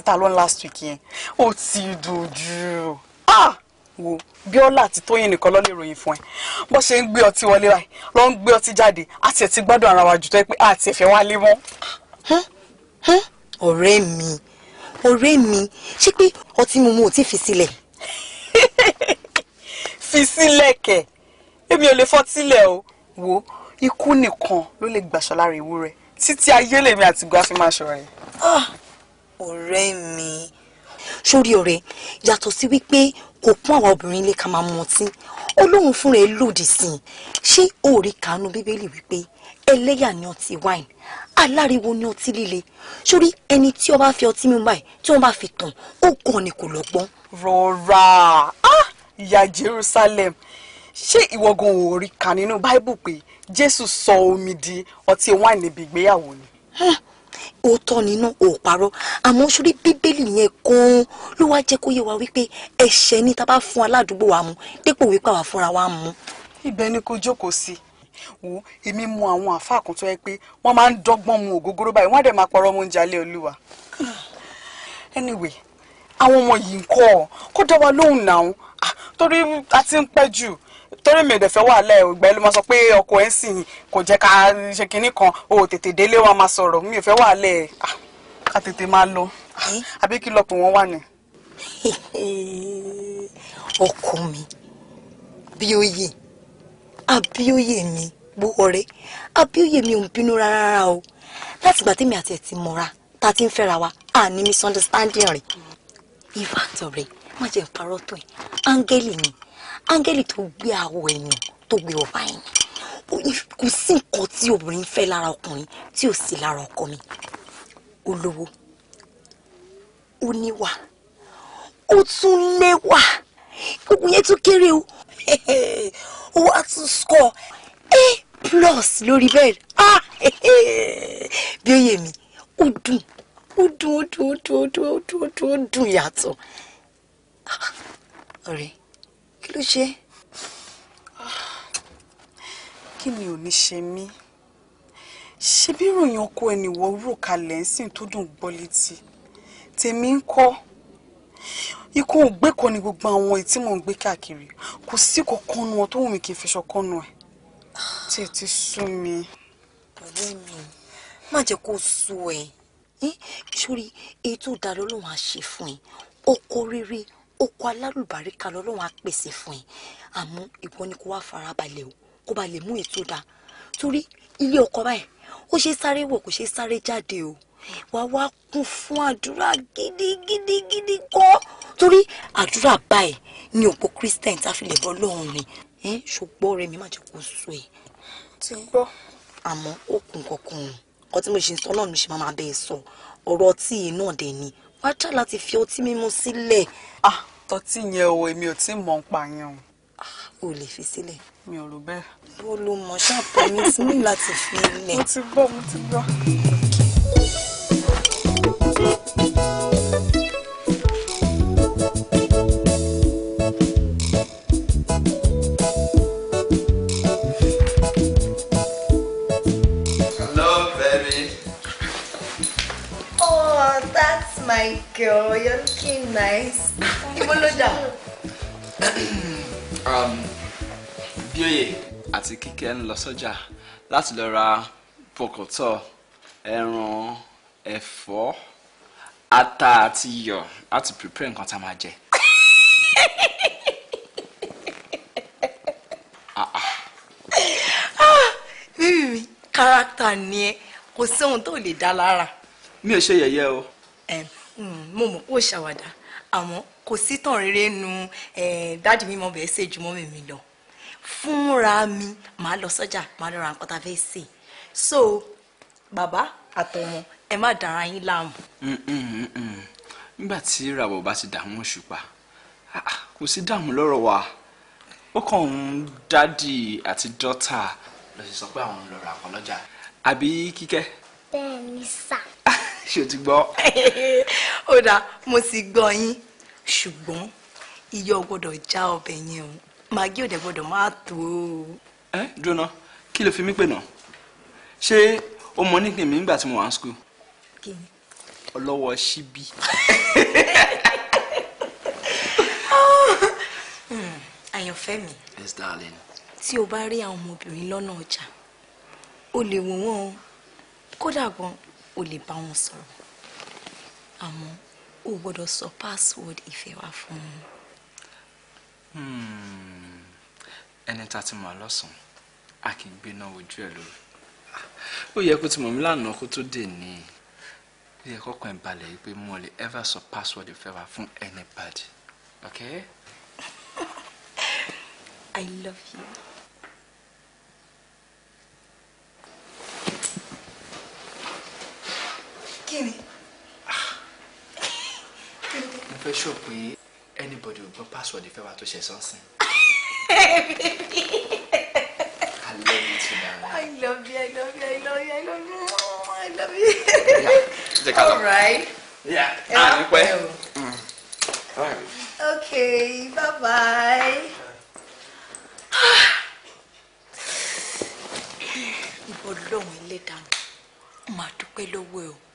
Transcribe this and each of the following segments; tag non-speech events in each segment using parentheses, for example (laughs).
àti alone last week yẹn ó ti dojú ah wo bíọ́lá àti tóyìn nìkan ló lè ròyìn fún ẹ bó ṣe ń gbé ọtí wọlé báyìí ló ń gbé ọtí jáde àti ẹtí gbádùn ara wa jù tó yẹ pé àti ẹfẹ wá lé mọ́. ọ̀rẹ́ mi ọ̀rẹ́ mi ṣé pé ọtí mímu ò tí fi sílẹ̀. (laughs) fi sílẹ̀ kẹ̀ èmi ò lè fọ́ o wo ikú nìkan ló lè gbàṣọ lára ewúrẹ́ títí ayé lèmi àtìgbà fi máa ṣọ̀rẹ́ ọ̀rẹ́ mi sórí ọ̀rẹ́ yàtọ̀ sí wípé kò pọ́n àwọn obìnrin lé ká máa mu ọtí olóhùn fúnra ẹ lòdì sí i ṣé òòrí kàánú bíbélì wípé ẹlẹ́yà ni ọtí wine aláriwo ni ọtí líle sórí ẹni tí ó bá fi ọtí mímu báyìí tí wọ́n bá fi tàn ó kàn ní kò lọ́gbọ́n. rọra ah ìyá Jerusalem ṣé ìwọ gan ò rí kà nínú báíbù pé Jésù sọ omi di ọtí wine níbi ìgbéyàwó ni òótọ́ nínú òparọ́ àmọ́ sórí bíbélì yẹn gan-an ló wá jẹ́ kó yé wa wípé ẹ̀ṣẹ̀ ni tá a bá fún aládùúgbò wa mu dépò wípé àwa fúnra wa mu. ibẹ̀ ni kò jókòó sí wo èmi mu àwọn àáfàá kan tó yẹ pé wọ́n máa ń dọ́gbọ́n mu ògógóró báyìí wọ́n á dẹ̀ máa pọ̀rọ̀ ọmọ oúnjẹ alẹ́ olúwa. anyway àwọn ọmọ yìí ń kọ́ ọ kó dá lóhùn náà ah, torí a ti ń pẹ́ jù torí mi ò dẹ̀ fẹ́ wà lẹ́ ìgbà ẹ ló máa sọ pé ọkọ ẹ̀ ń sìn kò jẹ́ ká ṣe kinní kan o ò tètè délé wa máa sọ̀rọ̀ mi ò fẹ́ wà lẹ́ ah, ká tètè máa lọ eh? àbí kí lọ́pọ̀ wọn wà ní. (laughs) ọkọ mi Abíóyè Abíóyè mi gbówó rẹ Abíóyè mi ò ń bínú rárá o láti gbà tèmi àti ẹ̀ ti mọ̀ra tá a ti ń fẹ́ra wa a ní misunderstanding rẹ̀ ìfàtọ̀ rẹ̀ má jẹ́ ìparọ́ ẹ̀ áńgẹ́lì ni. Angeli, tó gbé àwọ̀ ẹ̀yàn tó gbé ọba ẹ̀yàn kò sí nǹkan tí obìnrin fẹ́ lára ọkùnrin tí ò sí lára ọkọ mi ó lówó ó níwà ó tún lẹ́wà gbogbo yẹn tún kéré o (laughs) ó wá tún score a plus lórí bẹ́ẹ̀ (laughs) ah! (laughs) bí ó yẹ mi ó dùn ó dùn ó dùn ó dùn ó dùn ó dùn ó dùn yàtọ̀ ah! ọ̀rẹ́ ló ṣe. kí ni ò ní ṣe mí ṣe bí ròyìn ọkọ ẹnìwọ rò kalẹ̀ ń sìn tó dùn gbọ́ létí tèmi ń kọ́ ikú ògbé kan ni gbogbo àwọn èyí tí mò ń gbé káàkiri kò sí kankan nu wọn tó wù mí kí n fi ṣọkan ẹ tí ẹ ti sú mi. ọ̀rẹ́ mi má jẹ́ kó sú ẹ sórí èyí tó dáa fún ẹ ọkọ rere oko alálùbáríkà lọ́lọ́run á pèsè fún ẹ àmọ́ ìwọ ni kó wá farabalẹ̀ o kó ba lè mú ètò dáa torí ilé ọkọ báyìí ó ṣe sáré wọ̀ kó ṣe sáré jáde o wàá wá kún fún àdúrà gidigidigidi kọ́ torí àdúrà báyìí ni òpó Christian tá a fi lè bọ́ lọ́rùn rìn ẹ́ ṣùgbọ́n rẹ̀ mi má jẹ́ kó so ẹ̀. ti gbọ́. àmọ́ ó kún kankan mo ṣe sọ náà ni ṣe máa bẹ́ẹ̀ sọ ọ̀rọ̀ tí ì náà dẹ̀ ni wàá jà láti fi ọtí mímu sílẹ̀. ah tọ́tí yẹn o èmi ò tí mọ̀ ń pa yẹn o. Ah, o lè fi sílẹ̀. mi ò rò bẹ́ẹ̀. bó ló mọ̀ ṣáà promise mi láti fi ilẹ̀. mo ti gbọ́ mo ti gbọ́. my girl. You're looking nice. Iboloja. um, Bioye àti Kíkẹ́ ń lọ sọ́jà láti lọ ra pọ̀kọ̀tọ̀ ẹran ẹ̀fọ́ ata àti iyọ̀ láti prepare nǹkan tá a máa jẹ. Ah, ah. bíbí mi ni ẹ kò sí ohun tó lè dá lára. mi ò ṣe yẹ̀yẹ́ o. Hmm, mo mọ̀ kó ṣàwàdà àmọ́ kò sí tàn rere nu dáàdì mi mọ̀ bẹ́ẹ̀ ṣe ju mọ́ mi lọ fúnra mi màá lọ sọ́jà màá lọ ra nǹkan tá a fẹ́ ṣe so bàbá àtọmọ ẹ má dára yín láàmú. Hmm, hmm, nígbà tí ràwọ̀ bá ti dààmú òṣùpá kò sí dààmú lọ́rọ̀ wa ó kàn ń dádì àti dọ́tà lọ sí sọ pé àwọn ń lọ ra nǹkan lọ́jà àbí kíkẹ́. bẹ́ẹ̀ ni ṣé o ti gbọ́. (laughs) ó dà mo ti gbọ́ yín ṣùgbọ́n iyọ̀ gbọ́dọ̀ já ọbẹ̀ yẹn o màgí òde gbọ́dọ̀ máa tó o. ẹ jóná kí ló fi mí pè náà ṣé o mọ nígbè mí nígbà tí mo wà ní school. kí ni. ọlọ́wọ́ síbí. (laughs) Hmm, àyànfẹ́ mi. yes darling. tí o bá rí àwọn ọmọbìnrin lọ́nà ọjà o lè wò wọ́n kódà gan-an o lè bá wọn sọ̀rọ̀ àmọ́ o gbọ́dọ̀ sọ password ìfẹ́ wa fún un. Hmm. ẹni tá a ti mọ̀ lọ́sàn-án a kì í gbéná ojú ẹ̀ lórí ó yẹ kó ti mọ̀ mí lánàá kó tó dé ní ó yẹ kó kàn balẹ̀ pé mo lè ever sọ password ìfẹ́ wa fún anybody okay. (laughs) I love you. kí ni. mo fẹ́ sọ pé anybody will gbọ́ password ìfẹ́ wa tó ṣe sọ́nsìn. I love you too, I love you, I love you, I love you, I love you, oh, I yeah. All right. Yeah. Ah, mm. All right. Okay, bye-bye. Ah. ìbọn lọ́hùn ilé dànù máa dúpẹ́ lọ́wọ́ ẹ̀ o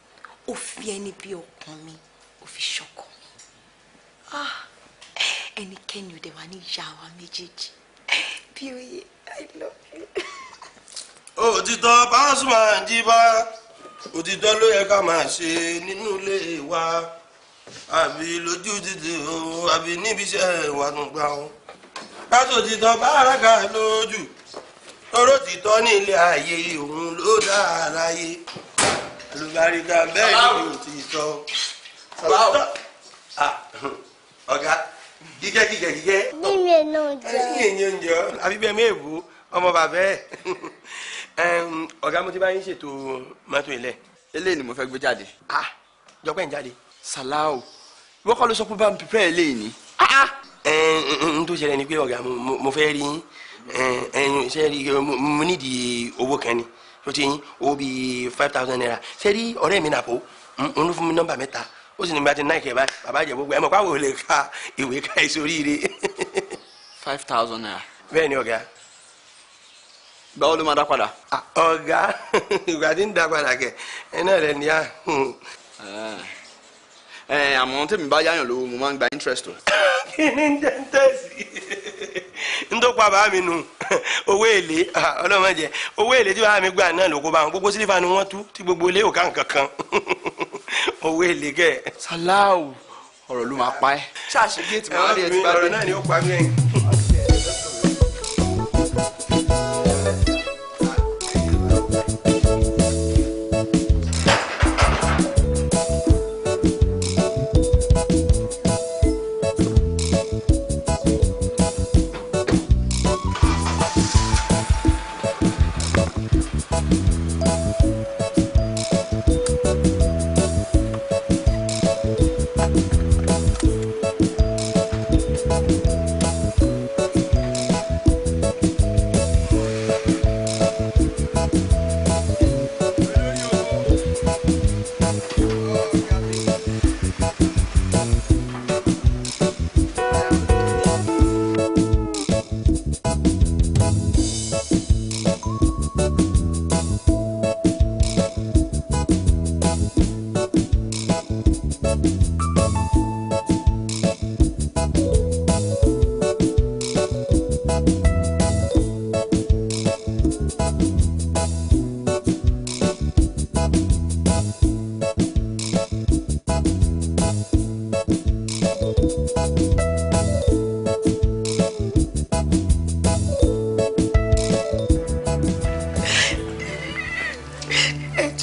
ó fi ẹni bí ọkàn mi ó fi ṣọkàn mi ah, ẹnikẹ́ni ò dẹ̀ wá ní ìyá wa méjèèjì bí oyè i love you. òtítọ́ Pasuma Jíbá òtítọ́ ló yẹ ká máa ṣe nínú ilé wa àbí lójú títì o àbí níbi iṣẹ́ wa tún gbà o. pásítọ̀ òtítọ́ báràkà lójú lóró òtítọ́ ní ilé ayé òun ló dáa láyé àlùbáríkà bẹ́ẹ̀ ni mo ti sọ ah, ọ̀gá gígẹ́ gígẹ́ gígẹ́. nínú ẹ̀yìn oúnjẹ. ẹ̀yìn oúnjẹ àbí bẹ́ẹ̀ mẹ́ẹ̀ bò ọmọ bàbá ẹ̀ ọ̀gá mo ti bá yín ṣètò mọ́tò ilẹ̀. eléyìí ni mo fẹ́ gbé jáde. ah jọpẹ́ ń jáde. salao wọ́n kọ́ ló sọ pé bá mi pípẹ́ eléyìí ni. Ah, ah. n tó ṣẹlẹ̀ ni pé ọ̀gá mo fẹ́ rí yín ṣe rí mo nídìí owó kan ni. ló o bi five thousand naira seri ore mi nàpọ̀ ń ló fún mi nọ́mbà mẹ́ta ó sì ní bá ti gbogbo ẹ̀ ka ka ìwé ká five thousand naira. bẹ́ẹ̀ ni ọ̀gá. báwo ló máa dá padà. ọ̀gá (laughs) ìgbà tí ń dá padà kẹ ẹ ẹ àmọ́ tèmi bá yáyàn lówó mo máa ń gba interest o. (laughs) kí ni jẹ́ ntọ́pọ̀ bàbá mi nù (laughs) owó èlé (laughs) ah, ọlọ́mọdé owó èlé tí bàbá mi gbà náà lóko kó bá wọn gbogbo sílífà ni wọ́n tú tí gbogbo ilé òkà nkankan kan (laughs) owó èlé kẹ. sàláwù ọ̀rọ̀ ló máa pa ẹ́. ṣáà ṣe géètì máa rí ẹ ti bá dé. ọ̀rọ̀ náà ni ó pa mí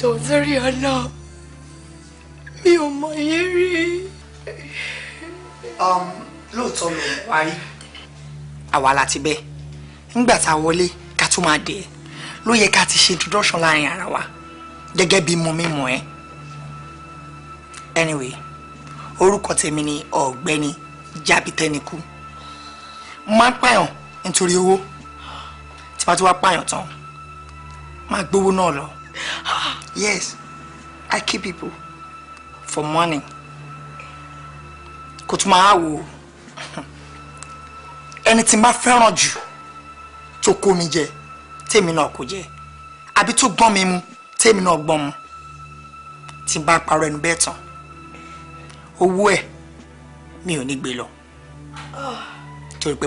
jọ sórí ọ̀nà mi ò mọ iye rí. Um, lóòótọ́ ló ń parí. àwa la ti bẹ́ẹ̀ nígbà tá a wọlé ká wa gẹ́gẹ́ bí mo mímọ anyway orúkọ tèmi ni ọ̀gbẹ́ni jábítẹ́nikú máa ń pààyàn nítorí owó tí wàá tún wá pààyàn tán máa gbowó náà lọ. (gasps) yes, I kill people for money. Kò tún Anything my friend Ẹni to n bá fẹ́ràn jù tó kó mi jẹ tèmi náà kò jẹ àbí tó gbọ́n mi mu tèmi náà gbọ́n mu tí n bá parọ́ ẹnu bẹ́ẹ̀ tán owó ẹ̀ mi ò ní gbé lọ torí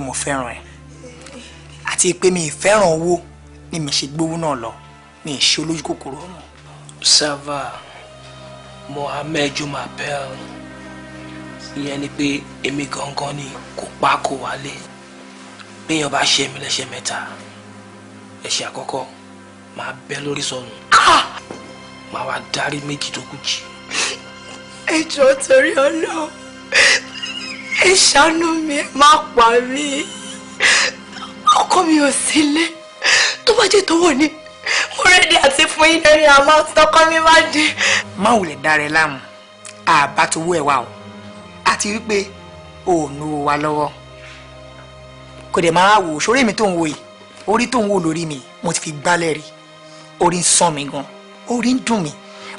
ni mi ṣe gbówó náà lọ mi ì ṣe olójú kòkòrò ọmọ. sava mohammed juma pearl ìyẹn ni pé èmi gangan ni kò pa kò wálé béèyàn bá ṣe mí lẹ́sẹ̀ mẹ́ta ẹ̀ṣẹ̀ àkọ́kọ́ máa bẹ́ lórí sọnù ah! máa wá dárí méjì tó kù jì. ẹ jọ̀ọ́ torí Ọlọ́run ẹ ṣàánú mi ẹ má pa mí ọkọ mi ò sílé tó bá jẹ́ tọwọ́ ni mo rédí àti fún yín lórí àmọ́ tọkọ mi má di. má ò lè dára ẹ láàmú àbá tó wú ẹ wá o àti wípé o ò nu wa lọ́wọ́ kò dẹ̀ máa wò sórí mi tó ń wò yìí orí tó ń wò lórí mi mo ti fi gbálẹ̀ rí orí ń sàn mí gan orí ń dùn mí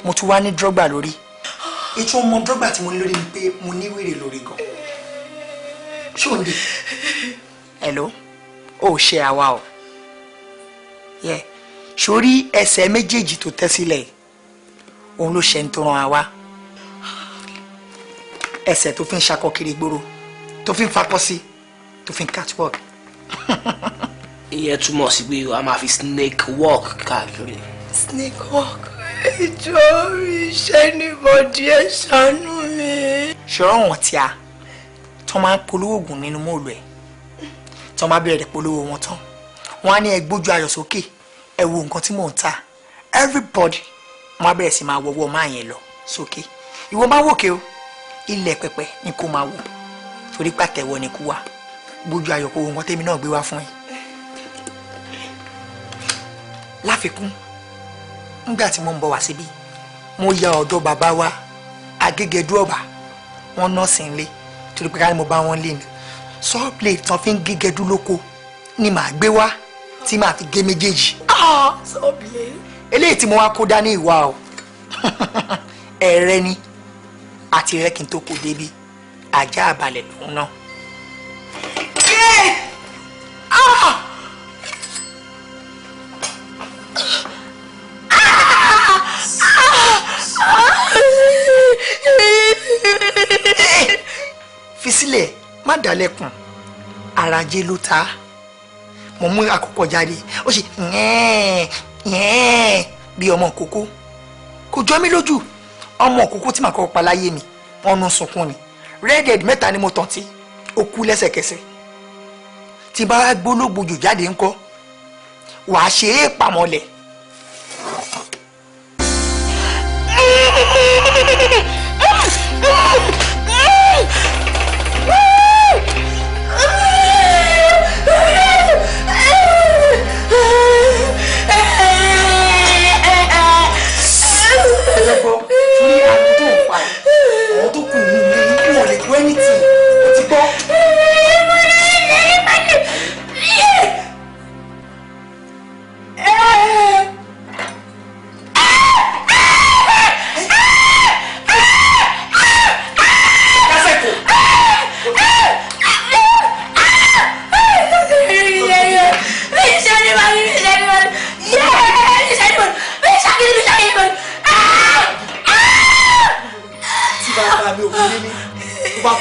mo tún wá ní dọ́gba lórí ètò ọmọ dọ́gba tí mo ní lórí mi pé mo ní wèrè lórí gan ṣóńdè hello o ò ṣe àwa o yeah sórí ẹsẹ̀ méjèèjì tó tẹ́ sílẹ̀ òun ló ṣe ń tó ràn án wá ẹsẹ̀ tó fi ń ṣakọ kiri gbòòrò tó fi ń fakọ sí tó fi ń catwalk. (laughs) ìyẹn túmọ̀ sí pé a máa fi snake walk káàkiri. snake walk ìjọ iṣẹ́ níbọ̀dí ẹ̀ ṣàánú mi. ṣòro wọn tí a tó máa ń polówó oògùn nínú mọ́ọ̀lù ẹ̀ tó máa bẹ̀rẹ̀ polówó wọn tán wọn á ní ẹ ayọ̀ sókè. Okay ẹ wo nǹkan tí mò ń ta everybody wọn á bẹ̀rẹ̀ sí máa wọ́wọ́ máa yẹn lọ sókè ìwọ máa wòkè o ilẹ̀ pẹpẹ ni kò máa wò torí pàtẹ́wọ́ ni kú wa gbójú ayọ̀ kó wo nǹkan tẹ́mi náà gbé wá fún yín. láfikún nígbà tí mo ń bọ̀ wá síbí mo ya ọ̀dọ̀ bàbá wa agégedú ọ̀bà wọn náà sì ń lé torí pé ká ní mo bá wọn lé ni sọ́ọ̀plẹ̀ tán fi ń gégedú lóko ni màá gbé wá tí màá fi gé méjèèjì sọ́bìlẹ̀. eléyìí tí mo wá kó dání ìwà o (laughs) ẹ̀rẹ́ ni àti rẹ́ kí n tó kó débi ajá àbálẹ̀ lòun náà. Ah! Ah! (laughs) fi sílẹ̀ má dálẹ́kùn arajé ló ta á mo mú àkókò jáde ó sì yẹn yẹn bí ọmọ kókó kò jọ mí lójú ọmọ kókó tí màá kọ́ pa láyé mi wọn nu sunkún ni redhead mẹ́ta ni mo tàn tí ó kú lẹ́sẹ̀kẹsẹ̀ tí bá gbólógbòjò jáde ńkọ́ wàá ṣe é pamọ́lẹ̀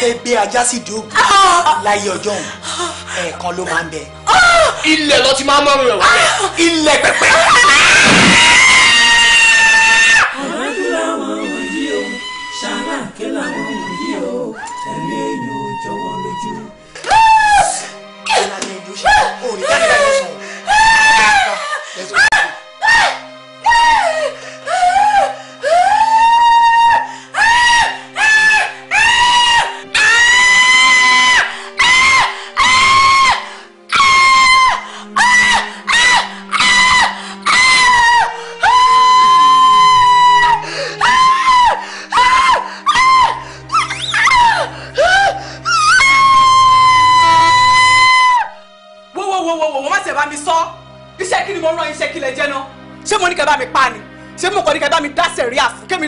fẹ́ gbé ajá sí ìdí òkú ah. láyé ọjọ́ òun ah. ẹ̀ẹ̀kan ló máa ń bẹ. Ah. ilẹ̀ lọ ti máa ń mọ̀ rẹ̀ ilẹ̀ pẹ̀pẹ̀.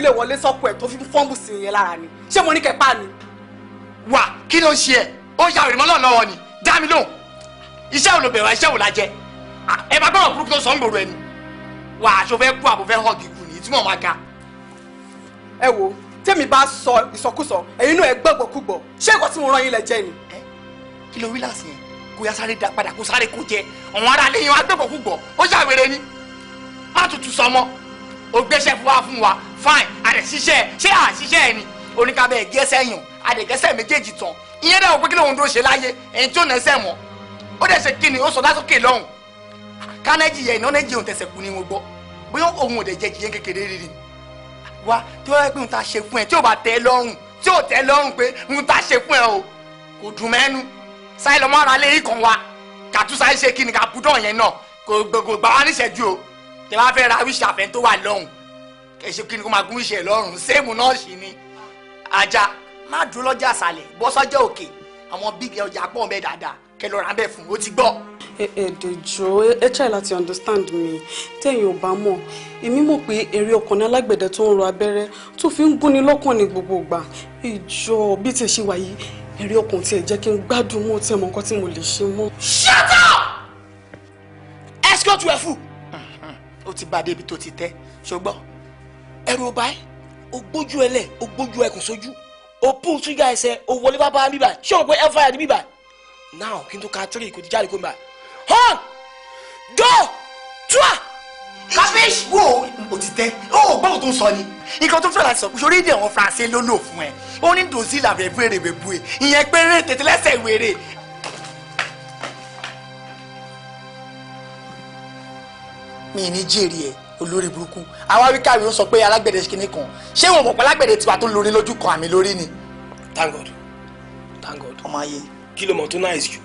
obìnrin lè wọlé sọ́kọ ẹ̀ tó fi fọ́ǹbù sí yẹn lára ni ṣé mo ní kẹpá ni. wà kí ló ń ṣe ẹ ó ya òrìmọ́ náà lọ́wọ́ ni dá mi lóhùn iṣẹ́ wo ló bẹ̀rẹ̀ iṣẹ́ wo la jẹ ẹ bá gbọ́dọ̀ burúkú tó sọ ń gbòòrò ẹni wà aṣọ fẹ́ kú àbò fẹ́ hàn gígùn ní ìtumọ̀ máa ga. ẹ wo tẹ́mi bá sọ ìsọkúsọ ẹ̀yin náà ẹ gbọ́gbọ́kúgbọ̀ ṣé ìkọ́ tí mo rán yín lẹ jẹ́ ni. ẹ kí ló wí láàsì yẹn kó yá sáré dá padà kó sáré kó jẹ àwọn ará ilé yẹn wá gbọ́gbọ́kúgbọ̀ ó yà wèrè ni má tutù sọmọ o gbéṣẹ́ fún wa fún wa fine àdè ṣiṣẹ́ ṣé àṣiṣẹ́ ẹ ni oníkàbẹ̀ gẹ́sẹ̀ yàn àdè gẹ́sẹ̀ méjèèjì tán ìyẹn náà wọ́n pé kí lóun tó ṣe láyé ẹ̀yìn tí ò nẹ́sẹ̀ mọ́ ó dẹ̀ ṣe kíni ó sọ lásòkè lọ́hùn kánẹ́jì yẹn iná nẹ́jì òun tẹ̀sẹ̀ kú ni wọ́n gbọ́ bóyá òun ò dẹ̀ jẹ́ jìyẹn kékeré rírì wa tí wọ́n yẹ pé òun ta ṣe fún ẹ tí ò bá tẹ́ lọ́rùn tí ò tẹ́ lọ́rùn pé òun ta ṣe fún ẹ o kò dùn mẹ́nu sáyé lọ́mọ́ ara lé ikàn wa kàtúnṣe ṣe kíni kàbúdọ̀ yẹn náà kò gbà wá níṣẹ́jú o tẹ bá fẹ́ ra wíṣì àfẹ́ tó wà lọ́hùn kẹsì kí ni kó máa gún wíṣì ẹ̀ lọ́rùn náà sì ni ajá má dúró lọ́jà àṣàlẹ̀ bọ́sọ́jà òkè àwọn bíi ọjà pọ̀ bẹ́ẹ̀ dáadáa kẹ lọ ra bẹ́ẹ̀ fún o ti gbọ́. èdèjò ẹ try láti understand mi téèyàn ò bá mọ̀ èmi mọ̀ pé èrè ọkùnrin alágbẹ̀dẹ tó ń ro abẹ́rẹ́ tó fi ń gúnni lọ́kàn ní gbogbo ìgbà ìjọ bí tẹ̀ ṣe wà yìí èrè ọkùnrin tiẹ̀ jẹ́ kí n gbádùn mọ́ tiẹ̀ mọ́ nǹkan tí mo lè ṣe mọ́. shut up escort wẹ̀ fún ó ti bá a débi tó ti tẹ́ ṣùgbọ́n ẹ̀rù ọba ẹ̀ ó gbójú ẹ lẹ̀ ó gbójú ẹkùn sójú ó pún ṣúgà ẹsẹ̀ ó wọlé bàbá bíbà ṣé o pé ẹ fà yà ní bíbà náà kí n tó ka tírì kò ti jáde kó mi bá hàn dó túà kábíyèsí wo o ti tẹ o gbọ́dọ̀ tó ń sọ ni nǹkan tó fẹ́ láti sọ sórí èdè àwọn faransé ló lò fún ẹ ó ní dòzí làbẹ̀bẹ̀rẹ̀ bẹ̀bù ẹ ìyẹn péré tètè lẹ́sẹ̀ wèrè mi ní jèrè ẹ olórí burúkú àwa wí káwé ó sọ pé alágbẹ̀dẹ kìíní kan ṣé wọn mọ̀ pé alágbẹ̀dẹ tiwa tó lórí lójú kan àmì lórí ni. thank god thank god. ọmọ ayé. kí ló mọ̀ tó náà ìsú.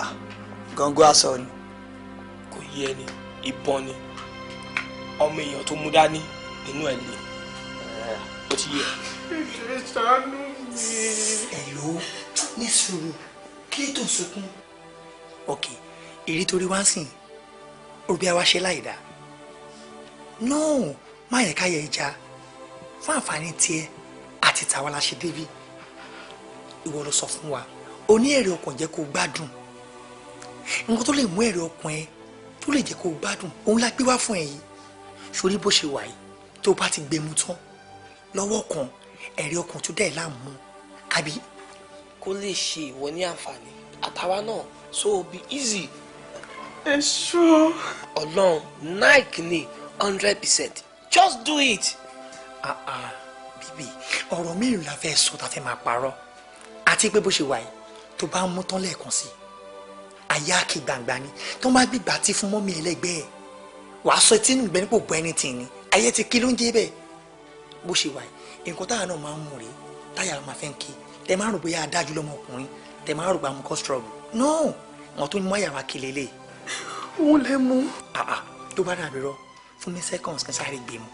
Ah, gangan aṣọ ni. kò yé ẹni ìbọn ni ọmọ èèyàn tó mú dání inú ẹ lè ó ti yẹ. ìṣe ṣàánú mi. ẹ̀lò ní sùúrù kí ló tó sunkún. ok èrè torí wá sìn òbí àwa ṣe láì no má yẹ ká yẹ ìjà fún àǹfààní tiẹ̀ àti tàwa la ṣe débi ìwọ ló sọ fún wa o ní èrè ọkàn jẹ́ kó gbádùn nǹkan tó lè mú èrè ọkàn ẹ tó lè jẹ́ kó gbádùn òun la gbé wá fún ẹ yìí sórí bó ṣe wà yìí tó bá ti gbé mu tán lọ́wọ́ kan èrè ọkàn tó dẹ̀ láàmú àbí. kó lè ṣe ìwọ ní àǹfààní àtàwa náà so be easy èso. ọlọ́run nike ni hundred percent just do it. ah ah bíbí ọ̀rọ̀ mélòó la fẹ́ sọ ta fẹ́ máa parọ́ àti pé bó ṣe wà yìí tó bá ń mú tán lẹ́ẹ̀kan sí àyà kì gbangba ni tó bá gbígbà tí fún mọ́mí ẹlẹ́gbẹ́ ẹ̀ wàá sọ etí nù gbẹ́ni kò gbọ́ ẹni tì ní ayé ti kí ló ń jẹ́ bẹ́ẹ̀ bó ṣe wà yìí nǹkan táyà náà máa ń mú rèé táyà máa fẹ́ ń kí tẹ máa rò adájú lọmọkùnrin tẹ máa rò mú kọ́ struggle no wọn tó ń mọ àyàwó akélélẹ́yìí òun lè mú. Ah, ah, tó bá dàbí rọ fún mi seconds kan sáré gbé mu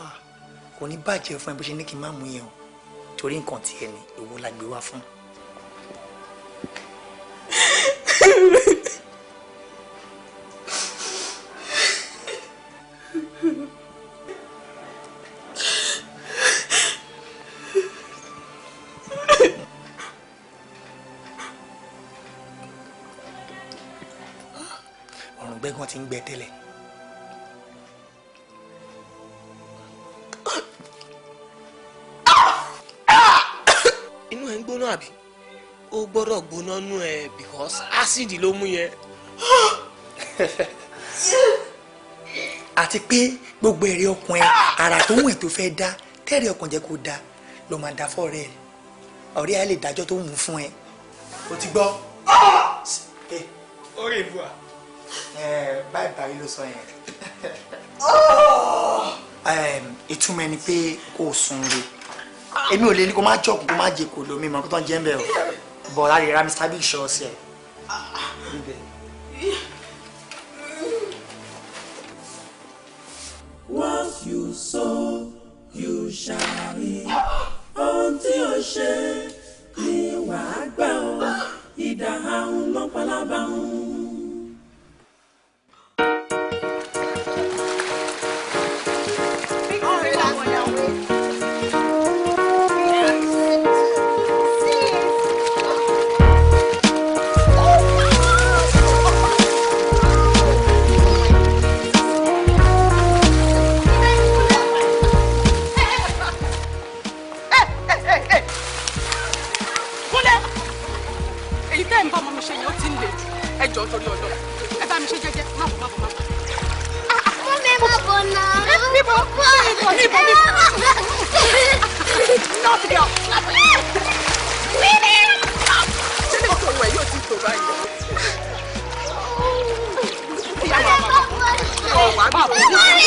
ah, kò ní bàjẹ́ fún ẹ bó ṣe ní kí n má mú yẹn o torí nǹkan tiẹ̀ ni ìwọ la gbé wá fún. (laughs) ti ń gbẹ tẹ́lẹ̀. inú ẹ ń gbóná àbí ó gbọ́dọ̀ gbóná nú ẹ because acid ló mú yẹn. àti pé gbogbo ẹ̀rí ọkàn ẹ ara tó wù tó fẹ́ dá tẹ́rì ọkàn jẹ́ kó dá ló máa dá fọ́ọ̀rẹ́ ẹ ọ̀rẹ́ ẹ lè dájọ́ tó wù fún ẹ. o ti gbọ́. orí ìbúra báyìí báyìí ló sọ yẹn oh! ìtumọ̀ ẹni pé kò sun re èmi ò lè ní kó má jọ̀kùn kó má jẹ kò lómi mọ̀ kó tó ń ń bẹ̀ o bọ̀ láti ra mr big ṣọ́ sí What you saw, you shall reap. Ohun tí o ṣe ni wàá gbà ọ́. Ìdà ahun ló palábà nọ́ọ̀sì kẹ́ ọ. ṣé ní kò wẹ̀ yóò ti tò báyìí. Oh, I'm sorry.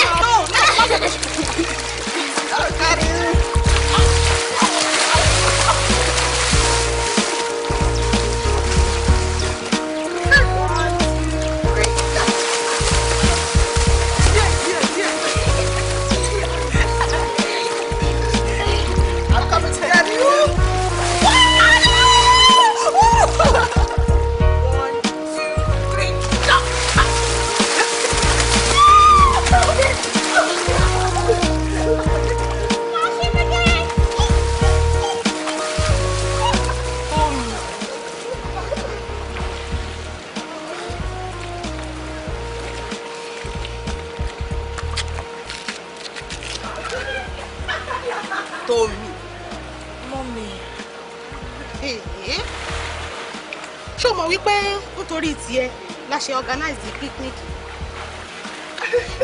organize the picnic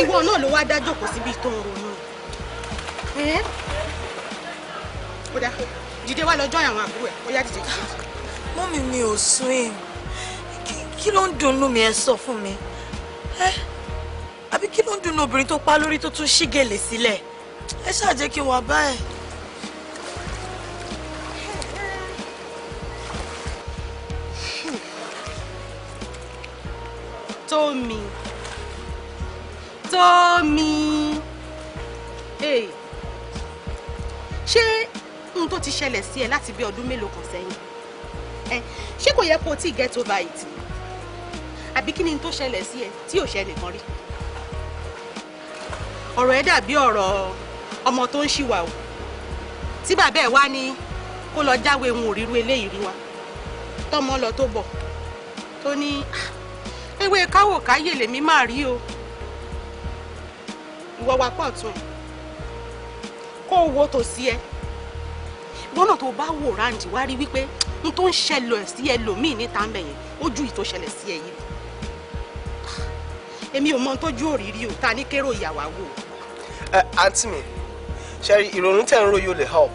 ìwọ náà ló wá dá jókòó síbi tó ń ronú ó dá dìde wá lọ́jọ́ àwọn àbúrò ẹ̀ ó yá dìde dìde. mọ́mì mi ò sún èèyàn kí ló ń dunnú mi ẹ sọ fún mi àbí kí ló ń dunnú obìnrin tó pa lórí tó tún ṣígèlè sílẹ̀ ẹ ṣáà jẹ́ kí n wà báyìí. ṣẹlẹ̀ sí ẹ láti bí ọdún mélòó kan sẹ́yìn ẹ ṣé kò yẹ kó o tí ì get over it àbí kí ni tó ṣẹlẹ̀ sí ẹ tí ò ṣẹlẹ̀ kan rí ọ̀rọ̀ ẹ dàbí ọ̀rọ̀ ọmọ tó ń ṣìwà o tí bàbá ẹ wá ní kó lọ jáwé òun ò ríru eléyìí rí wa tọmọ lọ tó bọ̀ tó ní ah, ewé káwò káyè lèmi máa rí o ìwọ wa pọ̀ tún kó o wo tòsí ẹ lọ́nà tó bá wò ráǹdì wá rí wípé n tó ń ṣẹlẹ̀ sí ẹlòmíì níta ń bẹ̀ yẹn ó ju ìtò ṣẹlẹ̀ sí ẹ yìí èmi ò mọ ohun tójú òrírí o ta ní kérò ìyàwó wò. ẹ àǹtí mi ṣẹ́rí ìrònú tẹ̀ ń ro yóò lè help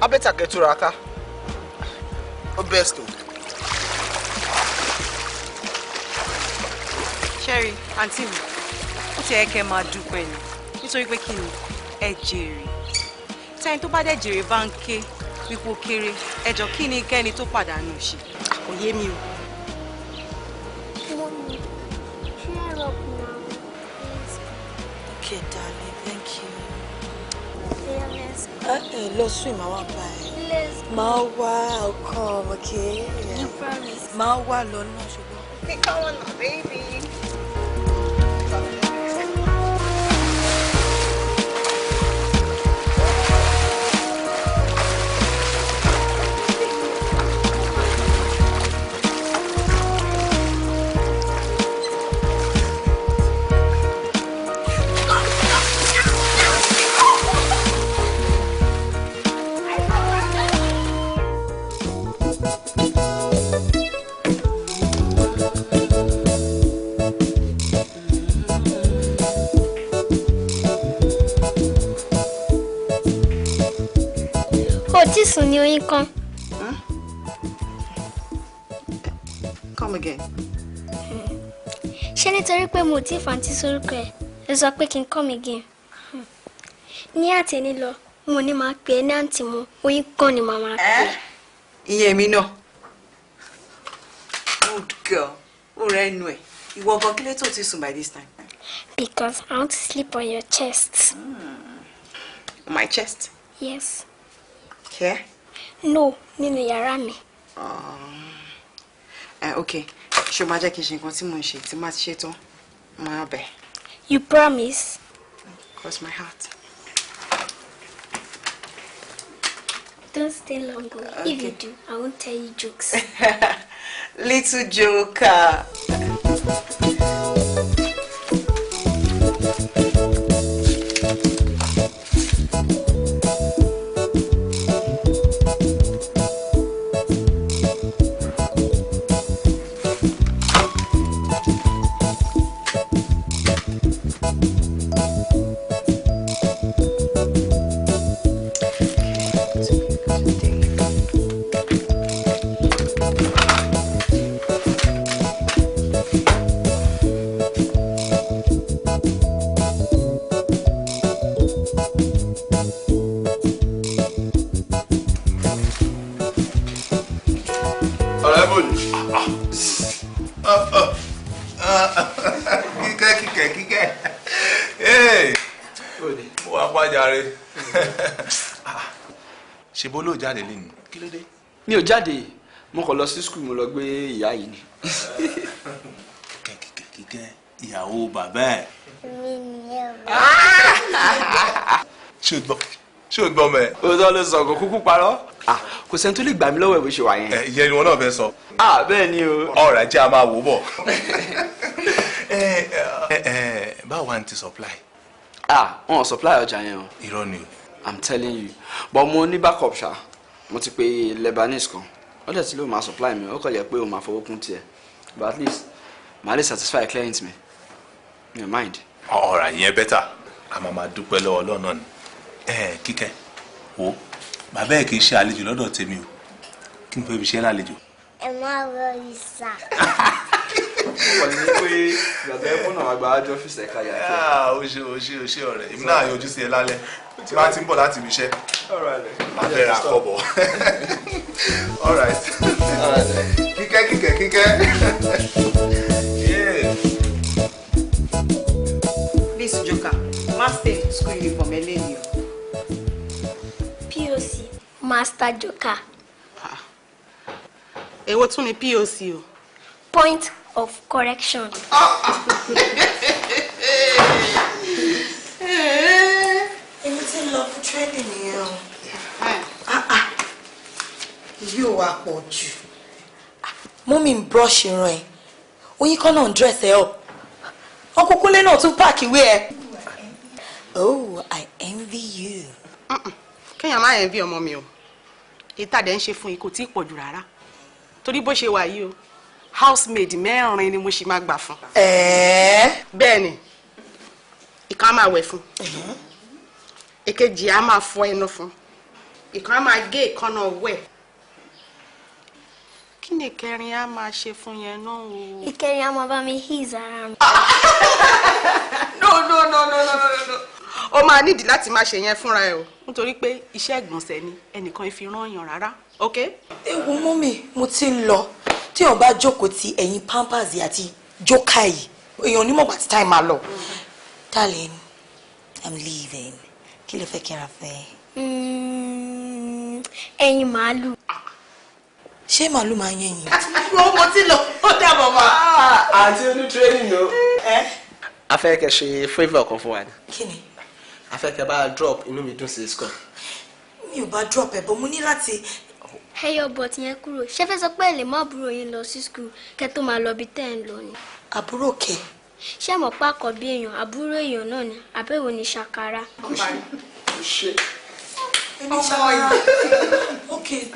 abẹ́tà kẹtura ká ó best o. ṣẹ́rí àǹtí mi ó ti ẹ̀ kẹ́ máa dúpẹ́ ni nítorí pé kí ni ẹ jèrè tẹ́ni tó bá dẹ̀ jèrè bá ń kéré ẹjọ́ kí ni kẹ́ni tó pàdánù ṣe kò mi o. Okay, darling, thank you. Uh, swim, àwa bá ẹ. Let's go. Máa wá, I'll come, okay? You promise? Máa wá lọ náà ṣùgbọ́n. on baby. ti sùn ní oyin kan. come again. ṣé nítorí pé mo ti fàǹtí sórúkọ ẹ ẹ sọ pé kí n come again. ní àtẹ̀ní lọ mo ní máa pè é ní àǹtí mo oyin kan ni màá máa pè é. ìyẹn mi náà good girl ó rẹ ẹnu ẹ ìwọ gan kí ló tó ti sùn by this time. because I want to sleep on your chest. Mm. my chest? Yes here? No, nínú yàrá mi. Eh, ok ṣé o máa jẹ́ kí n ṣe nǹkan tí mò ń ṣe tí má ti ṣe tán You promise? Cross my heart. Don't stay long. Okay. Oh. If you do, I won't tell you jokes. (laughs) Little joker. jáde lé ni mi ò jáde mo kàn lọ sí skul mo lọ gbé ìyá yìí ni. kíkẹ́ kíkẹ́ ìyàwó bàbá ẹ̀. mi nìyẹn o. ṣé o gbọ́ ṣé o gbọ́ mẹ́. o tọ́ ló sọ kó kúkú parọ́ kò sẹ́ni tó lè gbà mí lọ́wọ́ ẹ̀ bó ṣe wà yẹn. ìyẹn ni wọn náà fẹ́ sọ. bẹ́ẹ̀ ni o. ọ̀rọ̀ ajé a máa wò bọ̀. báwo wá ní ti supply. ah wọn ò supply ọjà yẹn o. irọ́ ni o i'm telling you but mo ní backup ṣá mo ti pe lebanese kan ó dẹ̀ ti lóun máa supply mi ó kọ̀ yẹ pé òun máa fowó kún tiẹ̀ but at least màá lè satisfy client mi in your mind. ọ̀rọ̀ yẹn bẹ́tà àmọ́ máa dúpẹ́ lọ́wọ́ ọlọ́run náà ni kíkẹ́ wo bàbá ẹ̀ kì í ṣe àlejò lọ́dọ̀ tèmi o kí n fẹ́ fi ṣe é lálejò. ẹ má wọ ìsà. (laughs) wọ́n ní pé ìgbàgbọ́ ẹ̀fọ́nà àgbà ájọ́ fìṣẹ̀ káyà kẹ́. ó ṣe ó ṣe ó ṣe ọ̀rẹ́ èmi náà yọjú sí ẹ lálẹ́ tí wọ́n ti ń bọ̀ láti ibi iṣẹ́ abẹ́rẹ́ àkọ́bọ̀ (laughs) kíkẹ́ kíkẹ́ kíkẹ́. Miss Joka master school uniform eléyìí o. POC master Joka. Ah. èwo tún ni POC o. point of correction. èmi ti lọ fún training nìyẹn o ah, ah. yóò wá pọ̀ jù. mummy brush irun ẹ̀ oyin kan náà ń dress ẹ up ọkùnkúnlé náà tún páàkì ìwé ẹ. oh i envy you. kéèyàn máa envy ọmọ mi o èyí tàdé ń ṣe fún yìí kò tí ì pọ̀ jù rárá torí housemaid mẹ́rin ni mo ṣì máa gbà fún. bẹ́ẹ̀ ni ìkan á máa wẹ̀ fún èkejì á máa fọ ẹnu fún ìkan á máa gé ìkànnà wẹ̀ kí ni ìkẹrin á máa ṣe fún yẹn náà o. ìkẹrin á máa bá mi híz ara mi. (laughs) no no no no no no o máa nídìí láti máa ṣe yẹn fúnra ẹ o nítorí pé iṣẹ́ ìgbọ̀nsẹ̀ ni ẹnìkan ìfi yàn rárá ok. ewu mú mi mo ti lọ tí èèyàn bá jókòó ti ẹ̀yìn pampers àti jókà yìí èèyàn onímọ̀ gbà táì máa lọ. darling i'm leaving kí ló fẹ́ kí n ra fẹ́. Hmm, ẹyin màálù. ṣé màálù máa ń yẹyin. owó tí lọ ó dàbọ̀ mọ́. Ah, àǹtí onú tírénìn o. a fẹ́ kẹ́ ṣe favour kan fún wa ni. kí ni. a fẹ́ kẹ́ bá drop inú mi dùn sí score. mi ò bá drop ẹ̀ bọ́ mo ní láti ẹ yọ ọbọ tìyẹn kúrò ṣé fẹ́ sọ pé ẹ lè mú àbúrò yín lọ sí skul kẹ́ tó máa lọ bí tẹ́ ẹ ń lọ ni. àbúrò kẹ. ṣé mo pa àkọ́bí èèyàn àbúrò èèyàn náà ni àbẹ̀wò ni ṣàkárá. ọmọ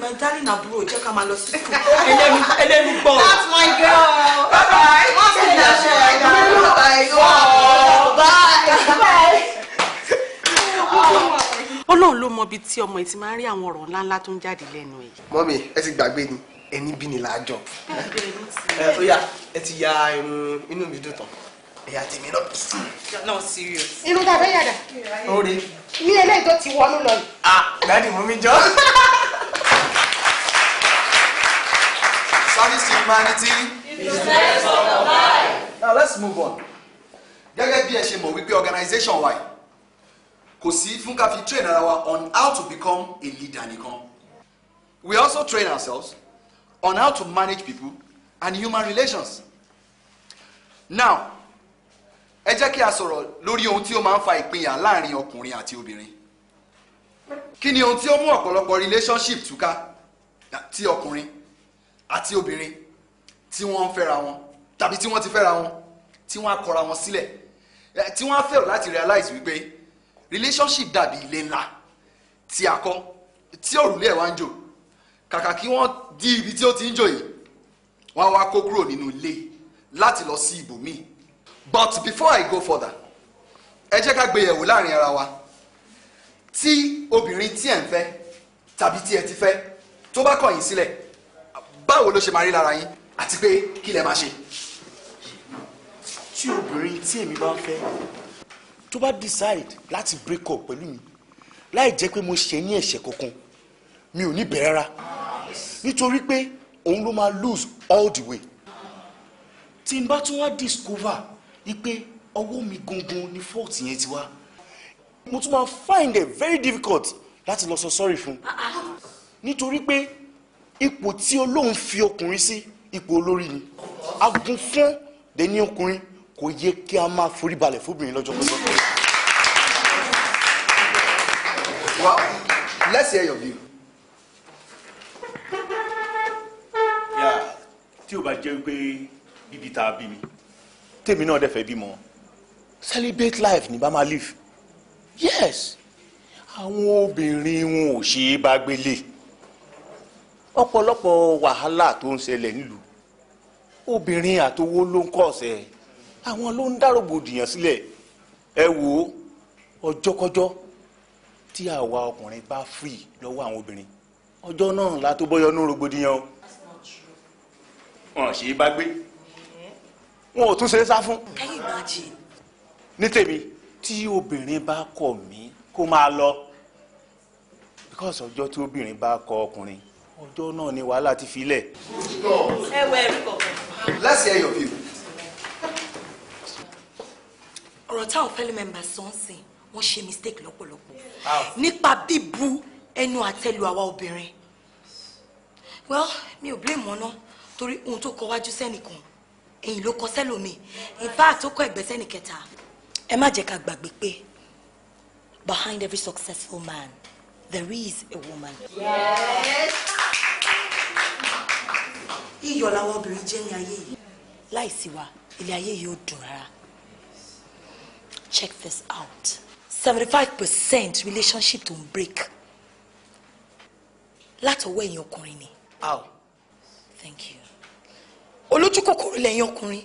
my darling àbúrò jẹ́ ká máa lọ sí that's my girl. bye. bye. bye. bye. bye ọlọ́run ló mọ ibi tí ọmọ ẹ ti máa ń rí àwọn ọ̀rọ̀ ńláńlá tó ń jáde lẹ́nu ẹ̀. mọ́mi ẹ ti gbàgbé ni ẹni bí ni làájọ. ẹ ó yà ẹ ti ya irun inú mi dùn tán ẹ̀yà tèmi lọ. no serious. irun tàbí yàrá. ó rí. ní eléyìí tó ti wọnú lọ yìí. ah dáàdi mú mi jọ. service (laughs) to humanity. is best for the life. now let's move on. gẹ́gẹ́ bí ẹ ṣe mọ̀ wípé organization wa kò sí fún ká fi train ara wa on how to become a leader nìkan. we also train ourselves on how to manage people and human relations. now ẹ jẹ́ kí a sọ̀rọ̀ lórí ohun tí ó máa ń fa ìpínyà láàrin ọkùnrin àti obìnrin. kí ni ohun tí ó mú ọ̀pọ̀lọpọ̀ relationship túká ti ọkùnrin àti obìnrin tí wọ́n ń fẹ́ra wọn tàbí tí wọ́n ti fẹ́ra wọn tí wọ́n á kọra wọn sílẹ̀ tí wọ́n á fẹ́ràn láti realize wípé relationship dàbí ilé ńlá tí a kọ́ tí òrùlé ẹ̀ wá ń jò kàkà kí wọ́n di ibi tí ó ti ń jò yìí wọ́n wá kó kúrò nínú ilé láti lọ sí ibòmíì but before I go further ẹ jẹ́ ká gbéyẹ̀wò láàrin ara wa tí obìnrin tí ẹ̀ ń fẹ́ tàbí tí ẹ ti fẹ́ tó bá kọ̀ yín sílẹ̀ báwo ló ṣe máa rí lára yín àti pé kí lẹ máa ṣe. tí obìnrin tí èmi bá ń fẹ́ tó bá decide láti break up pẹ̀lú mi láì jẹ́ pé mo ṣe ní ẹ̀ṣẹ̀ kankan mi ò ní bẹ̀rẹ̀ rárá nítorí pé òun ló máa lose all the way tí n bá tún wá discover wípé ọwọ́ mi gangan ni fault yẹn ti wá mo tún máa find it very difficult láti lọ sọ sorry fún nítorí pé ipò tí Ọlọ́run fi ọkùnrin sí ipò olórí ni agun fún dẹni ọkùnrin kò yẹ kí a máa forí balẹ̀ fóbìnrin lọ́jọ́ kọjọ́. well let's hear your view. tí o bá jẹ́ pé bíbí tá a bí mi tèmi náà dẹ̀ fẹ́ bímọ celebrate life ní bá máa yes àwọn obìnrin wọn ò ṣe é bá gbélé ọ̀pọ̀lọpọ̀ wàhálà tó ń ṣẹlẹ̀ nílùú obìnrin àtowó ló ń kọ̀ ọ̀sẹ̀ àwọn ló ń dá rògbòdìyàn sílẹ̀ ẹ wò ó ọjọ́kọjọ́ tí àwa ọkùnrin bá free lọ́wọ́ àwọn obìnrin ọjọ́ náà la tó bọ́yọ ní rògbòdìyàn o wọn ṣe é bá gbé wọn ò tún ṣe é sá fún. ní tèmi tí obìnrin bá kọ̀ mí kó máa lọ because ọjọ́ tí obìnrin bá kọ ọkùnrin ọjọ́ náà ni wàhálà ti fi lẹ̀. ẹ wẹ ẹrí kọ̀ọ̀kan. láti ẹyọ bíi. ọ̀rọ̀ táwọn fellow members sọ ń sìn wọ́n ṣe mistake lọ́pọ̀lọpọ̀ nípa bíbu ẹnu àtẹ́lu àwa obìnrin well mi ò blame wọn náà torí ohun tó kọ wájú sẹ́nìkan ẹ̀yìn ló kọ sẹ́lòmíì in fact ó kọ ẹ̀gbẹ́ sẹ́nìkẹta ẹ má jẹ́ ká gbàgbé pé behind every successful man there is a woman. Yes. iyọ̀ làwọn obìnrin jẹ́ ní ayé yìí láìsí wa ilé ayé yìí ò dùn rárá check this out seventy five percent relationship tó break. break látọwọ́ ẹ̀yin ọkùnrin ni. how. thank you. olójú kòkòrò lẹ́yìn ọkùnrin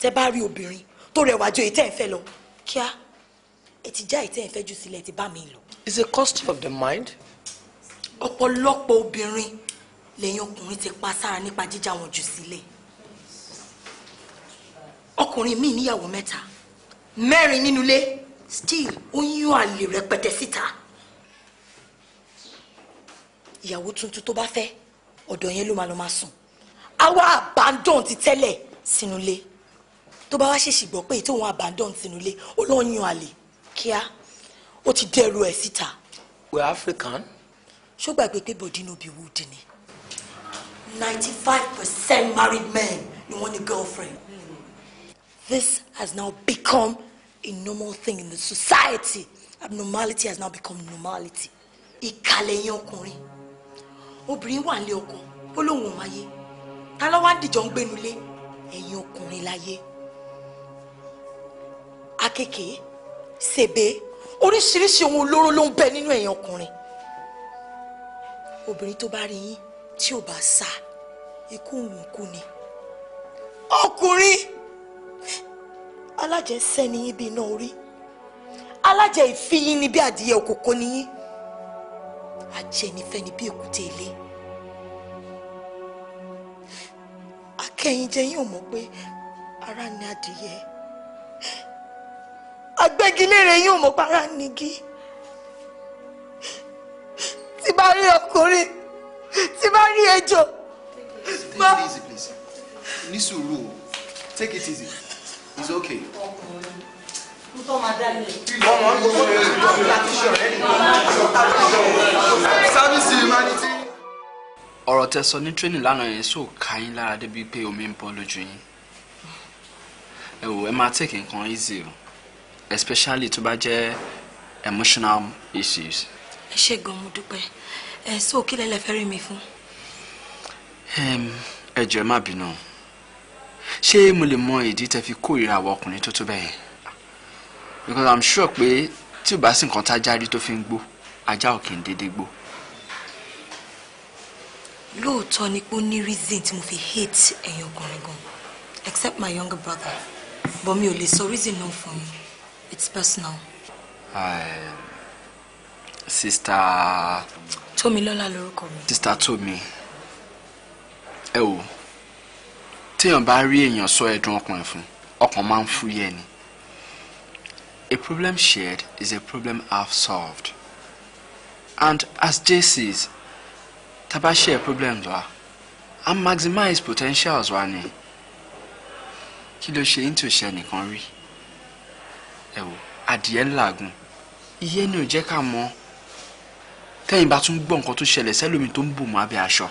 tẹ́ bá rí obìnrin tó rẹwà ju èyí tẹ́ ẹ̀ fẹ́ lọ kíá ètí já èyí ẹ̀ fẹ́ jù sílẹ̀ ti bá mi lọ. it's a custom of the mind. ọ̀pọ̀lọpọ̀ obìnrin lẹ́yìn ọkùnrin ti pa sára nípa jíjà wọn jù sílẹ̀ ọkùnrin míì níyàwó mẹ́ta mẹ́rin nínú ilé still ó yún àlè rẹpẹtẹ síta ìyàwó tuntun tó bá fẹ́ ọ̀dọ̀ yẹn ló máa lọ máa sùn àwa abandon ti tẹ́lẹ̀ sínú ilé tó bá wá ṣèṣì gbọ́ pé ètò òun abandon sínú ilé ó lọ yún àlè kíá ó ti dẹrù ẹ̀ síta. we are African. ṣó gbàgbé pé bọ̀dí ní obì wood ni ninety five percent married men ni wọ́n ní girlfriend. this has now become a normal thing in the society abnormality has now become normality ìkàlẹ̀ yẹn ọkùnrin obìnrin wà nílé ọkọ ó lóun ò máa ta ló wá dìjọ ń gbénu lé ẹ̀yin ọkùnrin láyé akeke sèbè oríṣiríṣi ohun olóró ló ń bẹ nínú ẹ̀yin ọkùnrin obìnrin tó bá rí yín tí ò bá sá ikú òun kú ni ọkùnrin alájẹ sẹ́ni yín bí iná orí alájẹ ìfiyín ni bí adìyẹ òkòkò ni yín ajẹnifẹ́ni bí èkúté ilé akẹ́yìnjẹ yín ò mọ̀ pé ara ni adìyẹ agbẹ́gilére yín ò mọ̀ pé ara nìgi tí bá rí ọkùnrin tí bá rí ejò. take it easy please ní take it easy it's okay. ọ̀rọ̀ tẹ sọ ní tírénì lánàá yẹn ṣó ká yín lára débi pé omi ń bọ́ lójú yín ẹ wò ẹ máa take nǹkan easy o especially tó bá jẹ́ emotional issues. ẹ ṣe gan-an mo dúpẹ́ ẹ sọ kí lẹ́lẹ́ fẹ́ rí mi fún. ẹ jọ̀ọ́ ẹ má bínú ṣé mo lè mọ ìdí tẹ́ fi kórìíra àwọn ọkùnrin tó tó bẹ́ẹ̀ because i'm sure pé tí ò bá sí nǹkan tájá rí tó fi ń gbó ajá ò kì í dédé gbó. lóòótọ́ ni pé ó ní reason tí mo fi hate ẹ̀yin ọkùnrin gan except my younger brother but mi ò lè sọ reason náà fún yín it's personal. Um, sister. sista. Tómilọ́lá lorúkọ mi. Sister Tómi ẹ Oh téèyàn bá rí èèyàn sọ ẹ̀dùn ọkàn ẹ̀ fún ọkàn máa ń fúyẹ́ ni. A problem shared is a problem half solved. And as Jay says, tá share problems wa, a maximize potentials wa ni. Kí ló ṣe into ṣe nìkan rí? Ẹ wo, adìẹ ń làágùn. Iye ni ò jẹ́ ká mọ̀. Tẹ́yìn bá tún gbọ́ nǹkan tó ṣẹlẹ̀ sẹ́lómi tó ń bò mọ́ abẹ́ aṣọ.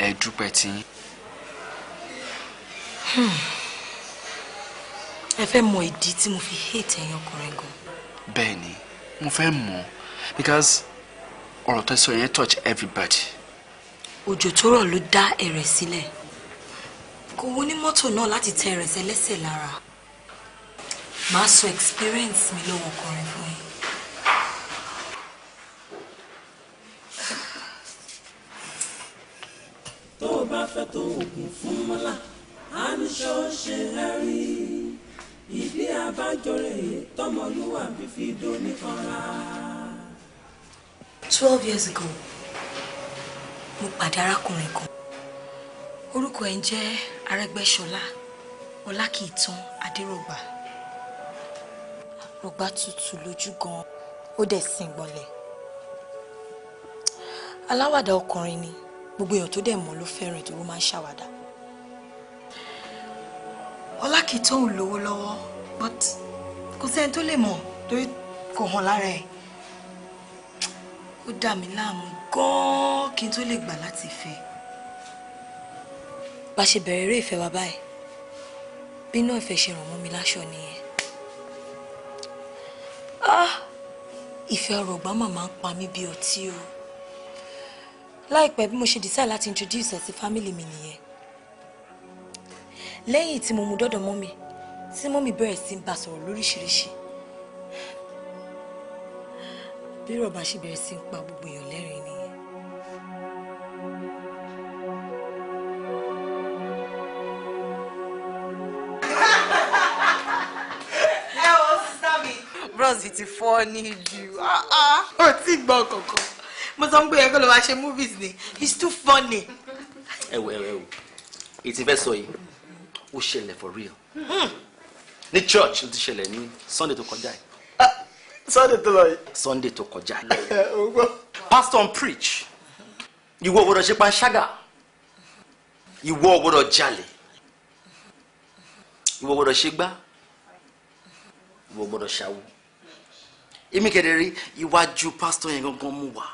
Ẹ dúpẹ́ tiyín. Hmm. ẹ fẹ́ mọ ìdí tí mo fi hate ẹ̀yin ọkùnrin gan. bẹ́ẹ̀ ni mo fẹ́ mọ̀ because ọ̀rọ̀ tó sọ yẹn touch everybody. òjò tó rọ̀ ló dá ẹ̀rẹ̀ sílẹ̀ kò wo ní mọ́tò náà láti tẹ ẹ̀rẹ̀ sẹ́lẹ́sẹ̀ lára màá sọ experience mi lọ́wọ́ ọkùnrin fún yín. tó o bá fẹ́ tó oògùn fún mọ́lá à ń ṣọ́ṣẹ́rì ìdí abájọrẹ tọmọlúwàbí fi dóní kanra. twelve years ago mo pàdé arákùnrin kan orúkọ ẹ̀ ń jẹ́ arẹ́gbẹ́ṣọlá ọlákìtàn adérògbà rògbà tutù lójú gan ó dẹ̀ sìn gbọ̀nlẹ̀ aláwàdà ọkùnrin ni gbogbo èèyàn tó dẹ̀ mọ̀ ló fẹ́ràn ìdúró máa ń ṣàwàdà Ọlákìtóhùn lówó lọ́wọ́ but kò sẹ́ni tó lè mọ̀ torí kò hàn lára ẹ̀ ó dà mí láàmú gan-an kí n tó lè gbà láti fẹ́ bá ṣe bẹ̀rẹ̀ eré ìfẹ́ wa báyìí bí náà ìfẹ́ ṣe ràn mọ́ mi láṣọ nìyẹn ah! ìfẹ́ ọ̀rọ̀gbọ́n màmá ń pa mí bí ọtí o láìpẹ́ bí mo ṣe decide láti introduce ẹ̀ sí family mi nìyẹn lẹ́yìn tí mo mú dọ́dọ̀ mọ́ mi tí mọ́mì bẹ̀rẹ̀ sí ń bá sọ̀rọ̀ lóríṣiríṣi bí rọ̀bà ṣe bẹ̀rẹ̀ sí ń pa gbogbo èèyàn lẹ́rìn nìyẹn. (laughs) ẹ o sísá mi. bros ti fọ́ ní jù ó ti gbọ́ kankan mo sọ pé ẹ kó lọ ṣe movies ni He's too funny. ẹ wo ẹ wo èyí tí fẹ́ sọ yìí ó ṣẹlẹ̀ for real ní church ló ti ṣẹlẹ̀ ní sunday tó kọjá yìí. Ah, sunday tó lọ yìí. sunday tó kọjá yìí. (laughs) pastor and preach ìwọ gbọ́dọ̀ ṣe panṣágà ìwọ gbọ́dọ̀ jalè ìwọ gbọ́dọ̀ ṣe gbá ìwọ gbọ́dọ̀ ṣàwò èmi kẹdẹ rí iwájú pásítọ̀ yẹn gangan mú wá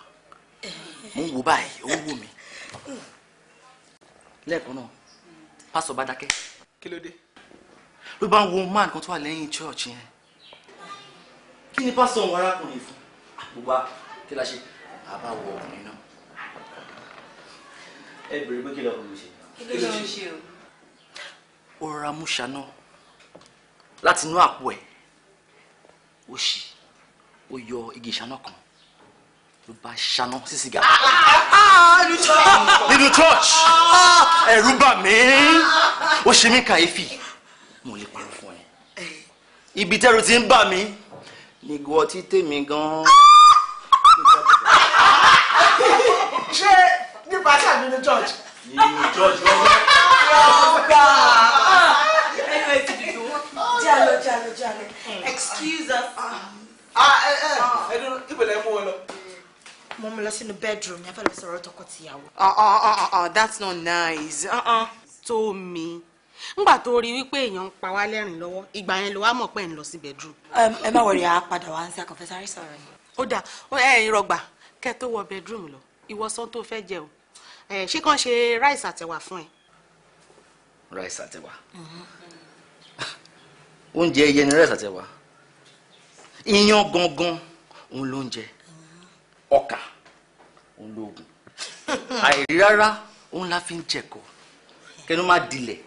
mú wò báyìí ó wù mí lẹ́ẹ̀kan náà pásítọ̀ bá dákẹ́ kí ló dé. ló bá ń wo man kan tó wà lẹ́yìn church yẹn kí ni pásítọ̀ ń wá arákùnrin fún àbúgbà kí la ṣe àbá wọ ọkùnrin náà. ẹ bèrè pé kí ló ń ṣe. kí ló ń ṣe o. ó rọra mú ṣáná láti inú àpò ẹ̀ ó ṣì ó yọ igi ìṣáná kan ló bá ṣáná sí sìgá. Ah, ah, ah, nínú church ẹ̀rù bà mí ó ṣe mí kàyéfì mo lè parọ́ fún ẹ ibi tẹ́rù ti ń bà mí nígbà ọtí tèmi gan-an. ṣé nípa sáà nínú church. nínú church lọ́wọ́. jalo jalo jalo excuse us. ẹ ẹ ẹ ẹ dúró ibùdó ẹ wọn lọ mo mú lọ sínú bedroom yẹn fẹ́ lọ sọ̀rọ̀ tọkọtìyàwó. Ah ah, ah ah ah that's not nice Uh uh. tó mi ngbà tó rí wípé èèyàn ń pa wá lẹ́rìn lọ́wọ́ ìgbà yẹn ló wá mọ̀ pé ń lọ sí bedroom. ẹ má wọrí a padà wá ń sí àkọfẹsárì sọ̀rọ̀ yìí. ó dà ẹ rọgbà kẹ tó wọ bedroom lọ ìwọsán tó fẹ́ jẹ o ṣé kàn ṣe ráìsì àtẹwà fún ẹ. ráìsì àtẹwà oúnjẹ yẹn ni ráìsì àtẹwà iyán gangan òun ló ń jẹ ọkà òun lóògùn àìrí rárá òun la fi ń jẹ̀kọ kẹnu má dilẹ̀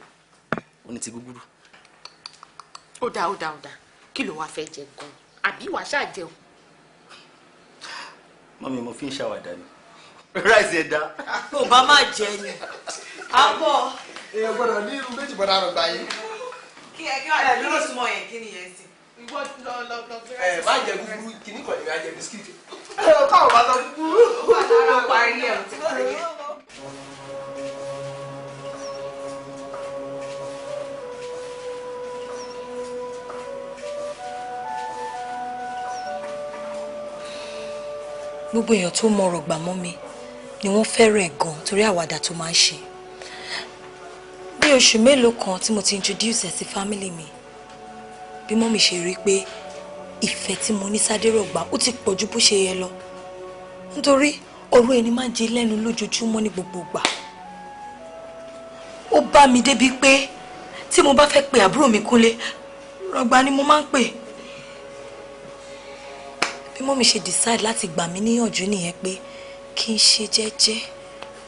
òun ti gúgúrú. ó dáa ó dáa ó dáa kí ló wàá fẹ́ jẹ gan àbí wàá ṣáà jẹun. mọ́mi mo fi ń ṣàwàdà ni ráìsì ẹ̀dá. kò bá má jẹ ni àbọ̀. èèyàn gbọ́dọ̀ ní irun méjì gbọ́dọ̀ àrùn gbà yín. kí ẹ kí wàá dúró súnmọ́ yẹn kí nìyẹn sì ìwọ lọ lọ lọ fẹ́. ẹ má jẹ gúgúrú kìíní kan ìrìn àjẹ bisikíìtì. (laughs) káwọn bá sọ gúgúrú. wà gbogbo èèyàn tó mọ ọ̀rọ̀ gbà mọ́ mi ni wọ́n fẹ́rẹ̀ gan torí àwàdà tó máa ń ṣe bí oṣù mélòó kan tí mo ti introduce ẹ̀ sí family mi bí mọ́mì ṣe rí i pé ìfẹ́ tí mo ní sádérọ̀gbà ó ti pọ̀ ju bó ṣe yẹ lọ nítorí ọ̀rọ̀ ẹni máa ń jẹ lẹ́nu lójoojúmọ́ ní gbogbo ìgbà ó bá mi débi pé tí mo bá fẹ́ pe àbúrò mi kúnlé rọ̀gbà ni mo máa ń pè bí mọ́mì ṣe decide láti gbà mí níyànjú nìyẹn pé kí n ṣe jẹ́jẹ́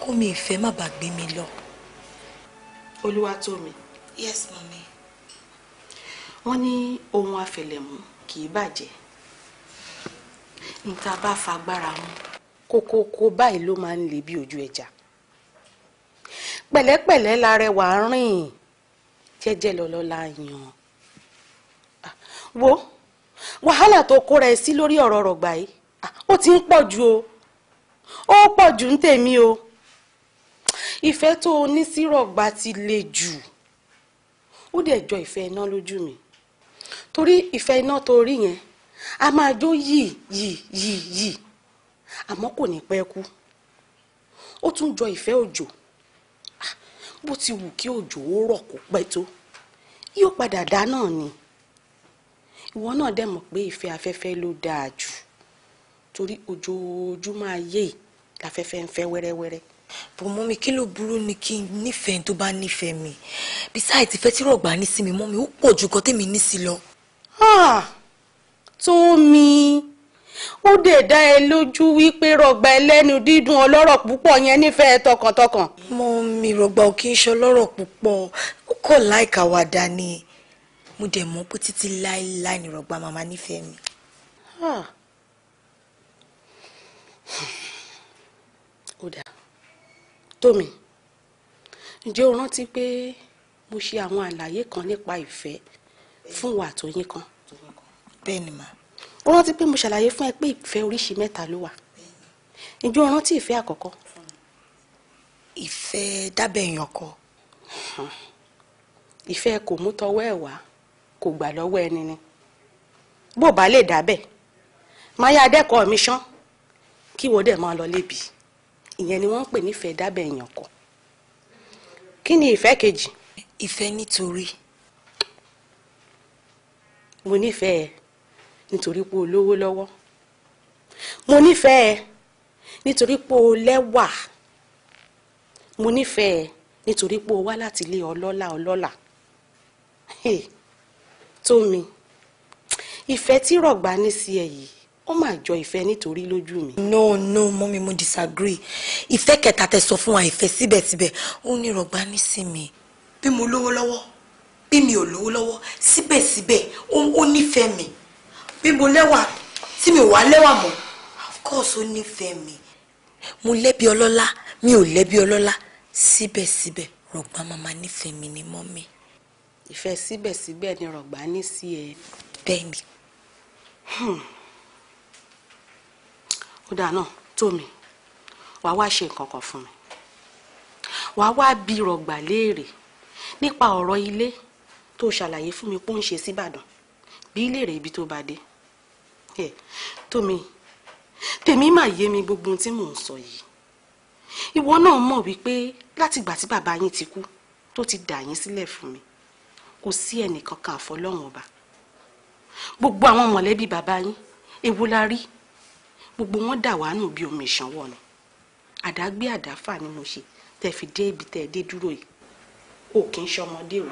kó mi ìfẹ́ má bàa gbé mi lọ. olúwa tó mi. yes mami wọ́n ní ohun àfẹlẹ̀mú kì í bàjẹ́ níta bá fagbára mu kókókó báyìí ló máa ń le bí ojú ẹja pẹ̀lẹ́pẹ̀lẹ́ la rẹwà rìn jẹ́jẹ́ lọ́lọ́ la yàn ah, wo wàhálà tó kóra ẹ sí lórí ọ̀rọ̀ rọ̀gbà yìí ah, ó ti ń pọ̀ ju o ó pọ̀ ju ń tèmi o ìfẹ́ tó o ní sí rọ̀gbà ti le jù ó dẹ̀ jọ iná lójú mi torí ìfẹ́ iná tó rí yẹn a máa jó yìí yìí yìí yìí àmọ́ kò ní pẹ́ kú ó tún jọ ìfẹ́ òjò ah, bó ti wù kí òjò ó rọ̀ kó pẹ́ tó yóò padà dá náà ni ìwọ náà dẹ̀ mọ̀ pé ìfẹ́ afẹ́fẹ́ ló dáa jù torí ojoojúmọ́ ayé láfẹ́fẹ́ ń fẹ́ wẹ́rẹ́wẹ́rẹ́. bò mi kí ló burú ni kí n nífẹ̀ẹ́ tó bá nífẹ̀ẹ́ mi besides ìfẹ́ tí rọ̀gbà ní sí mi mọ́ mi ó pọ̀ ju kan tèmi ní sí lọ. Ah, tómi ó dè dá ẹ lójú wípé rọgbà ẹlẹ́nu dídùn ọlọ́rọ̀ púpọ̀ yẹn nífẹ̀ẹ́ tọkàntọkàn. mo mi rọgbà ò kí n ṣe ọlọ́rọ̀ púpọ̀ ó kọ̀ láìka wàdà ni mo dẹ̀ mọ̀ pé títí láéláé ni rọgbà màmá nífẹ̀ẹ́ mi. Ah. ó dà tómi ǹjẹ́ o rántí pé mo ṣe àwọn àlàyé kan nípa ìfẹ́ fún wa àtòyìn kan. bẹ́ẹ̀ ni mà. ó rántí pé mo ṣàlàyé fún ẹ pé ìfẹ́ oríṣi mẹ́ta ló wà ìjọ rántí ìfẹ́ àkọ́kọ́. ìfẹ́ dábẹ̀yàn kọ. ìfẹ́ kò mú tọwọ́ ẹ̀ wá kò gbà lọ́wọ́ ẹni ni bó bá lè dábẹ̀ máa yá mi ṣán kí wọ́n dẹ̀ máa lọ lébi ìyẹn ni wọ́n ń pè nífẹ̀ẹ́ dábẹ̀yàn kọ. kí ni ìfẹ́ kejì. ìfẹ́ nítorí mo nífẹ̀ẹ́ nítorí pé o lówó lọ́wọ́ mo nífẹ̀ẹ́ nítorí pé o lẹ́wà mo nífẹ̀ẹ́ nítorí pé o wá láti ilé ọlọ́lá ọlọ́lá tómi ìfẹ́ tí rọ̀gbà ní sí ẹ yìí ó mà jọ ìfẹ́ nítorí lójú mi. no no mọ́mi mo disagree ìfẹ́ kẹta tẹ sọ fún wa ìfẹ́ síbẹ̀síbẹ̀ ó ní rọ̀gbà ní sí mi bí mo lówó lọ́wọ́ bí mi ò lówó lọ́wọ́ síbẹ̀síbẹ̀ ó nífẹ̀ẹ́ mi bí mo lẹ́wà tí mi ò wá lẹ́wà mọ́ of course ó nífẹ̀ẹ́ mi mo lẹ́bi ọlọ́lá mi ò lẹ́bi ọlọ́lá síbẹ̀síbẹ̀ rọ̀gbà màmá nífẹ̀ẹ́ mi ni mọ́ mi. ìfẹ́ síbẹ̀síbẹ̀ ni rọ̀gbà ní sí ẹ. bẹ́ẹ̀ ni. Hmm. ó dáa náà tómi wàá wá ṣe nǹkan kan fún mi wàá wá bí rọ̀gbà léèrè nípa ọ̀rọ̀ ilé tó ṣàlàyé fún mi pé ó ń ṣe síbàdàn bí léèrè ibi tó bá dé tómi tèmi mà yé mi gbogbo tí mò ń sọ yìí ìwọ náà mọ̀ wípé látìgbà tí bàbá yín ti kú tó ti dà yín sílẹ̀ fún mi kò sí ẹnìkan kan àfọlọ́run ọba gbogbo àwọn mọ̀lẹ́bí bàbá yín ewu la rí gbogbo wọn dà wánù bí omi ìṣànwọ́ ni àdágbé àdáfà ni mo ṣe tẹ́ fi dé ibi tẹ́ dé dúró yìí ò kì ṣọmọdé o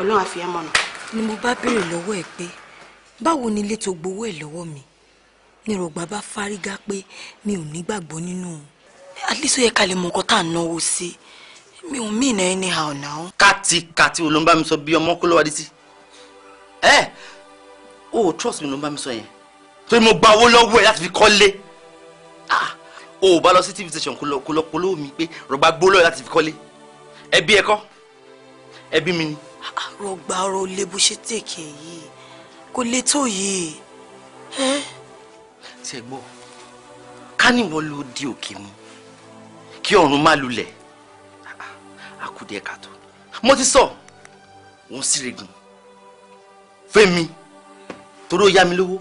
ọlọ́run àfihàn mọ̀nà. ni mo bá béèrè lọ́wọ́ ẹ̀ pé báwo ni ilé tó gbowó ẹ̀ lọ́wọ́ mi ni rògbà bá fárígá pé mi ò nígbàgbọ́ nínú àlísọ yẹ ká lè mọ nǹkan tá à ń náwó sí mi ò mí ìnà ẹni hà ọ̀nà o. kàtìkàtì ò ló ń bá mi sọ bí ọmọ kó lọ́wọ́ adé sí ẹ o ò trust mi ló ń bá mi sọ yẹn torí mo gba owó lọ́wọ́ ẹ láti fi kọ́lé o ò bá lọ sí tv station kó lọ polówó mi pé rògbà gbó lọ́wọ́ láti fi kọ́lé ẹbí ẹ kọ́ ẹbí mi ni àrò ọgbà ọ̀rọ̀ ò lè bó ṣe tèké e yìí kò lè tó yìí. ṣe gbọ́ ká níwọ̀n ló di òkè mu kí ọ̀run má lulẹ̀ àkùdẹ kàtó mo ti sọ òun sì regun fẹmi torí yá mi lówó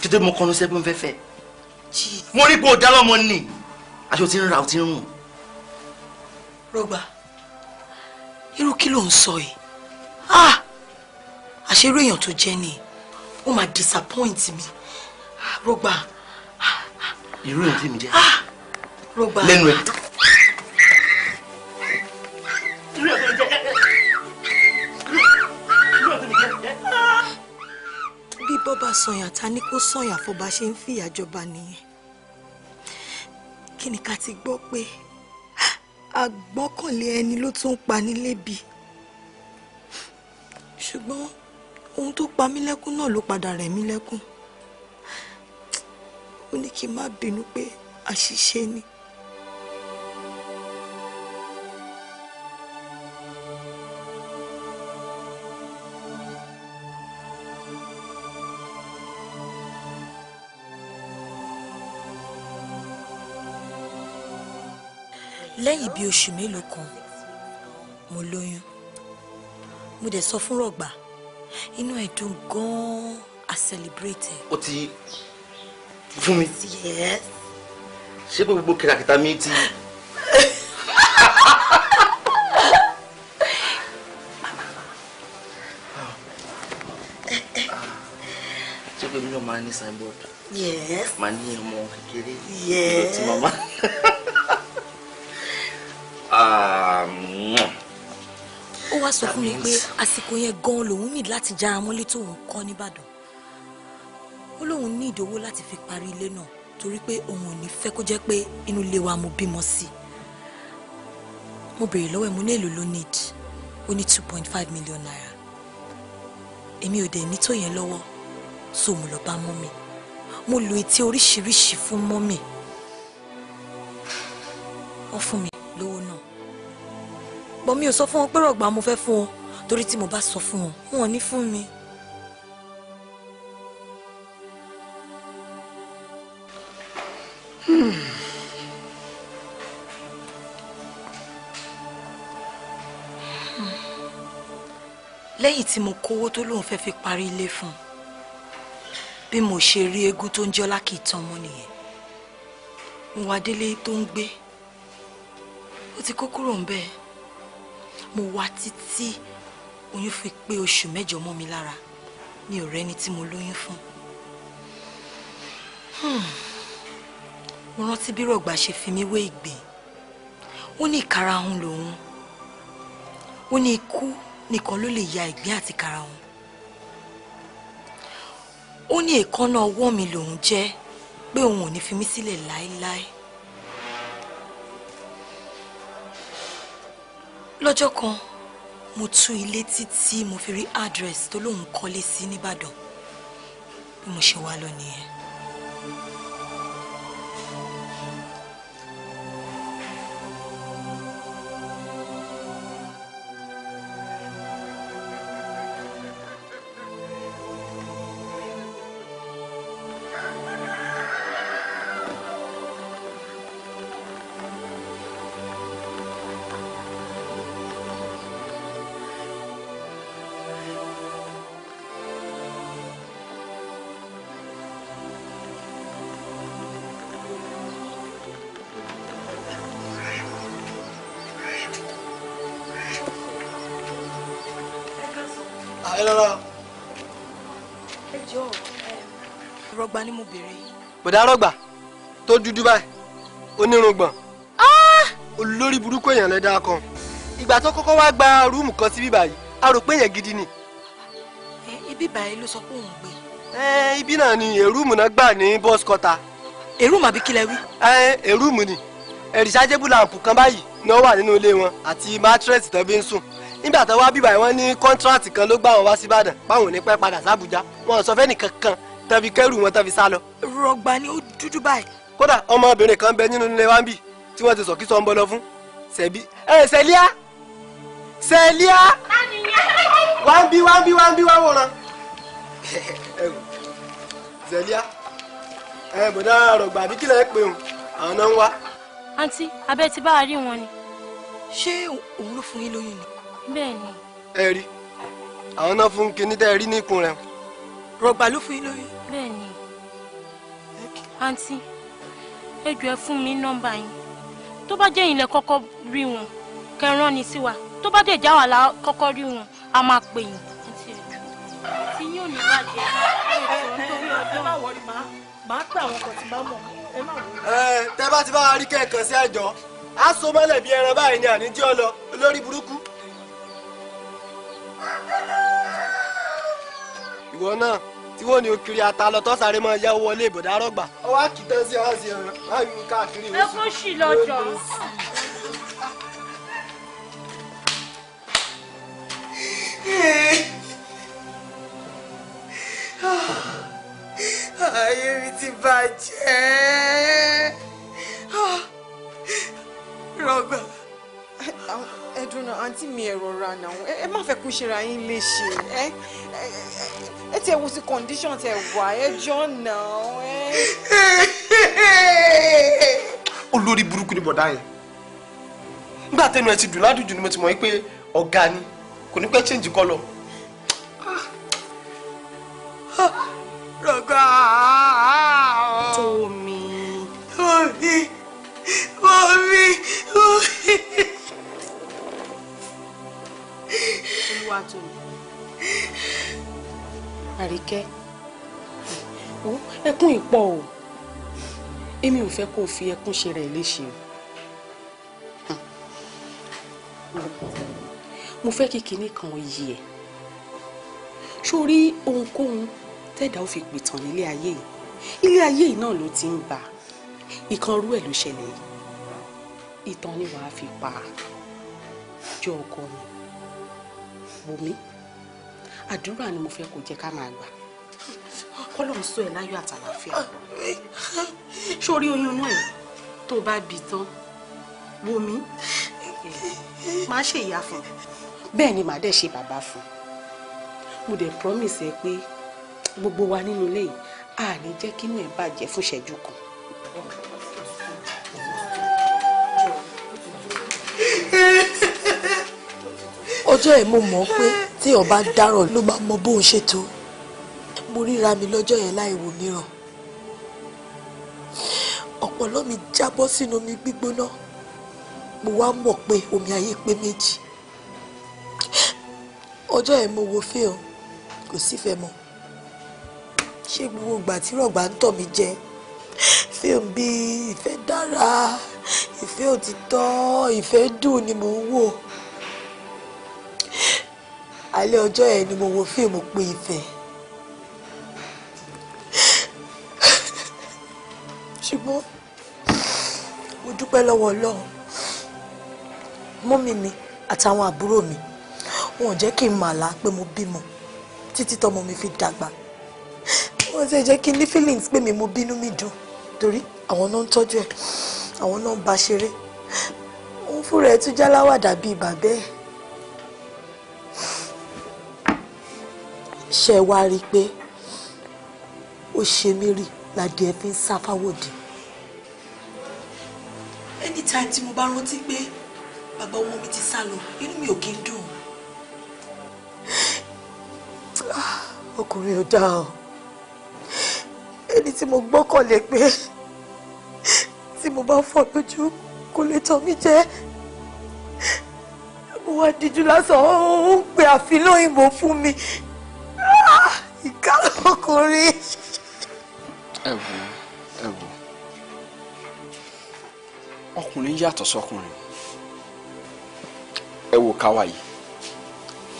títí mo kọnu sẹ́gbọ́n fẹ́fẹ́ mo rí pé ó dá lọ́mọ nì aṣọ tí ń ra ó ti ń rùn. rọgbà irú kí ló ń sọ yìí ah àṣeré èèyàn tó jẹ́ ni ó máa disappoint mi ah, rọgbà. irú èèyàn tí mi jẹ́ ah, rọgbà lẹ́nu ẹ̀. bí bọ́ba sọ̀yàn ta ni kó sọ̀yàn àfọ̀bá ṣe ń fìyà jọba nìyẹn kí ni ká ti gbọ́ pé àgbọ́kànlé ẹni ló tún ń pa ní lébi ṣùgbọ́n ohun tó pa mí lẹ́kún náà ló padà rẹ̀ mí lẹ́kún ó ní kí n má bínú pé àṣìṣe ni. lẹ́yìn bíi oṣù mélòó kan mo lóyún mo dẹ̀ sọ fún rọ̀gbà inú ẹ̀ dùn gan-an a celebrate. O ti fún mi. yes. ṣé pé gbogbo kìràkìtà mi ti. ṣé pé mi náà máa ní signboard. yes. máa ní ọmọ kékeré. yes. ló màmá. wá sọ fún mi pé àsìkò yẹn gan lòun nìdí láti já amọ́lé tó òun kọ́ nìbàdàn ó lóun ní ìdówó láti fi parí ilé náà torí pé òun ò ní fẹ́ kó jẹ́ pé inú ilé wa mo bímọ sí i mo béèrè lọ́wọ́ ẹ̀ mo ní èlò ló need ó ní two point five million naira èmi ò dẹ̀ ní tó yẹn lọ́wọ́ so mo lọ bá mọ́mì mo lo etí oríṣiríṣi fún mọ́mì wọ́n fún mi lówó náà bọ́ mi ò sọ fún wọn pé rọ̀gbà mo fẹ́ fún wọn torí tí mo bá sọ fún wọn wọn ò ní fún mi. lẹ́yìn tí mo kówó tó lóun fẹ́ fi parí ilé fún bí mo ṣe rí eégún tó ń jọ́ lákìtàn mọ́ nìyẹn mo wá délé tó ń gbé ó ti kó kúrò ń bẹ́ẹ̀ mo wá títí oyún fi pé oṣù mẹ́jọ mọ́ mi lára mi ò rẹ́ni tí mo lóyún fún. Hmm. mo rántí bí rọ̀gbà ṣe fi mí wé ìgbé ó ní ìkarahun lòun ó ní ikú nìkan ló lè ya ìgbé àti karahun ó ní èékánná ọwọ́ mi lòun jẹ́ pé òun ò ní fi mí sílẹ̀ láéláé. lọ́jọ́ kan mo tú ilé títí mo fi rí address tó lóun kọ́lé sí nìbàdàn bí mo ṣe wá lọ nìyẹn. kò dá rọgbà tó dúdú báyìí onírùngbọ̀n ah! olórí burúkú èèyàn lẹ́dá kan ìgbà tó kọ́kọ́ wá gba rúùmù kan sí bíbá yìí a rò pé èèyàn gidi ni. ẹ ibi báyìí ló sọ pé òun gbé. ibi náà ni èrúùmù náà gbà ní bọ́ọ̀sì kọta. èrúùmù àbí kílẹ̀ wí. ẹ èrúùmù ni ẹ̀rìṣàjẹ́bù làǹpù kan báyìí ni wọ́n wà nínú ilé wọn àti mátírẹ́sì tó fi ń sùn nígbà tó wá bíbá yìí wọ́n ní kọ́ńtíráàtì kan ló gbà wọn wá síbàdàn báwọn ò ní pẹ́ padà sábùjá wọn ò sọ fẹ́ nìkan kan tàbí kẹ́rù wọn tàbí sá lọ. rọgbà ni ó dúdú báyìí. kódà ọmọbìnrin kan bẹ nínú ilé wa ń bì tí wọ́n ti sọ kí sọ ń bọ lọ fún sẹbi ẹ sẹlíà sẹlíà wá ń bí wá ń bí wá ń bí wá wòran sẹlíà ẹ bọ̀dá rọgbà àbí kílẹ̀ ẹ pé òun àwọn náà ń wá. àǹtí abẹ́ ti bá a rí wọn ni. ṣé òun ló fún yín lóyún ni. bẹ́ẹ̀ ni. ẹ rí àwọn náà fún kinní tẹ́ ẹ rí ní ikùn rẹ̀ o rọ̀gbà ló fún yín lóyún. bẹ́ẹ̀ni àǹtí ẹ jọ̀ọ́ ẹ fún mi nọ́mbà yín tó bá jẹ́ ìyìnlẹ̀ kọ́kọ́ rí wọn kẹ́ rán ni sí wa tó bá dẹ̀ já wà lá kọ́kọ́ rí wọn a máa pè yín àǹtí ẹ jọ̀ọ́ tí yóò ní bàjẹ́ ẹ má wọrí màá màá pè àwọn kan tí bá mọ̀ ẹ má wọrí. ẹ tẹ bá ti bá wa rí kẹ́ẹ̀kan sí àjọ á so mọ́lẹ̀ bí ẹran báyìí ni àníjí ọ lọ lórí burúkú ìwọ náà tí wọ́n ní okiri ata lọ tó sáré mọ́ ya wọlé ìbòdà rọ̀gbà. ó wá kì tán sí ọ̀sẹ̀ ọ̀rọ̀ máa ń káàkiri oṣù. ẹ sì lọ́jọ́. Ah, ayé mi ti bàjẹ́ ah, rọ̀gbà ẹ dùnà àǹtí mi ẹ rọra náà ẹ má fẹ́ kú ṣera yín léṣe ẹ ẹ ti ẹ wo sí condition tẹ wà ẹ jọ náà ẹ. olórí burúkú ni bọ̀dá yẹn nígbà tẹnu ẹ ti dùn ládùjù ni mo ti mọ̀ pé ọ̀gá ni kò ní pẹ́ change colour. rọ̀gà tómi tómi tómi tómi. wá tó ni. àríkẹ́ ó ẹkún ìpọ̀ o èmi ò fẹ́ kó o fi ẹkún ṣe rẹ̀ léṣe o hm. mo fẹ́ kí kinní kan yí ẹ sórí ohunkóhun tẹ́dà ó fi pìtàn nílé ayé yìí ilé ayé yìí náà ló ti ń bà ìkanrú ẹ̀ ló ṣẹlẹ̀ yìí ìtàn ni wàá fi pa jọ ọkọ mi wò mí àdúrà ni mo fẹ́ kó jẹ́ ká máa gbà kọ́lọ́run sọ ẹ̀ láyọ̀ àtàlàfíà sórí oyún náà tó bá bì tán wò mí máa ṣe ìyá fún bẹ́ẹ̀ ni màá dẹ̀ ṣe bàbá fún mo dẹ̀ promise ẹ pé gbogbo wa nínú ilé yìí a ní kínú ẹ̀ bàjẹ́ fún ìṣẹ́jú kan ọjọ́ ẹ̀ mo mọ̀ pé tí ọba dáràn ló máa mọ bóun ṣètò mo ríra mi lọ́jọ́ yẹn láì wò mìíràn ọpọlọ mi jábọ́ sínú omi gbígbóná mo wá mọ̀ pé omi ayé pé méjì ọjọ́ ẹ̀ mo wo fíìmù kò sífẹ̀ẹ́ mọ́ ṣé gbogbo ìgbà tí rọ̀gbà ń tọ̀ mí jẹ fíìmù bíi ìfẹ́ dára ìfẹ́ òtítọ́ ìfẹ́ dùn ni mò ń wò alẹ́ ọjọ́ yẹn ni mo wo fíìmù pé ìfẹ́ ṣùgbọ́n mo dúpẹ́ lọ́wọ́ ọlọ́run mọ́mì mi àtàwọn àbúrò mi wọn ò jẹ́ kí n mà lá pé mo bímọ títí tọmọ mi fi dàgbà wọn ṣe jẹ́ kí n ní feelings pé mi mo bínú mi dùn torí àwọn náà ń tọ́jú ẹ̀ àwọn náà ń bá ṣeré òun fúnra ẹ̀ tún jáláwà dàbí bàbá ẹ̀. ṣe wá rí i pé ó ṣe mí rí ládìí ẹ fi ń sá fáwọ̀dì. anytime tí mo bá rántí pé bàbá ọmọ mi ti sá lọ inú mi ò kí ń dùn. Ah, ọkùnrin ò dáa o ẹni tí mo gbọ́kànlé pé tí mo bá fọ́ lójú kò lè tàn mí jẹ mo wá díjú lásán ó ń pe àfin lóyìnbó fún mi ọkùnrin. ẹ wò ẹ wò ọkùnrin yàtọ̀ sọkùnrin ẹ wò káwa yìí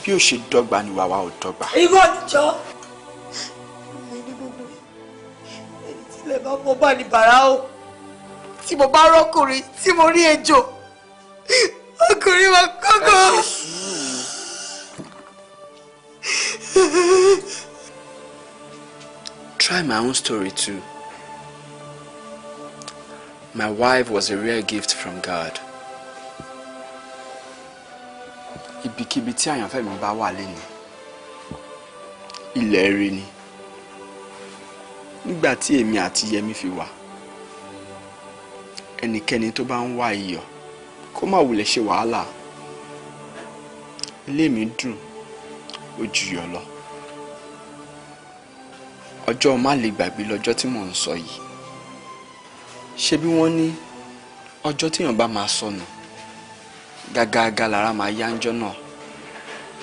bí ó ṣe dọ́gba ni wàwa ò dọ́gba. irọ́ níjọ́ mi ní gbogbo ẹni tílẹ̀ bá mọ́ bá ní bàrá o tí mo bá rọ́kùnrin tí mo rí ejò ọkùnrin wa kọ́kọ́ try my own story too. My wife was a rare gift from God. Ibikíbi tí àyànfẹ́ mi bá wà léni, ilẹ̀ rere ni. Nígbà tí èmi àti Yẹmi fi wà, ẹnikẹ́ni tó bá ń wá iyọ̀ kó má wulẹ̀ ṣe wàhálà. Ilé mi dùn, ó yọ̀ lọ ọjọ́ má lè gbàgbé lọ́jọ́ tí mò ń sọ yìí ṣé bí wọ́n ní ọjọ́ téèyàn bá máa sọnù gágágá lára máa yá ńjọ́ náà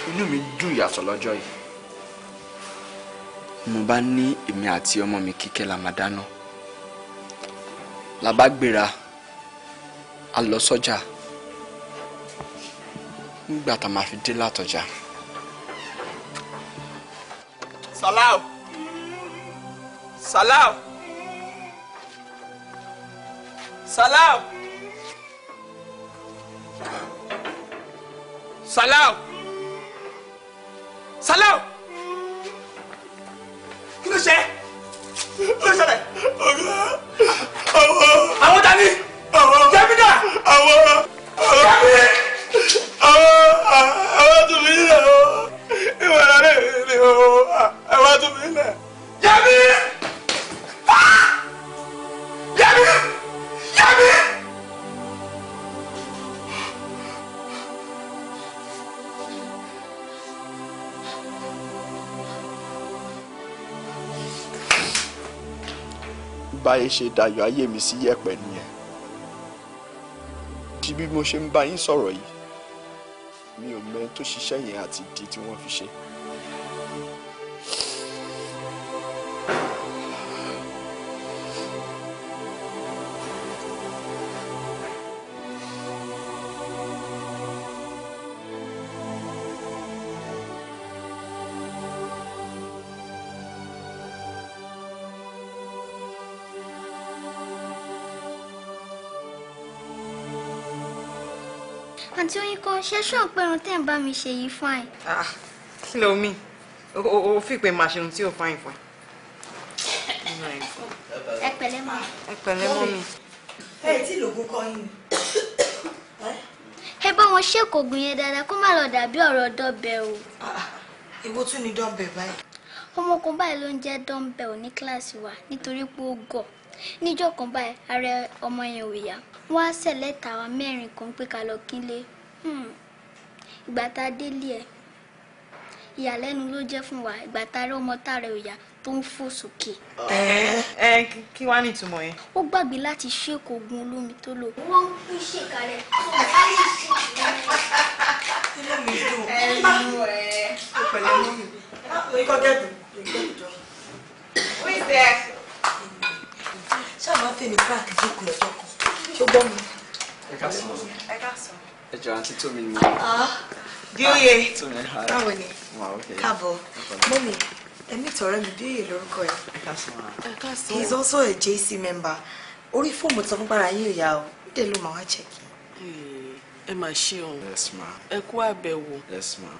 inú mi dùn yàtọ̀ lọ́jọ́ yìí mo bá ní èmi àti ọmọ mi kíkẹ́ la máa dáná la bá gbéra a lọ sọ́jà nígbà tá a máa fi dé látọjà. Salau salam salam salam salam kí ló ṣe ló ṣẹlẹ̀ àwọn tani jẹ́mi náà jẹ́mi àwọn tún mi lẹ o ìwà rẹ rẹ o àwọn tún mi lẹ jẹ́mi báyé ṣe dayọ̀ ayé mi mo ṣe ń bá yín sọ̀rọ̀ yìí mi ò mẹ tó ṣiṣẹ́ yẹn àti ìdí tí wọ́n fi ṣe é. ṣe ṣọ́n pé irun tẹ́ ń bá mi ṣe yìí fine. Ah, kí ló mi o fi pé màá ṣerun tí ò fine fún ẹ. ẹ pẹ̀lẹ́ mọ́ mi. ẹ pẹ̀lẹ́ mọ́ mi. ẹ tí lògùn kọ yín ẹ bá wọn ṣèkò ògùn yẹn dáadáa kó má lọ dàbí ọ̀rọ̀ dọ́bẹ̀ o. Ah, ìwọ tún ni dọ́bẹ̀ báyìí. ọmọkùnrin báyìí ló ń jẹ́ dọ́bẹ̀ ò ní kíláàsì wa nítorí pé ó gọ̀ níjọ́ kan báyìí ààrẹ ọmọ yẹn ò yá wọ́n á ṣẹ̀ lẹ́tà wa kan pé ká lọ kílé Hmm. ìgbà tá a délé ẹ̀ ìyàlẹ́nu ló jẹ́ fún wa ìgbà tá a rí ọmọ tá a rẹ̀ òyà tó ń fò sókè. ẹ ẹ kí wàá ní ìtumọ̀ yẹn. ó gbàgbé láti ṣèkò oògùn olómi tó lò. wọ́n ń pín ṣèkà rẹ̀ tó ń bá ṣe ìlú mi dùn. ẹnu ẹ ó pẹ̀lẹ́ mú mi. ikọ́ gẹ̀dùn ìgbẹ́jọ. wíṣẹ́. ṣáà máa ń fèmí páàkì jókòó ẹ̀jọ̀ kan ṣó gbọ́ mi. ẹ ká sọ. ẹ ká sọ ẹjọ àǹtí tómi ni. Ah, bíóyè báwo ni káàbọ̀ mọ́mí ẹ̀mí tọ̀rẹ́ mi bíóyè lórúkọ ẹ̀ eh, he is also a JC member orí fóòmù tó ń gbára yín ìyá o ìdè ló máa wá chẹ́kì. ẹ mà ṣe o ẹ kú àbẹ̀wò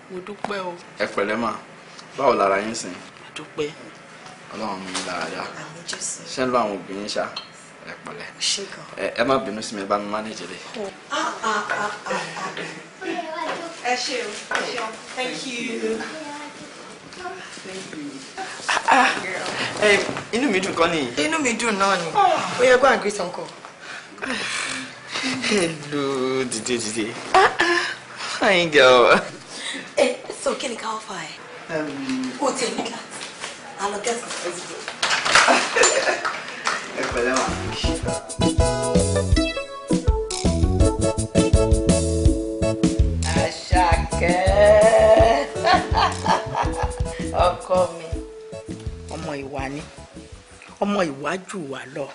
mo dúpẹ́ o. ẹ pẹ̀lẹ́ mà báwo lára yín sìn. a dúpẹ́. ọlọ́run mi lára yá ṣé ń lọ àwọn obìnrin ṣá ẹ pẹ̀lẹ́ ẹ má bínú sí mi ẹ bá mi mánéjì rẹ. Oh. Ah, ah, ah, ẹ ṣe o thank you. inú mi dùn kọ́ nìyí. inú mi dùn náà ni ó yẹ kó àgbẹ̀ sàn kọ. hello dìde dìde fine girl. ẹ eh, sọ kí ni ká wọ́n fa ẹ. o tẹ̀ nígbà tí a lọ ẹ pẹ̀lẹ́ wà. Àṣàkẹ́ (laughs) ọkọ mi ọmọ ìwà ni ọmọ ìwájú wà lọ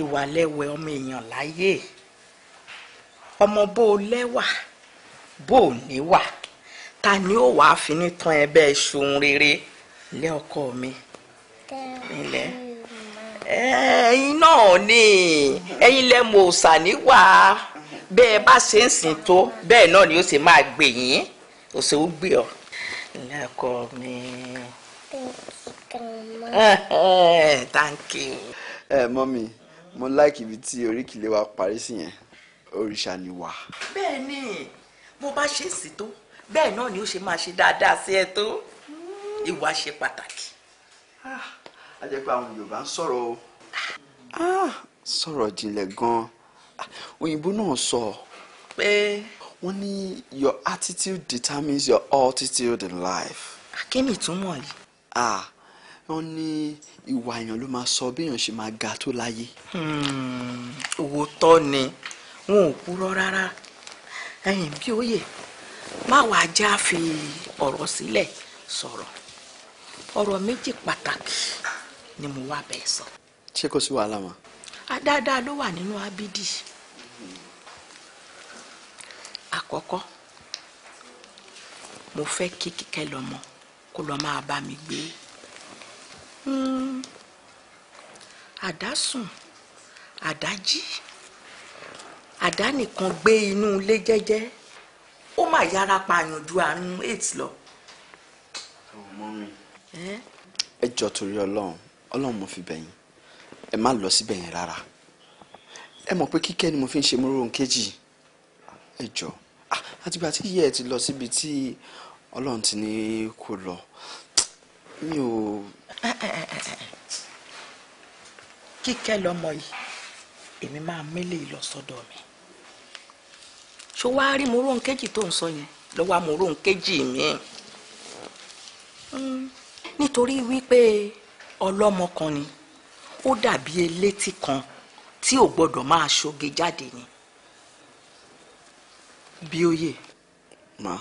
ìwà lẹ́wẹ̀ ọmọ èèyàn láyé ọmọ bó o lẹ́wà bó o níwà ta ni ó wàá fi ní tán ẹ rere ilé ọkọ mi. ilé ẹ̀yin náà ni ẹ̀yin lẹ́mu òòsà níwà bẹ́ẹ̀ bá ṣe ń sìn tó bẹ́ẹ̀ náà ni ó sì máa gbè yín òsè ó gbé ọ lẹ́kọ̀ọ́ mi. thank you. ẹ mọ́mí mo láìkì ibi tí oríkìlẹ̀ wa parí sí yẹn òrìṣà ni wà. bẹ́ẹ̀ ni bó bá ṣe ń sìn tó bẹ́ẹ̀ náà ni ó ṣe máa ṣe dáadáa sí ẹ tó ìwà ṣe pàtàkì. Ah á jẹ́ pé àwọn Yorùbá ń sọ̀rọ̀ o. Ah, sọ̀rọ̀ jinlẹ̀ gan-an ah, òyìnbó náà sọ pé wọ́n ní your attitude determines your altitude in life. akínní túmọ̀ yìí. ah wọ́n ní ìwà èèyàn ló máa sọ bí èèyàn ṣe máa ga tó láyé. Hmm, òótọ́ ni wọn ò purọ́ rárá ẹ̀yìn bí ó yẹ má wàá já fi ọ̀rọ̀ sílẹ̀ sọ̀rọ̀ ọ̀rọ̀ méjì pàtàkì ni mo wá bẹ́ẹ̀ sọ. ṣé kò sí wàhálà mọ́. adáadáa ló wà nínú abidi àkọ́kọ́ mo fẹ́ kí kíkẹ́ lọ́mọ kó lọ́ọ́ máa bá mi gbé hmm, àdásùn àdájí àdá nìkan gbé inú ilé jẹ́jẹ́ ó mà yára pààyàn ju àrùn aids lọ. ẹ jọ torí Ọlọ́run ọlọ́run mo fi bẹ̀yìn ẹ má lọ síbẹ̀ yẹn rárá ẹ mọ̀ pé kíkẹ́ ni mo fi ń ṣe mọ́rọ́ kejì ẹ jọ àtìgbà tí yẹ ẹ ti lọ síbi tí ọlọ́run ti ní kó lọ mi ò. kíkẹ́ lọmọ yìí èmi máa mélé lọ sọ́dọ̀ mi ṣó wáá rí mọ́rọ́ kejì tó ń sọ yẹn lọ́wọ́ mọ́rọ́ kejì mi hmm, nítorí wípé ọlọ́mọ kan ni ó dàbí elétí kan tí ò gbọ́dọ̀ máa ṣoge jáde ni bí ó yè má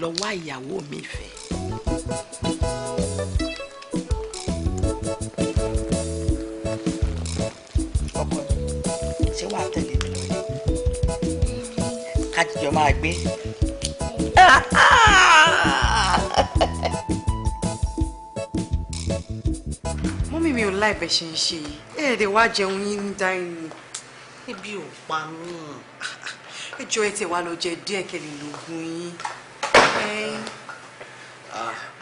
lọ wá ìyàwó mi fẹ́. kájíjọ máa gbé. (laughs) mi ò láìbẹ̀ ṣe ń ṣe yìí ẹ̀ẹ́dẹ̀ wá jẹun yín ní dáìní. ebi ò pa mí. ẹjọ ẹ tẹ wá lọ jẹ díẹ̀ kẹlẹ lóògùn yín.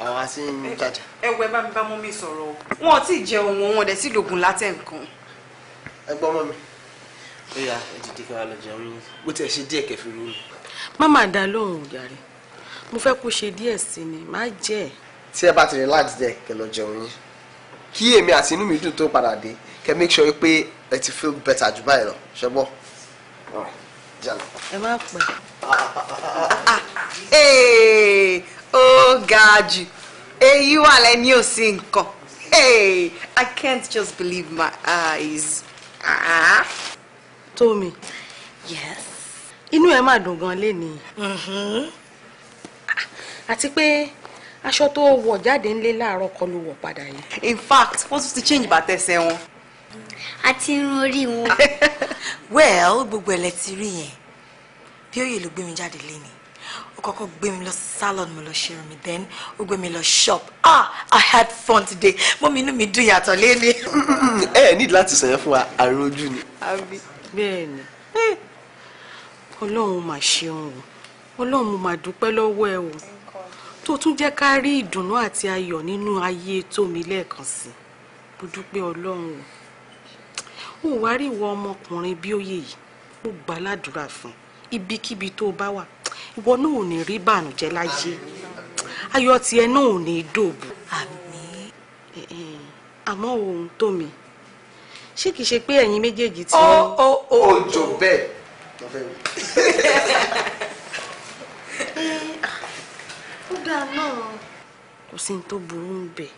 àwọn àti ń jáde. ẹ wọ ẹ bá mi bá mú mi sọ̀rọ̀ wọn ò tí ì jẹun wọn wọn ò dẹ̀ sí lóògùn látẹ̀ nǹkan. ẹ gbọ́ mọ́ mi ó yá ẹ dìde kí wàá lọ jẹun yín bó tiẹ̀ ṣe díẹ̀ kẹfì rú mi. má má dá lóhùn jàre mo fẹ́ kó ṣe díẹ̀ sí ni má jẹ́ ẹ̀. tí ẹ bá ti relax díẹ̀ kẹ lọ jẹun yín kí èmi àti inú mi dùn tó padà dé kẹ́ make sure pé ẹ ti feel better jù báyìí lọ ṣẹ́gbọ́. ẹ má pẹ́. (laughs) ó ga jù èyí wà lẹ́ni ò nǹkan I can't just believe my eyes. Ah. Tómi. Yes. Inú ẹ máa dùn gan lénìí. Mm-hmm. Ah, àti pé aṣọ tó wọ̀ jáde ńlé láàárọ̀ kọ́ ló wọ̀ padà yìí. in fact wọ́n tún ti change bàtà ẹsẹ̀ wọn. àti irun orí wọn. (laughs) well gbogbo ẹ̀lẹ́ ti rí yẹn bí òye ló gbé mi jáde léni ó kọ́kọ́ gbé mi lọ salon mo lọ ṣe irun mi then ó gbé mi lọ shop ah i had fun today mọ́ mi inú mi dùn yàtọ̀ léni. (laughs) ẹ ẹ nídìí láti sọyẹn fún wa àrùn ojú ni. bẹ́ẹ̀ ni eh, ọlọ́run mà ṣeun o ọlọ́run mà dúpẹ́ lọ́wọ́ ẹ o tó tún jẹ́ ká rí ìdùnnú àti ayọ̀ nínú ayé tó mi lẹ́ẹ̀kan sí mo dúpẹ́ ọlọ́run o ò wá rí ìwọ ọmọkùnrin bí ó yè yìí mo gbà ládùúrà fún ibikíbi tó o bá wà ìwọ náà ò ní rí bànújẹ́ láyé ayọ̀ tiẹ̀ náà ò ní dòbù. àmín. àmọ́ ohun tó mi ṣé kìí ṣe pé ẹ̀yin méjèèjì ti. ó ó ó òjò bẹ́ẹ̀. (laughs) ó dáa náà kò sí ní tó burú ń bẹ̀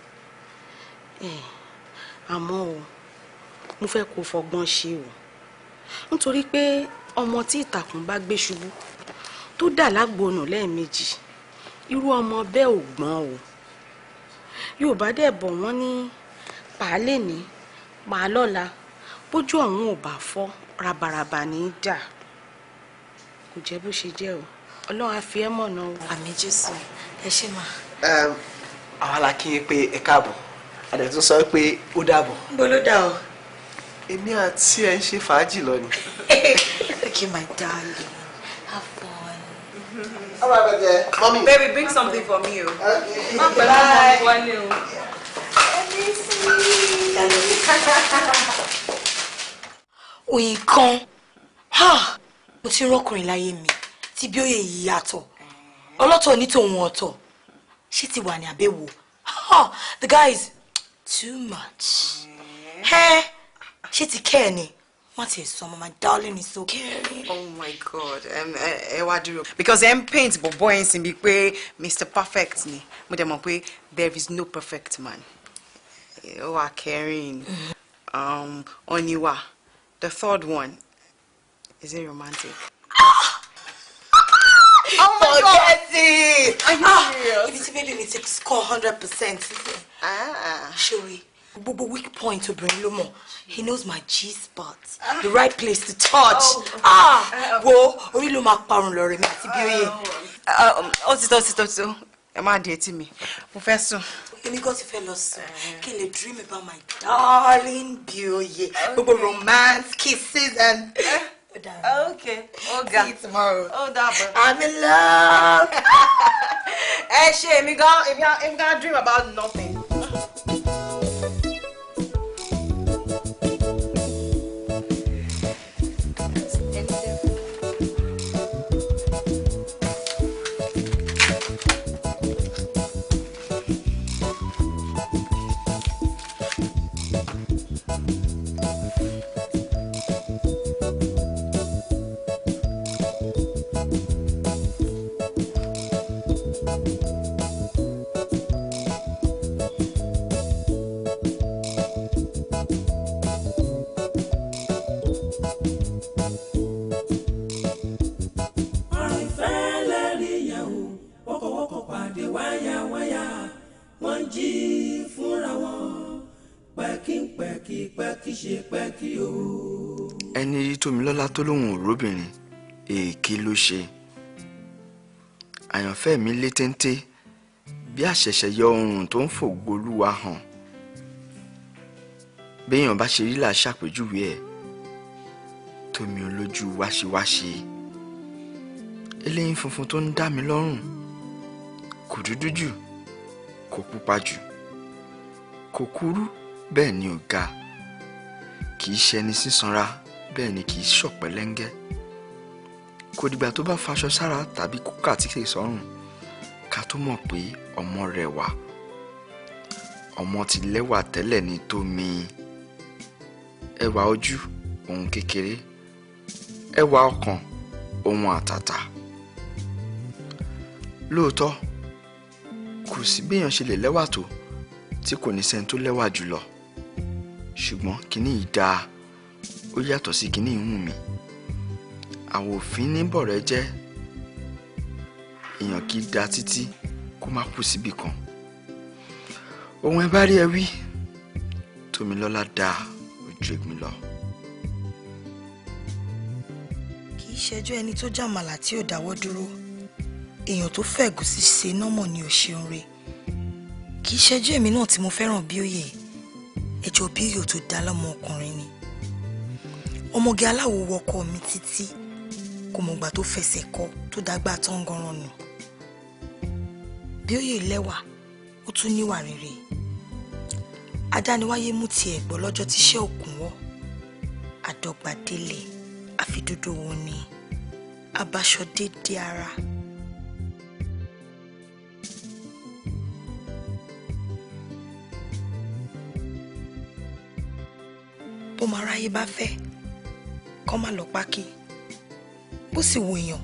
àmọ́ o mo fẹ́ kó fọgbọ́n ṣe o nítorí pé ọmọ tí ìtàkùn bá gbé ṣubú tó dà lágbónú lẹ́ẹ̀mejì irú ọmọ bẹ́ẹ̀ ò gbọ́n o yorùbá dẹ̀ bọ̀ wọ́n ní pàálẹ̀ ní pàálọ́la bójú ọ̀hún ò bá fọ́ rabaraba ní í dà kò jẹ́ bó ṣe jẹ́ o ọlọ́run á fi ẹ́ mọ̀nà àmì jésù ẹ ṣe mà. àwa la kí n pé ẹ káàbọ̀ àdẹ tó sọ pé ó dàbọ̀. bó ló dà o. èmi àti ẹ ń ṣe fàájì lọ (laughs) okay my darling have fun. all right baby mommy. baby bring something for me o. má pẹ̀lú ọmọ wa ni o. òyìn (laughs) kan mo ti rọkùnrin láyé mi tí bí ó yẹ yìí yàtọ̀ ọlọ́tọ̀ ní tòun ọ̀tọ̀ ṣé ti wà ní àbẹ̀wò the guy is too much mm. ṣé ti kẹ́ ẹ̀ ni wọ́n ti sọ ọmọ my darling is so caring. oh my god ẹ wá dúró because ẹ ń paint bọ̀bọ̀ ẹ̀ ń sìn bíi pé mr perfect ni mo dẹ̀ mọ̀ pé there is no perfect man ó wà caring um, ọ̀nìwà the third one is it romantic. Ah! Oh my Forget God. it. Are ah, serious? Ibi tí Bẹ́lí ni ti score hundred percent. Ṣori, ah. but weak point to bring Lomo. He knows my G-spot, ah. the right place to touch. Oh. Ah. Uh, uh, Wo orí ló máa parun lọ́rẹ̀ mi àti Bíóyè. Uh, um, ó ti tó, ó ti tó, ó ti tó. Ẹ má di etí mi, mo fẹ́ sùn èmi gan dream about my darling Bíóyè gbogbo romance kisses and. Okay. Oh, God. See you tomorrow. Oh, dàbọ̀. I'm in love. Hey, (laughs) Ẹ ṣe èmi gan, èmi gan dream about nothing. tó lóun ò róbìnrin èèkì ló ṣe àyànfẹ́ mi lé téńté bí àṣẹ̀ṣẹ̀ yọ oòrùn tó ń fògbólúwa hàn béèyàn bá ṣe rí là ṣàpèjúwe ẹ̀ tómi olójú wáṣíwáṣí eléyín funfun tó ń dá mi lọ́rùn kò dúdú jù kò pupa jù kò kúrú bẹ́ẹ̀ ni ò ga kì í ṣẹni sísanra. Si bẹ́ẹ̀ ni kì í ṣọ̀pẹ́ lẹ́ńgẹ́ kò dìgbà tó bá faṣọ sára tàbí kó kàtíkè sọ́rùn ká tó mọ̀ pé ọmọ rẹ̀ wà ọmọ ti lẹ́wà tẹ́lẹ̀ ní tómi ẹwà ojú ohun kékeré ẹwà ọkàn ohun àtàtà lóòótọ́ kò sí béèyàn ṣe lè lẹ́wà tó tí kò ní sẹ́ni tó lẹ́wà jùlọ ṣùgbọ́n kínní yìí dáa ó yàtọ̀ sí kíní ìhùn mi àwọn òfin ní bọ̀rẹ́ jẹ́ èèyàn kì í da títí kó má kù síbì kan ohun ẹ bá rí ẹ wí Tómilọ́lá da ojú ègbìn lọ. kì í ṣẹjọ́ ẹni tó jàmàlà tí ò dáwọ́ dúró èèyàn tó fẹ̀gùn sí ṣe nọ́mọ̀ ni ò ṣeun re kì í ṣẹjọ́ èmi náà tí mo fẹ́ràn bí òye ẹjọ́ bí òye tó dá lọ́mọ ọkùnrin ni ọmọge aláwo wọkọ mi títí kò mọ̀gbà tó fẹsẹ̀ kọ tó dágbà tọ́ngọ̀ràn nù bí ó yè lẹ́wà ó tún níwà rere adániwáyé mú tiẹ̀ gbọ́ lọ́jọ́ tíṣẹ́ òkun wọ́ àdọ́gbàdélé àfidúdú wo ni abaṣọ déédéé ara. bó máa ráyé bá fẹ́ kọ́ má lọ pákí bó sì wo èèyàn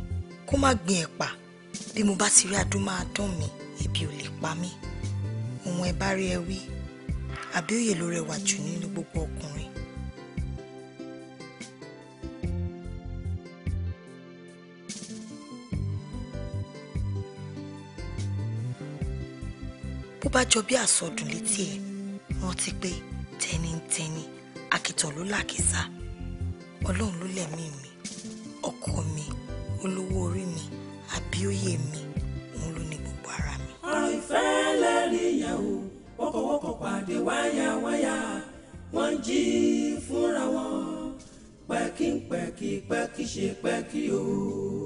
kó má gbin ẹ̀pà bí mo bá ti rí adùn máa dùn mí ebi ò lè pa mí ohun ẹ bá rí ẹ wí àbíòye ló rẹwà jù nínú gbogbo ọkùnrin. bó bá jọ bí àsọdùn létí ẹ rántí pé tẹnitẹni àkìtàn ló làkìsà ọlọ́run ló lẹ̀mí mi ọkọ mi olówó orí mi àbíòye mi òun ló ní gbogbo ara mi. ọ̀rọ̀ ìfẹ́ lẹ́rìí wọ́kọ̀wọ́kọ̀ pàdé wáyàwáyà wọ́n jí fúnra wọn pẹ́kí pẹ́kí pẹ́kí ṣe pẹ́kí o.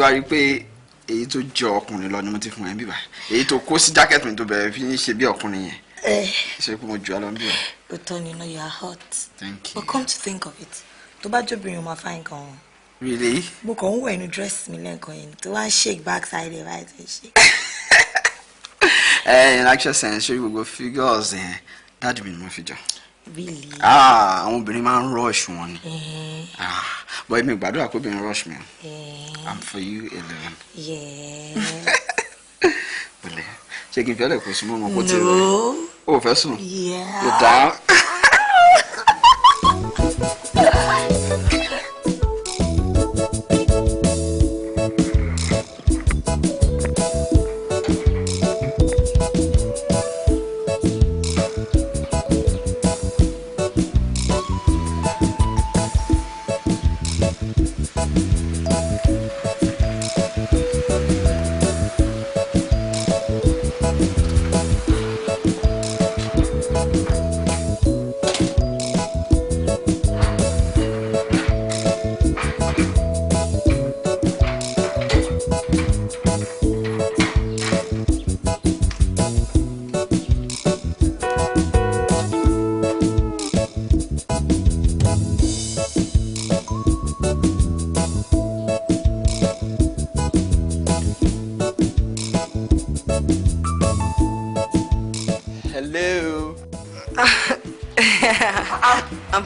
ti wá rí i pé èyí tó jẹ ọkùnrin lọ ni mo ti fún ẹ bíbá èyí tó kó sí jákẹ́tì mi tó bẹ̀rẹ̀ fi ń ṣe bí ọkùnrin yẹn eh. ṣe pé mo jù á lọ bí ọ. òótọ́ ni no you are hot Thank you. but come to think of it tó bá jóbìnrin o máa fa nǹkan o. really. mo kàn ń wọ inú dírẹ́sì mi lẹ́ẹ̀kan yẹn tó wá ń shake back side ẹ̀ báyìí tó ń ṣe. ẹ ẹ in actual sense ṣé gbogbo figures yẹn dáàdì mi ni mo fi jọ. Ah, àwọn obìnrin máa ń rush wọn ni. Eh. Ah, but èmi gbàdúrà pé obìnrin rush mi. Eh. I'm for you alone. Bẹ̀lẹ̀, (laughs) ṣé kí n fi ọ̀lẹ̀ kó sún mọ́ ọmọ kó tẹ̀lé? O ò fẹ́ sùn? Yóò dáa.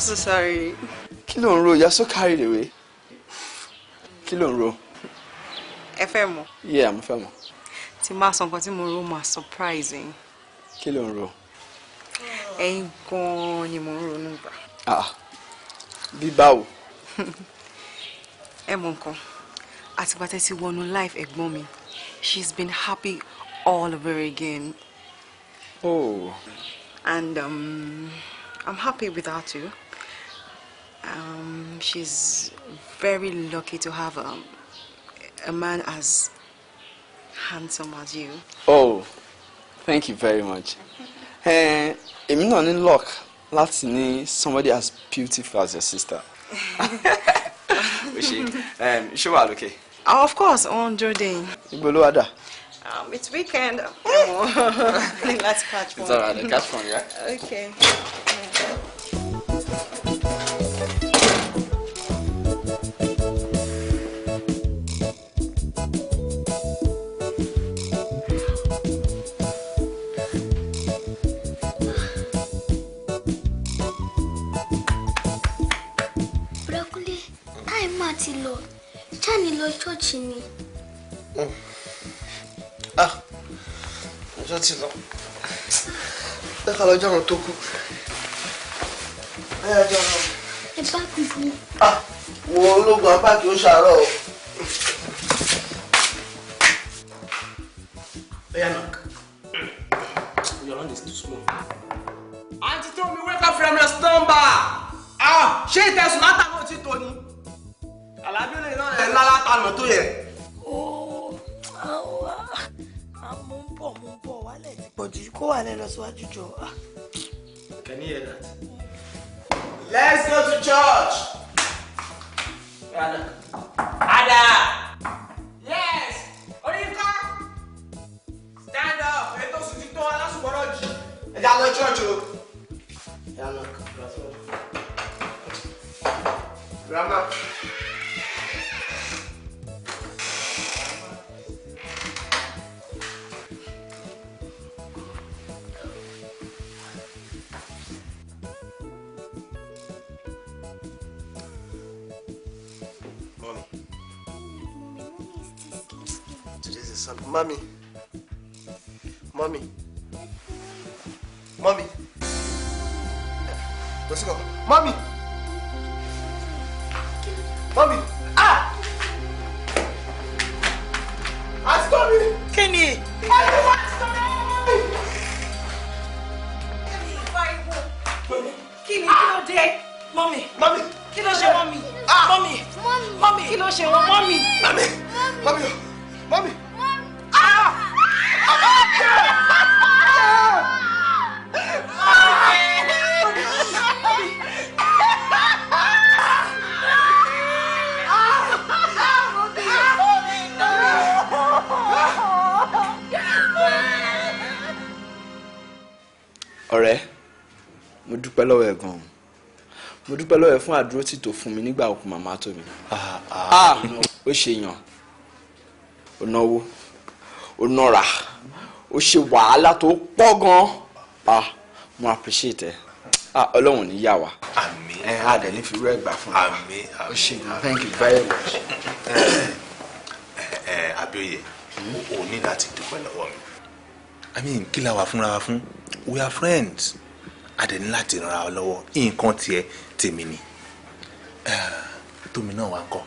so sorry. kí ló ro you are so carried away kí ló ro. ẹ fẹ́ mọ̀. yeah mo fẹ́ mọ̀. tí máa sọ nǹkan tí mo rò máa surprising. kí ló ń ro. ẹ̀yin gan-an ni mo ń ronú gbà. ah bí báwo. (laughs) ẹ mọ nǹkan àtìgbà tẹ́ ti wọnú life ẹ̀gbọ́n mi she's been happy all over again. oh. and um, I'm happy without you. Um, she's very lucky to have a, um, a man as handsome as you. Oh, thank you very much. I'm not in luck láti ní somebody as beautiful as your sister. (laughs) Um, ṣé wàá lókè? Oh, of course, on Jordan. Ibo ló wá dà? Um, it's weekend. Eh! (laughs) Let's catch one. It's alright, catch one, yeah? Okay. ti lọ jáde lọ ṣọ́ọ̀ṣì ni. Mm. ah ọjọ́ ti lọ lẹ́ka lọ́jọ́ ọ̀run tó kù ẹ bá mi bú. ah wo ológun apá kì í ṣàárọ̀ o. dúpẹ́ lọ́wọ́ ẹ fún àdúrótì tó fún mi nígbà òkú màmá tó mi. Ah, ah. Ah, ó ṣe yàn ó náwó ó nọra ó ṣe wàhálà tó pọ̀ gan-an mo appreciate ẹ ọlọ́run ní yà wá. àmín ẹ á dẹ̀ ní fi rú ẹgbà fún mi. àmín àmín ó ṣe yàn thank you very much. ẹ ẹ Abíọ́yè o ní láti dúpẹ́ lọ́wọ́ mi. i mean kí la wà fúnra wa fún we are friends a dẹ̀ ní láti ràn án lọ́wọ́ nǹkan tiẹ̀ tèmi ni tómi náà wá ń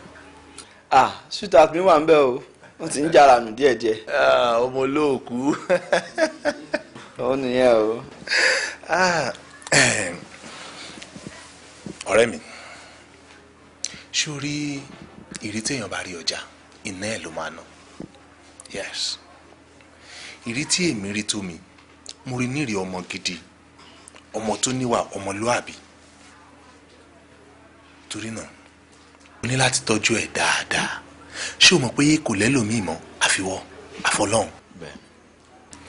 ah sweetheart mi wà ń bẹ̀ o wọ́n ti ń jà rànù díẹ̀díẹ̀. ọmọ olóòkú. òun (laughs) nìyẹn o. ọ̀rẹ́ mi ṣó rí ìrí téèyàn bá rí ọjà iná ẹ̀ ló máa ná yes ìrí tí èmi rí tó mi mo rí nírì ọmọ gidi ọmọ tó níwà ọmọlúàbí torí náà o ní láti tọ́jú ẹ̀ dáadáa ṣé o mọ̀ pé kò lẹ́lòmíì mọ́ àfiwọ́ àfọlọ́hún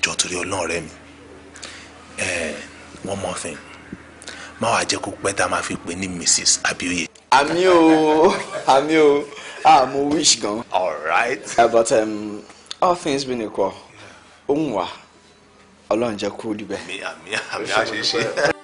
jọ torí ọlọ́run rẹ mi one more thing má wàá jẹ́ kó pẹ́ tá a máa fi pè ní Mrs. Abioye. àmì o àmì o àmú wish gan. all right. Eh, but um, all things being equal ohun wa ọlọ́run jẹ́ kó rí bẹ́ẹ̀. àmì àmì àmì àṣeṣe.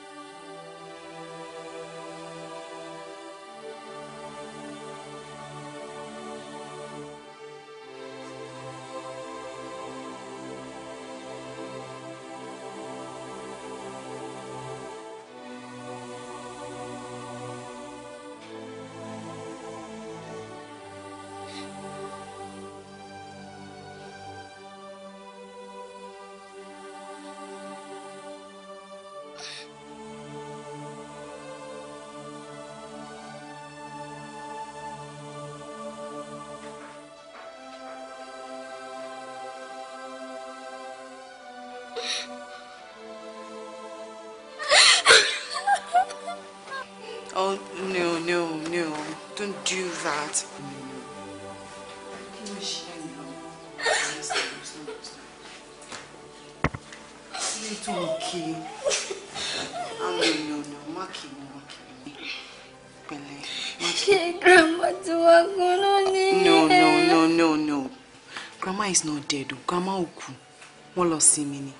kán lọ sinmi ni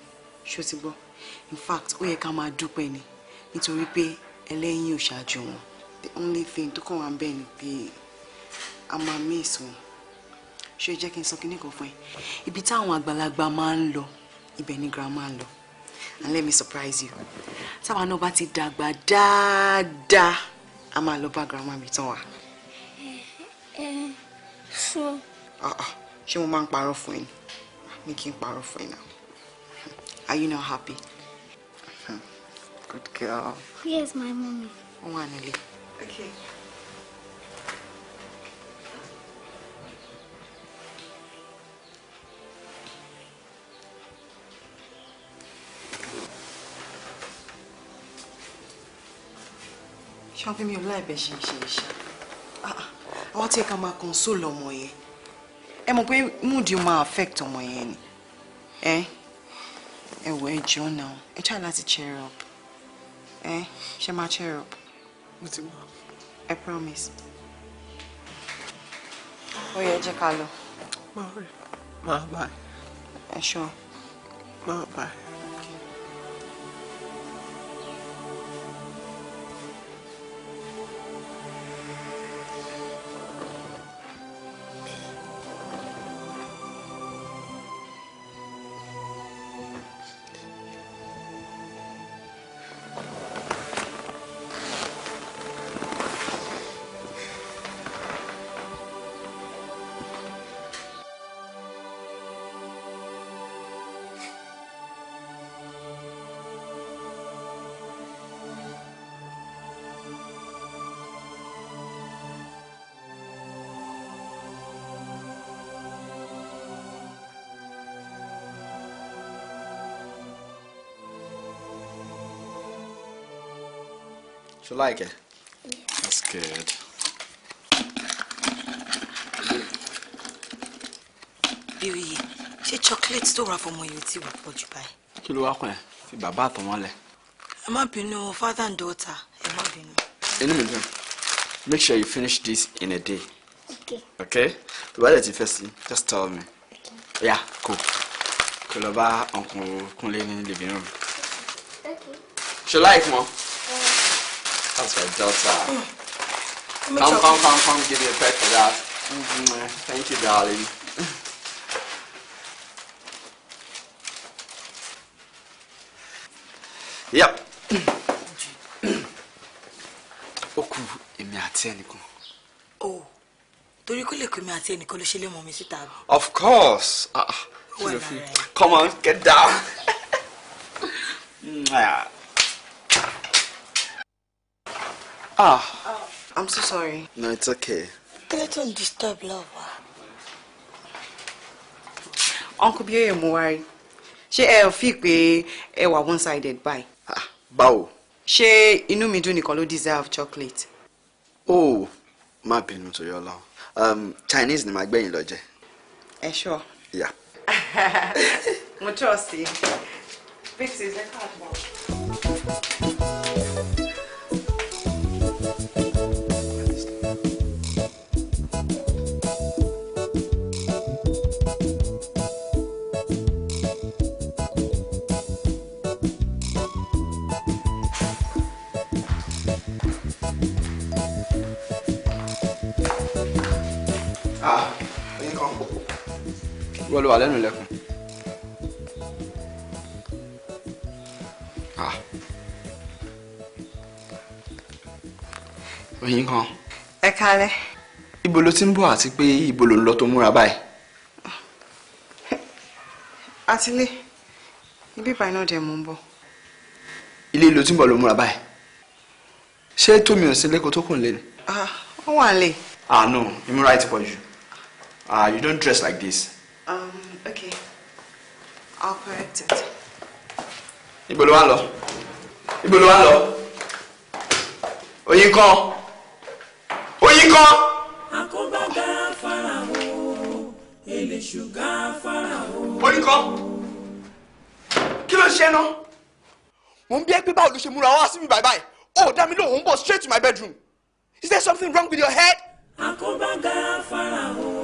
ṣó ti gbọ́ in fact ó yẹ ká máa dúpẹ́ ni nítorí pé ẹlẹ́yìn ò ṣáájú wọn the only thing tó kàn wá ń bẹ̀ ni pé a máa miss wọn ṣó jẹ́ kí n sọ kíní kan fún ẹ ibi táwọn àgbàlagbà máa ń lọ ibẹ̀ ni grandma ń lọ and let me surprise you táwa náà bá ti dàgbà dáadáa a máa lọ bá grandma mi tán wa. ẹ ẹ so. Ah, ah. ṣé mo máa ń parọ́ fún ẹ ni mi kì parọ́ fún ẹ náà. Are you not happy? (laughs) Good girl. Where's my mommy? Wanele. Okay. ṣọ́fí mi ò láìbẹ̀ ṣe ṣe ṣe ah, ah. àwọn tí ẹ ká máa console ọmọ yẹn ẹ mọ̀ pé mood affect ọmọ ni. Eh? ẹ wọ ẹ jọ náà ẹ try cheer up Eh? ṣe máa cheer up. mo ti wá. I promise. Ó yẹ jẹ́ ká Bye. Máa Bye. Máa bá ẹ. Bye. ṣọ́. Máa bá ẹ. you like it? Yeah. That's good. Bírí, She chocolate store for my yìí ti wò pọ̀ jù báyìí? Kí ló wá pọ̀ ẹ́? Fi bàbá àtọmọ father and daughter, ẹ má bínú. Inú mi dùn. Make sure you finish this in a day. Okay. Okay? Tó bá dẹ̀ ti just tell me. Okay. Yeah, cool. Kò lọ bá ọkùnrin kúnlé ní living room. Okay. Ṣé láì more. That's right, Delta. Mm. Come, come, come, come, give me a pet for that. Mm-hmm. Thank you, darling. yep. Oku kù èmi àti ẹnìkan. o torí kó lè kó èmi àti ẹnìkan ló ṣe lè mi síta. of course. Uh, well, right. come on get down. (laughs) Ah. Oh. I'm so sorry. No, it's okay. Kele tó disturb love Uncle Bioye Muwari, She ẹ fi pé one-sided báyìí? Ah, bow. She inu mi dùn nìkan deserve chocolate? Oh, má bínú torí ọlọ́run. Um, Chinese ni màá gbẹ̀yìn lọ jẹ. Ẹ ṣọ́. Yà. (laughs) Mo is a Big sis, wọ́n ló wà lẹ́nu ilẹ̀kùn. Ah. oyin kan. ẹ kalẹ̀. ibo ló ti ń bọ̀ àti ibo ló ń lọ tó múra báyìí. àtìlé ibi ìbànú ọdẹ mò ń bọ̀. ilé ló ti ń bọ̀ ló múra báyìí. ṣé tómi ò sí lẹ́kọ̀ọ́ tó kùn lé ni. Ah, ó wà lè. ah no ìmúra ẹ ti pọ̀ ah you don't dress like this. Um, okay. I'll correct it. Ibolo ló Ibolo lọ? Ibo ló wá lọ? Oyin kan. Oyin kan. Akóbágá Fáráò, èlé ṣùgá Fáráò. Oyin kan. Kí ló ṣe náà? Mo ń bí ẹ pé báwo ló ṣe múra wá mi báyìí báyìí. Ó dá mi lóhùn, ó ń straight to my bedroom. Is there something wrong with your head? Akóbágá Fáráò.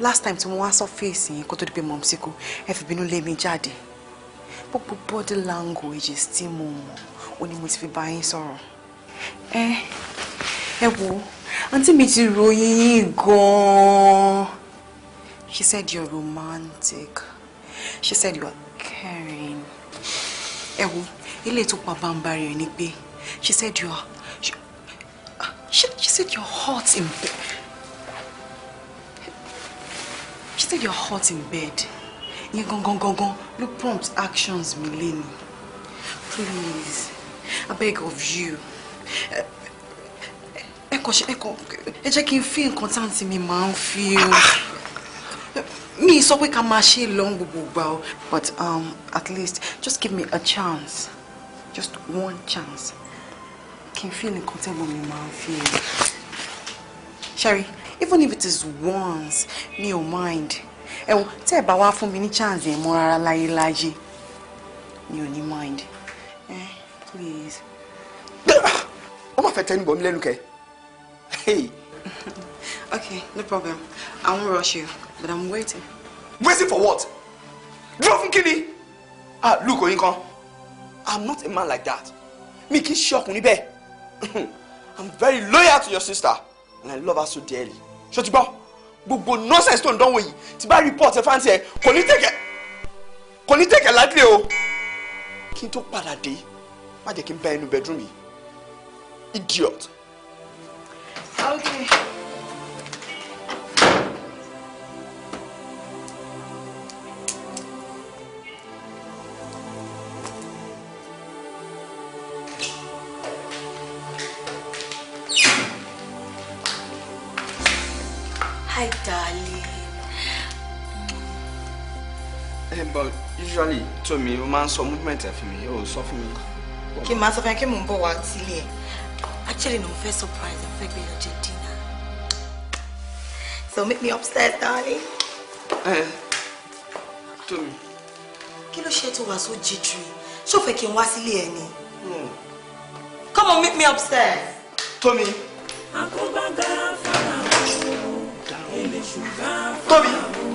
last time tí mo wá sọ́fíìsì yìí kó tó di pé mọ̀mùsí kú ẹ fi bínú lé mi jáde gbogbo body language, tí mo mọ̀ ó ní mo ti fi bá yín sọ̀rọ̀ ẹ ẹ wo àǹtí mi ti ròyìn yín gan-an she said you're romantic she said you are caring ẹ wo ilé tó pa bambari ẹ ni pé she said you are she, she said you're hot in bed. She said you're hot in bed. Yẹn gangan gangan ló prompt actions mi Please, I beg of you. Ẹ kàn ṣe ẹ kàn ẹ feel nǹkan táǹtì mi máa ń feel. Mi sọ pé ká máa ṣe lọ́n But um, at least just give me a chance. Just one chance. Kí n feel nǹkan tẹ́gbọ̀n mi máa ń feel. Sherry even if it is once mi ò mind ẹ wo tẹ ẹ bá wá fún mi ní chance yẹn mọ́ rárá láyé láyé mi ò ní mind ẹ eh, please. wọ́n máa fẹ́ tẹ́ níbọ̀ mi lẹ́nu kẹ́. (laughs) okay no problem i won't rush you but i'm waiting. waiting for what? dúró fún kíni? ah look Oyinkan. i'm not a man like that Me, kì í ṣe ọkùnrin bẹ́ẹ̀ (laughs) i'm very loyal to your sister and i love her so dearly ṣó ti gbọ́ gbogbo nonsense tó ń dánwò yìí ti bá report ẹ fáǹtì ẹ kò ní tẹ̀kẹ̀ kò ní tẹ̀kẹ̀ láti o kí n tó padà dé má jẹ́ kí n bá ẹnu bedroom yìí idiot. okay. tó mi ó máa ń sọ movement ẹ̀ fún mi ó sọ fún mi. kí n máa sọ fún ẹ kí mò ń bọ̀ wá sílé ẹ̀ actually no first surprise mo fẹ́ gbé lọ jẹ dinner so meet me upstairs darling. ẹ tó mi. kí ló ṣe tó wá so jíjù ṣó fẹ́ kí n wá sílé ẹ ni. come on meet me upstairs. tó mi. àkóbá fara hàn èlé ṣùgbọ́n fara hàn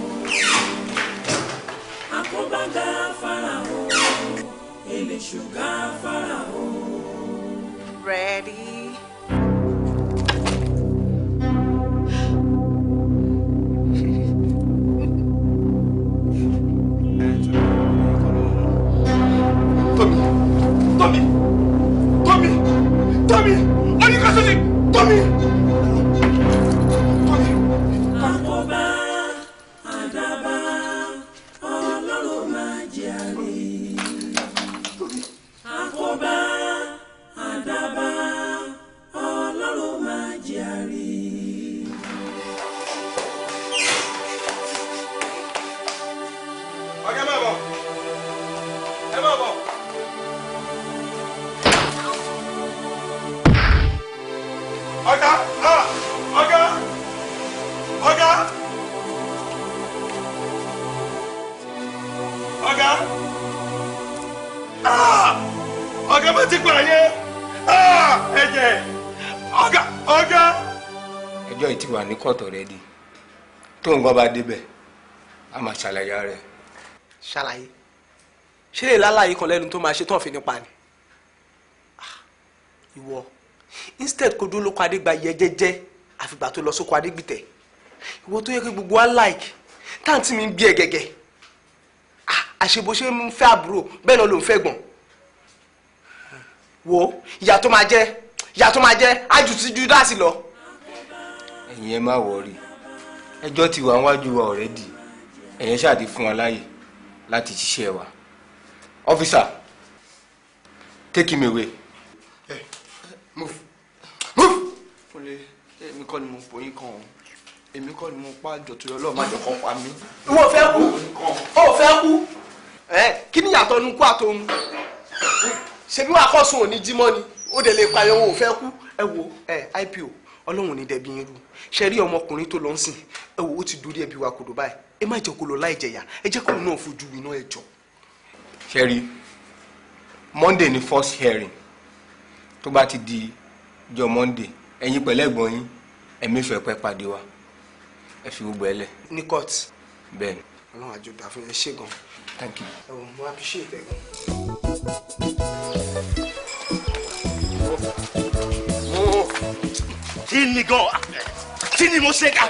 bó bá ga fara o Ready. Tommy! Tommy! Tommy! Are you crazy? Tommy! tóun gan bá débẹ̀ a máa ṣàlàyé rẹ̀. ṣàlàyé ṣé lè lálàyé kan lẹ́nu tó máa ṣe tán fi nípa ni ah, ìwọ instead kó dúró lóko adégbà yẹ jẹ́jẹ́ àfìgbà tó lọ sóko adégbìtẹ̀ ìwọ tó yẹ kí gbogbo wa like táǹtì mi ń bí ẹ gẹ́gẹ́ ah, àṣebóṣe ń fẹ́ àbúrò bẹ́ẹ̀ náà ló ń fẹ́ gbọ̀n wo ìyá tó máa jẹ ìyá máa jẹ ájù tí júdásì lọ. ẹ̀yin ẹ má wọrí ẹjọ́ ti wà wájú wa ọ̀rẹ́dì ẹ̀yẹn ṣáàdì fún wa láàyè láti ṣiṣẹ́ wa officer take him away. ẹ eh, move move. Eh, èmi kọ́ ni mo pò kan o èmi kọ́ ni mo pa àjọ tó yọ ọlọ́ọ̀ má jẹ́ kọ́ pa mí. ìwọ fẹ́ kú ó fẹ́ kú eh, kí ni ìyàtọ̀ nu kú àtọ̀hún ṣebí wàá kọ́ sùn òní jímọ́ ni ó dẹ̀ lè pariwo ò fẹ́ kú ẹ wo ẹ ipo ọlọ́run ní dẹ̀bi irú ṣe rí ọmọkùnrin tó lọ ń sìn ẹ wo ó ti dorí ẹbí wa kò dó báyìí ẹ má jẹ́ kó lọ láì jẹ̀yà ẹ jẹ́ kóun náà fojú winá ẹ jọ. ṣe rí monday ni first hearing tó bá ti di jọ monday ẹ̀yin pẹ̀lẹ́ ẹ̀gbọ́n yín ẹ̀mí ìfẹ́ pẹ́ pàdé wa ẹ fi gbogbo ẹ lẹ̀. ní court. bẹ́ẹ̀ni. ọlọ́run àjò dà fún ẹ ṣé gan. thank you. ẹ wò mo appreciate ẹ gan kí ni gan kí ni mo ṣe ká.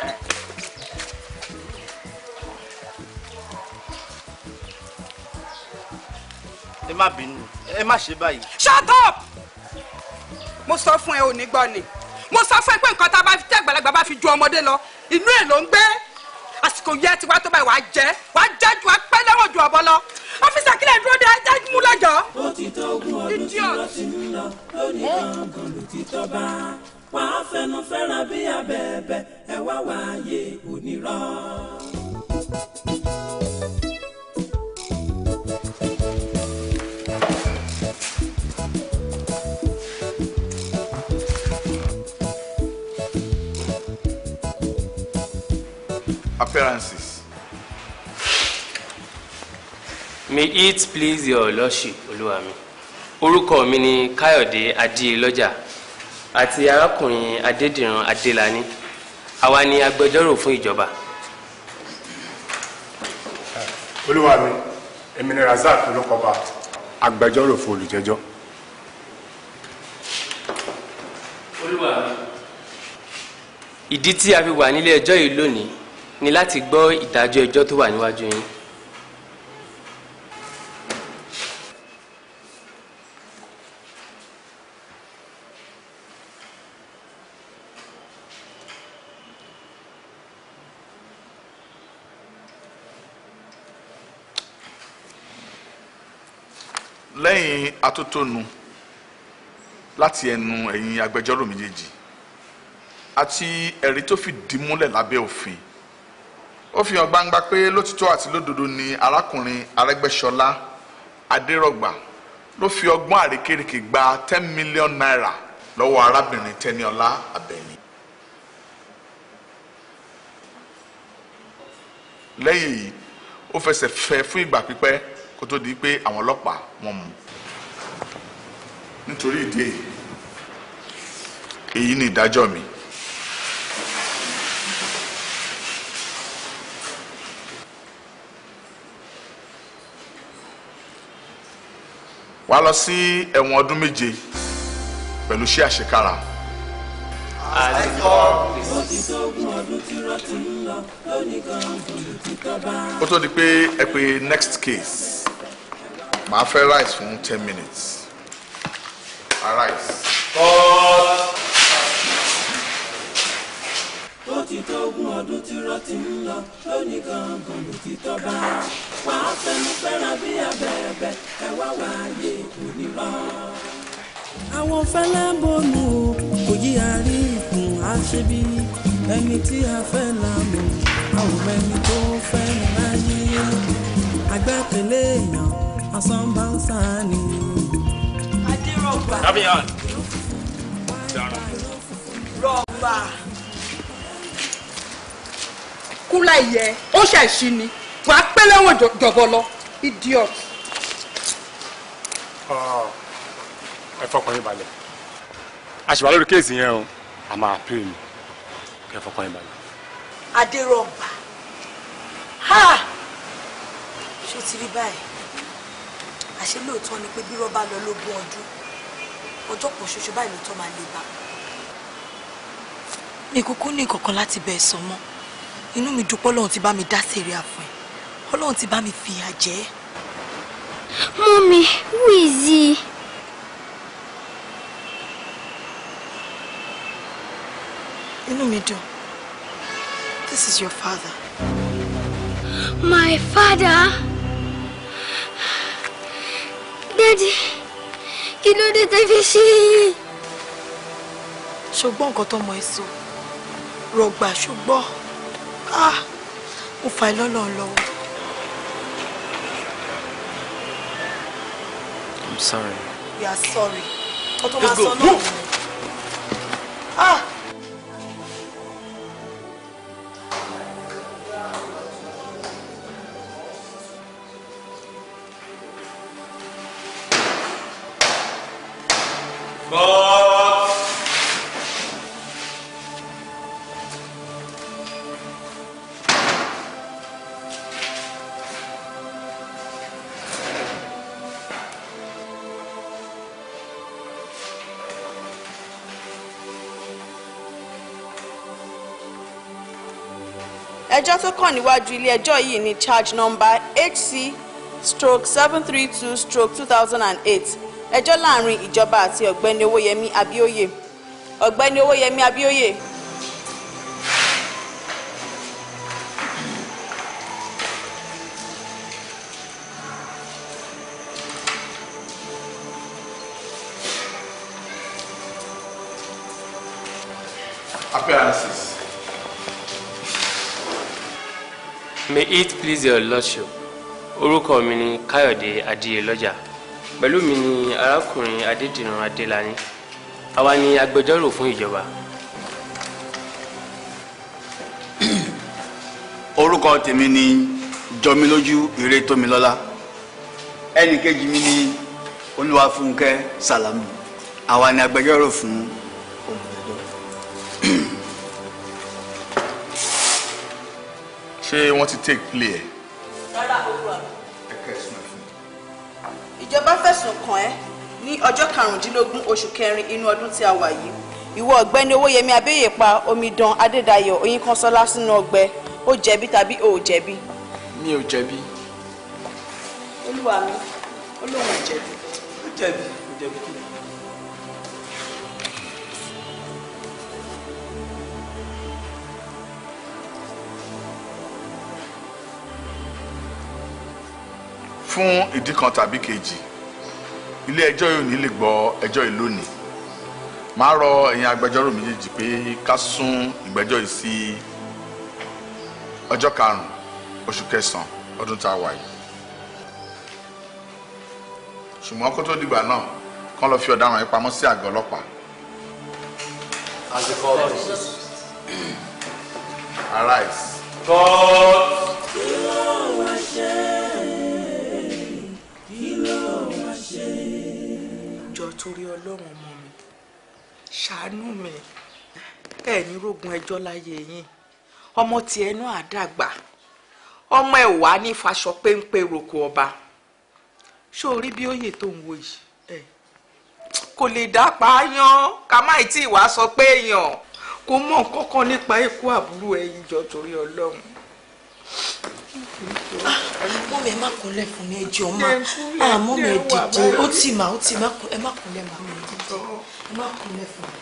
shut up mo sọ fún ẹ ò ní gbọ́ ni mo sọ fún ẹ pé nǹkan tá a bá fi tẹ́ àgbàlagbà bá fi ju ọmọdé lọ inú ẹ ló ń gbé àsìkò yẹ tiwa tó báyìí wàá jẹ wàá jẹ ju apẹ lẹ́wọ̀n ju ọ̀bọ lọ ọfíìsì kílẹ̀ dúró de ajá mú lọ́jọ́. ó ti tó ogún ọdún tí wọ́n ti ń lọ lónìí gangan ló ti tọ́ bá wàá fẹnu fẹ́ràn bí abẹ́ẹ̀bẹ́ ẹ wá wáyé onírọ́. appearances. May it please your lordship, Olúwa mi. Orúkọ mi ni Káyọ̀dé Adéelọ́jà àti arákùnrin adédìran adélani àwa ni agbẹjọ́rò fún ìjọba. olúwa mi èmi ni razak ba, agbẹjọ́rò fún olùjẹ́jọ́. olúwa mi. ìdí tí a fi wà nílé ẹjọ́ yìí lónìí ni láti gbọ́ ìdájọ́ ẹjọ́ tó wà níwájú yín. atótónu láti ẹnu ẹ̀yin agbẹjọ́rò méjèèjì àti ẹ̀rí tó fi dì múlẹ̀ lábẹ́ òfin ó fi hàn gbangba pé lótìtọ́ àti lódodo ni arákùnrin arẹ́gbẹ́ṣọlá adérọ̀gbà ló fi ọgbọ́n àrékérekè gba ten million naira lọ́wọ́ arábìnrin tẹniọlá abẹ́ni. lẹ́yìn èyí ó fẹsẹ̀ fẹ́ fún ìgbà pípẹ́ kó tó di pé àwọn ọlọ́pàá wọ́n mú un nítorí ìdí èyí èyí ni ìdájọ́ mi. wàá lọ sí ẹ̀wọ̀n ọdún méje pẹ̀lú sí àṣekára. ó tó di pé ẹ pé next case màá fẹ́ rice fún ten minutes arise. God. ó ti tó ogún ọdún tí rọ́ọ̀tì ń lọ lónìí ti tọ́ bá wàá fẹnu fẹ́ra bí abẹ́ẹ̀bẹ́ ẹ wá wáyé onírọ́. àwọn fẹ́lẹ́ bọ́nu kò yí àárí ìkùn àṣebí ẹni tí a fẹ́ lámù àwọn mẹ́ni tó fẹ́ láyé àgbẹ̀tẹ̀lé èèyàn asọ́nbánsá ni rọ́bà. dábì hàn. rọ́bà. kúlà yẹ ó ṣàìṣí ni wàá pẹ́ lẹ́wọ̀n jọ̀bọ̀ lọ idiot. ẹ fọkàn yín balẹ̀ àṣìwà lórí kéèsì yẹn o a máa pè mí kẹ fọkàn yín balẹ̀. adérọ̀bà ha ṣó ti rí báyìí àṣẹ lóòótọ́ ni pé bí rọ́bà lọ lógún ọdún ọjọ́ kan ṣoṣo báyìí ló tọ́ máa lè bá. mi kúkú ní kankan láti bẹ̀ sọ mọ́ inú mi dúpọ́ lọ́hùn ti bá mi dá sèré àfọ̀n ọlọ́hùn ti bá mi fìyà jẹ. mọ́mi wíìzì. inú mi dùn this is your father. my father daddy kí ló dé tẹ́ fi ṣe yìí. ṣùgbọ́n nǹkan tọmọ ẹ sọ rọgbà ṣùgbọ́n ah, mo fà ẹ lọ́wọ́. I'm sorry. We are sorry. Let's go. Move. Ah! ẹjọ́ tó kàn níwájú ilé ẹjọ́ yìí ní charge number hc stroke seven three two stroke two thousand and eight ẹjọ́ láàrin ìjọba àti ọ̀gbẹ́ni owóyẹmí abíóyè ọ̀gbẹ́ni owóyẹmí abíóyè it please your lordship orúkọ mi ni káyọ̀dé adéyelọ́jà pẹ̀lú mi ni arákùnrin adédìran adélani àwa ni agbẹjọ́rò fún ìjọba. orúkọ tèmi ni jọmilójú ire tómilọ́lá ẹnì kejì mi ni olúwafúnkẹ́ sàlámù àwa ni agbẹjọ́rò fún ìjọba ṣé wọ́n ti take play ẹ̀. rárá olúwa ìjọba fẹ̀sùn kàn ẹ́ ní ọjọ́ karùndínlógún oṣù kẹrin inú ọdún tí a wà yìí ìwọ ọ̀gbẹ́ni owóyẹmí abẹ́yẹ̀pá omidan adédayọ̀ oyinkanṣọ́lá sínú ọgbẹ́ ó jẹ̀bi tàbí ó jẹ̀bi. mi ò jẹ̀bi. olúwa mi olóhùn jẹ̀bi. ó jẹ̀bi. fún ìdí kan tàbí kejì ilé ẹjọ́ yóò ní lè gbọ́ ẹjọ́ yìí lónìí màá rọ ẹ̀yin agbẹjọ́rò méjèèjì pé ká sún ìgbẹ́jọ́ yìí sí ọjọ́ karùn-ún oṣù kẹsàn-án ọdún tá a wà yìí ṣùgbọ́n kó tó dìgbà náà kán lọ fi ọ̀daràn yìí pamọ́ sí àgọ́ ọlọ́pàá. As the court. Arise. God. torí ọlọ́run ọmọ mi ṣàánú mi ẹ ní rògùn ẹjọ́ láyé yín ọmọ tí ẹnu àdàgbà ọmọ ẹ wà ní faṣọ péńpé roko ọba ṣó rí bí òye tó ń wo yìí ẹ kò lè dá pààyàn ká má tí ì wá sọ pé èèyàn kò mọ nǹkan kan nípa ikú àbúrò ẹ̀yin jọ torí ọlọ́run mọ́ mi ẹ má kúnlẹ̀ fún mi ẹjọ́ ma àmọ́ mi ẹ dìde ó tì má ó tì má ẹ má kúnlẹ̀ má mi ẹ dìde ẹ má kúnlẹ̀ fún mi.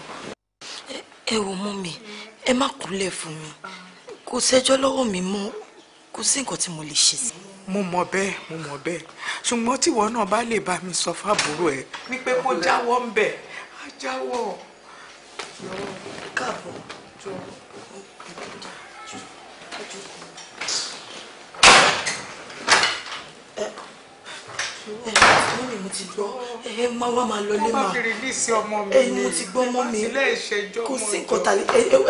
ẹ wò mọ́ mi ẹ má kúnlẹ̀ fún mi kò sẹ́jọ́ lọ́wọ́ mi mọ́ kò sí nǹkan tí mo lè ṣe sí. mo mọ̀ bẹ́ẹ̀ mo mọ̀ bẹ́ẹ̀ ṣùgbọ́n tíwọ náà bá lè bá mi sọ fáàbúrò ẹ wípé kó jáwọ́ ń bẹ̀ á jáwọ́. káàbọ̀ jọ̀wọ́. mo ti gbọ́ ẹ má wá máa lọ lé máa ẹ mo ti gbọ́ mọ́ mi kò sí nǹkan ta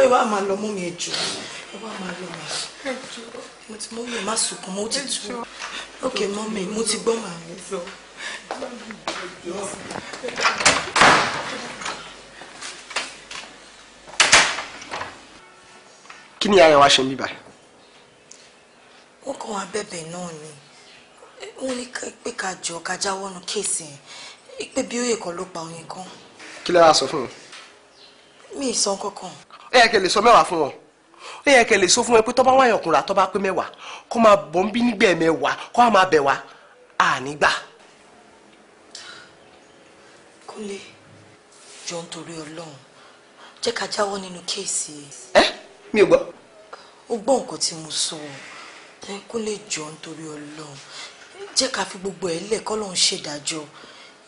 ẹ wá máa lọ mọ́ mi ẹ jù ẹ wá máa lọ mà mo ti mọ́ mi ẹ má sunkún mo ti tu ok mọ́ mi mo ti gbọ́ mà. kí ni ayọ̀ wa ṣe ń bíbá. wọ́n kàn wá bẹ̀bẹ̀ náà ni wọ́n ní pé ká jọ ká jáwọ́ nu kéèsì yẹn pé bí òye kan ló pa oyin kan. kí ló wá sọ fún mi. mi ì sọ kankan. ó yẹ kẹ́ lè sọ mẹ́wàá fún wọn ó yẹ kẹ́ lè sọ fún wọn pé tọ́ba wáyàn kùnra tọ́ba pé mẹ́wàá kó máa bọ̀ ń bí nígbẹ̀ mẹ́wàá kó a máa bẹ̀ wá à nígbà. kúnlé jọ ń torí ọlọ́run jẹ́ ká jáwọ́ nínú kéèsì. ẹ mi ò gbọ́. ó gbọ́ nǹkan tí mo sọ kúnlé jọ ń torí ọlọ́run jẹ́ ká fi gbogbo ẹ̀ lẹ̀ kọ́lọ́run ṣèdájọ́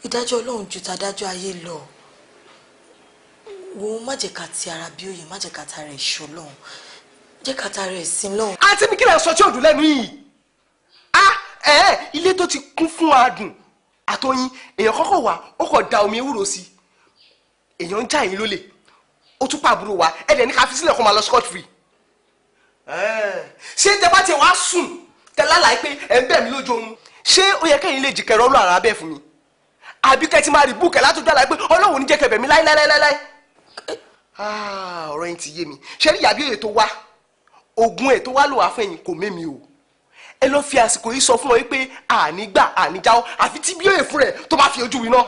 ìdájọ́ ọlọ́run ju tàdájọ́ ayé lọ wo má jẹ́ ká ti ara bí òye má jẹ́ ká tara ẹ̀ ṣọ́ lọ́hùn jẹ́ ká tara ẹ̀ sin lọ́hùn. àti mi kí lè sọ tí òdùn lẹ́nu yìí a ẹ ilé tó ti kún fún adùn àtọyìn èèyàn kọ́kọ́ wà ó kọ̀ da omi ewúro sí èèyàn ń já yín lólè ó tún pàbúrò wa ẹ̀ ní ká fi sílẹ̀ kó máa lọ scot free ṣé tẹ bá wá sùn tẹ́lálà pé ẹ̀ ń bẹ̀ mí lójú oorun ṣé ó yẹ kẹ́yìn lè jì kẹrọ ọlọ́ àrà bẹ́ẹ̀ fún mi àbí kẹ́ ti máa rí búùkẹ́ látọjú àlàyé pé ọlọ́wọ́ ní jẹ́ kẹbẹ̀ mi láíláíláíláí. Ah, ọ̀rọ̀ yẹn ti yé mi ṣé rí ìyàbí èyí tó wá ogun ẹ̀ tó wá lò wá fún ẹ̀yìn kò mémi o ẹ lọ fi àsìkò yìí sọ fún ọ pé ànígbà àníjáwọ́ àfi tí bí ó fún rẹ̀ tó bá fi ojú winá.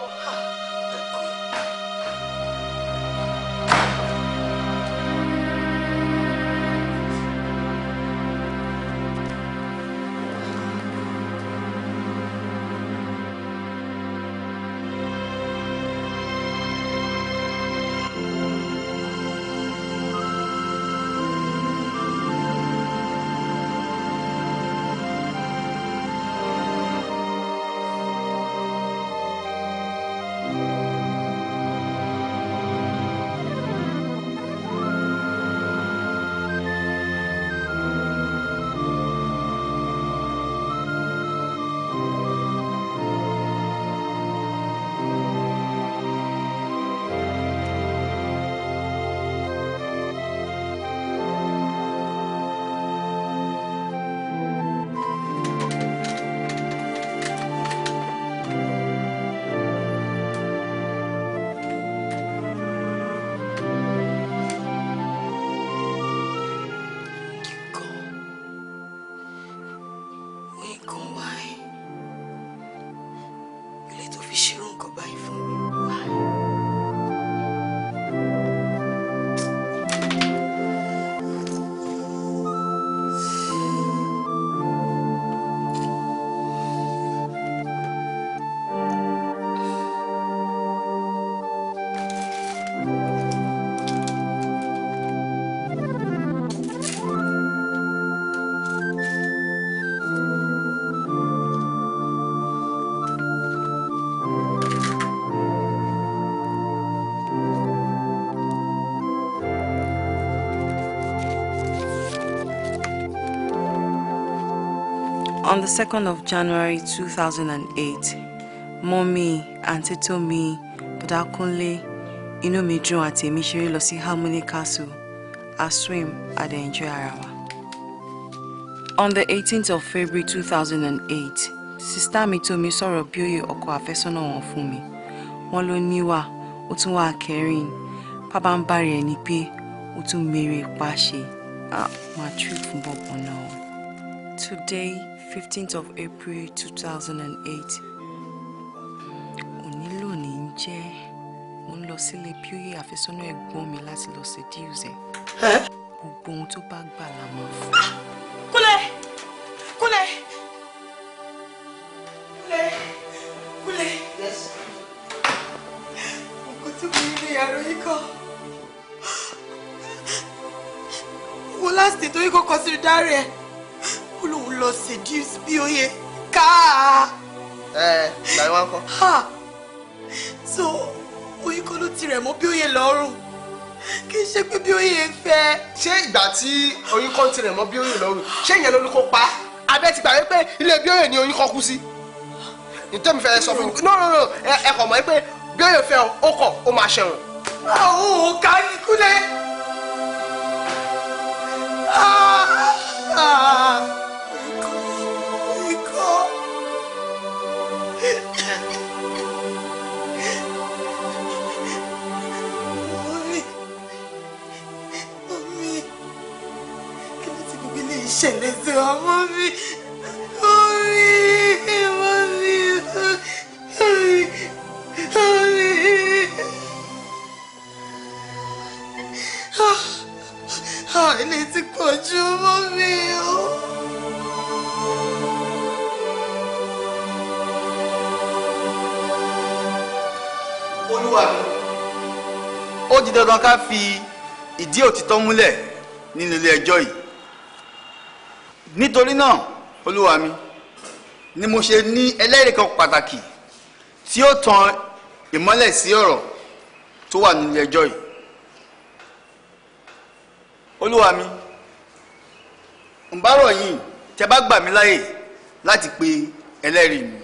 On the 2nd of January 2008, Mọ́mí, Àǹtí Tómi, Bọ̀dá Kúnlé, Inúmidùn àti èmi ṣeré lọ sí Harmony Castle. A swim at the enjoy ara On the 18th of February 2008, Sister mi Tómi sọ̀rọ̀ bí òye ọkọ àfẹ́sọ́nà wọn fún mi. Wọ́n ló níwà, ó tún wà kẹrin, bàbá ń bá rẹ̀ ni pé ó tún pa ṣe. Ah, màá tú fún bọ̀bọ̀ Today, 15th of April 2008 òní lónìí ń jẹ́ mo ń lọ sílé bíóyè àfẹ́sọ́nà ẹ̀gbọ́n mi láti lọ seduce ẹ̀ gbogbo ohun tó bá gbà la mọ̀ fún. kúnlẹ̀ kúnlẹ̀ kúnlẹ̀ kúnlẹ̀ nǹkan tí mo ní ìyàrá yìí kọ́ wo láti tó yí kọ́kọ́ sí dárí ẹ̀ ó lóun lọ seduce bí ó yẹ káà. ẹ gbàgbé wọn kọ. so oyin kan ló tirẹ̀ mọ́ bí ó yẹ lọ́rùn kì í ṣe pé bí ó yẹ fẹ́. ṣé ìgbà tí oyin kan tirẹ̀ mọ́ bí ó yẹ lọ́rùn ṣé ìyẹn ló ló kó pa abẹ́ ti gbàgbé pé ilé bí ó yẹ ni oyin kan kú sí nítorí fẹ́ sọ fún mi no no no ẹ kọ̀ mọ́ pé bí ó yẹ fẹ́ o kọ̀ o máa ṣẹ̀wọ̀n. àwọn ò ká ikú lẹ. Ah! ah. ṣẹlẹ̀ sí wa mọ́ mi mọ́ mi mọ́ mi mọ́ mi. Àwọn ilé ti pọ̀ ju mọ́ mi o. Olúwa mi. Ó di dandan ká fi ìdí òtítọ́ múlẹ̀ nínú ilé ẹjọ́ yìí nítorí náà olúwa mi ni mo ṣe ní ẹlẹ́rìí kan pàtàkì tí ó tan ìmọ́lẹ̀ sí ọ̀rọ̀ tó wà nílé ẹjọ́ yìí olúwa mi ń bárọ̀ yìí tẹ́ bá gbà mí láyè láti pe ẹlẹ́rìí mi.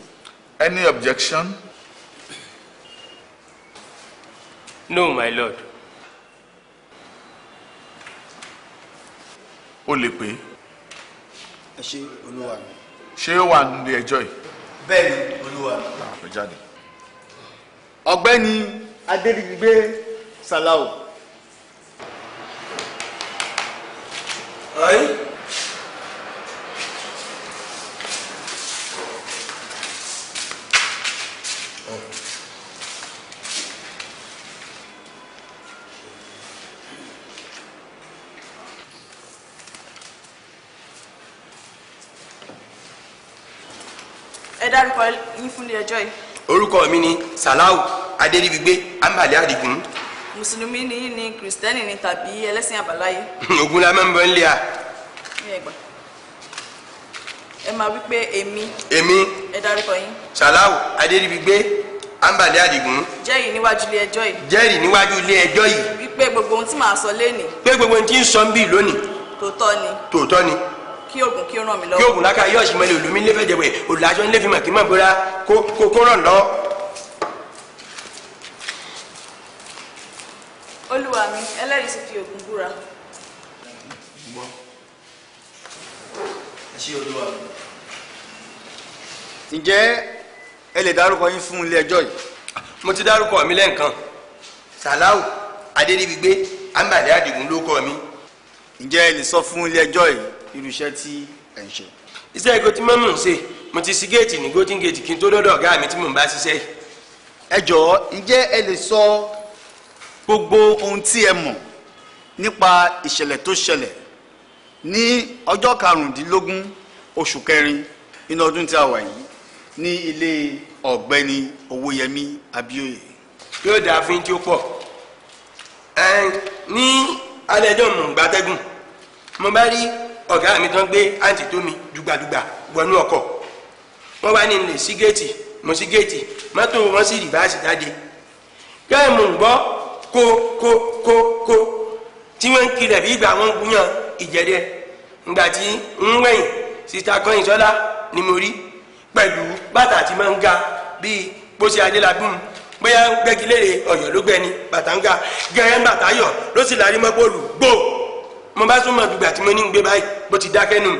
any objection? no my lord. o lè pè é ẹ ṣe olúwa mi. ṣé ó wà nílé ẹjọ́ yìí. bẹ́ẹ̀ ni olúwa mi. àpèjáde. ọ̀gbẹ́ni kúnlé ẹjọ́ yìí. orúkọ mi ni salau adéríbigbé ambali adigun. mùsùlùmí ni yìí ni kìrìsìtẹ́nì ni tàbí ẹlẹ́sìn àbáláyé. (laughs) ogun la máa ń bọ nílé a. ẹ máa wí pé èmi. èmi. ẹ dárúkọ yín. salau adéríbigbé ambali adigun. jẹ́rìí níwájú ilé ẹjọ́ yìí. jẹ́rìí níwájú ilé ẹjọ́ yìí. wípé gbogbo ohun tí màá sọ lénìí. pé gbogbo ohun tí ń sọ ń bì lónìí. tòótọ́ ni. tòótọ́ ni kí oògùn kí ó ràn mí lọ́wọ́. kí oògùn lákà yóò sì mẹ́lẹ̀ olùmí nílé fẹ́jẹ̀ wẹ̀ olùdájọ́ nílé fìmọ̀ kí mọ̀ bóra kó kó ràn lọ. olúwa mi ẹlẹ́rìí sì fi oògùn búra. gbọ́ ẹ ṣé olúwa mi. ǹjẹ́ ẹ lè dárúkọ yín fún ilé ẹjọ́ yìí. mo ti dárúkọ mi lẹ́ǹkan. sàláù adédìbígbé àǹbàdé àdìgún ló kọ mi. ǹjẹ́ ẹ lè sọ fún ilé ẹjọ́ yìí irú iṣẹ́ tí ẹ̀ ń ṣe. iṣẹ́ ìgò tí mọ́mù ń ṣe mo ti sí géètì ní golden gate kí n tó dọ́dọ̀ ọ̀gá mi tí mò ń bá ṣiṣẹ́ yìí. ẹ jọ̀ọ́ ǹjẹ́ ẹ lè sọ gbogbo ohun tí ẹ mọ̀ nípa ìṣẹ̀lẹ̀ tó ṣẹlẹ̀ ní ọjọ́ karùndínlógún oṣù kẹrin inú ọdún tí a wà yìí ní ilé ọ̀gbẹ́ni owóyẹmí abíòye. yóò dáa fún tí ó pọ̀ ní alẹ́ ọjọ́ mọ̀ gbàtẹ́gùn mo bá rí ọ̀gá mi tó ń gbé àǹtí tó mi dùgbàdùgbà wọnú ọkọ̀ wọ́n bá ní ilé sí géètì mo sí géètì mọ́tò wọn sì rìbáàsì jáde bẹ́ẹ̀ mò ń gbọ́ kó kó kó kó tí wọ́n ń kiri ẹ̀bí ìgbà wọn ń gúnyàn ńgbà tí ń wẹ̀yìn síta kan ìsọ́lá ni mo rí pẹ̀lú bàtà tí máa ń ga bíi pósí adélabùn bóyá gbẹ́gilére ọ̀yọ́ ló gbẹ́ni bàtà ń ga gẹ́rẹ́ bàtà yọ̀ ló sì lárí mọ́ bọ́ọ̀lù gbòò mo bá súnmọ́ dùgbà tí mo ní ń gbé báyìí bó ti dákẹ́ nù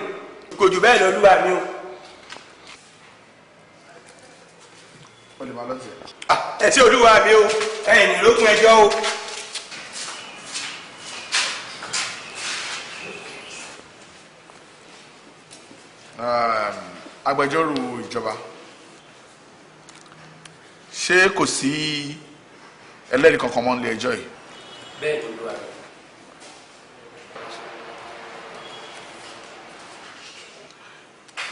kò jù bẹ́ẹ̀ lọ́lúwa mi o. ẹ tí olúwa mi o ah, ẹ̀yìn nílòkun ẹjọ́ o. Ehm, agbẹjọ́rò ìjọba ṣé kò sí ẹlẹ́rìí kankan mọ́ nílé ẹjọ́ yìí. bẹ́ẹ̀ olúwa mi.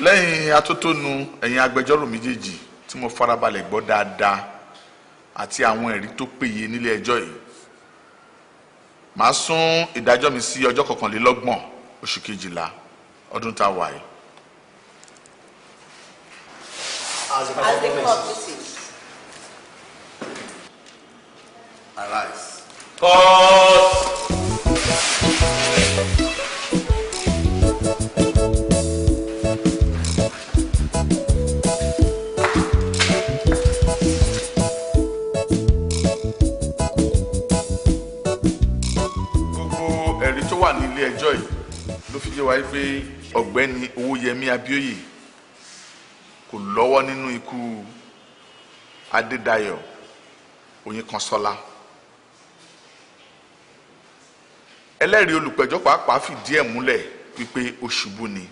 lẹ́yìn atótónu ẹ̀yin agbẹjọ́rò méjèèjì tí mo farabalẹ̀ gbọ́ dáadáa àti àwọn ẹ̀rí tó péye nílé ẹjọ́ yìí màá sún ìdájọ́ mi sí ọjọ́ kọkànlélọ́gbọ̀n oṣù kejìlá ọdún tá a wà yìí. As the court proceeds. Arise. Court. jẹ́ wáyé pé ọ̀gbẹ́ni Owóyẹmí Abíóyè kò lọ́wọ́ nínú ikú Adédayọ̀ Oyinkanṣọ́lá ẹlẹ́rìí olùpẹ̀jọ́ pàápàá fìdí ẹ̀ múlẹ̀ wípé ó ṣubú ni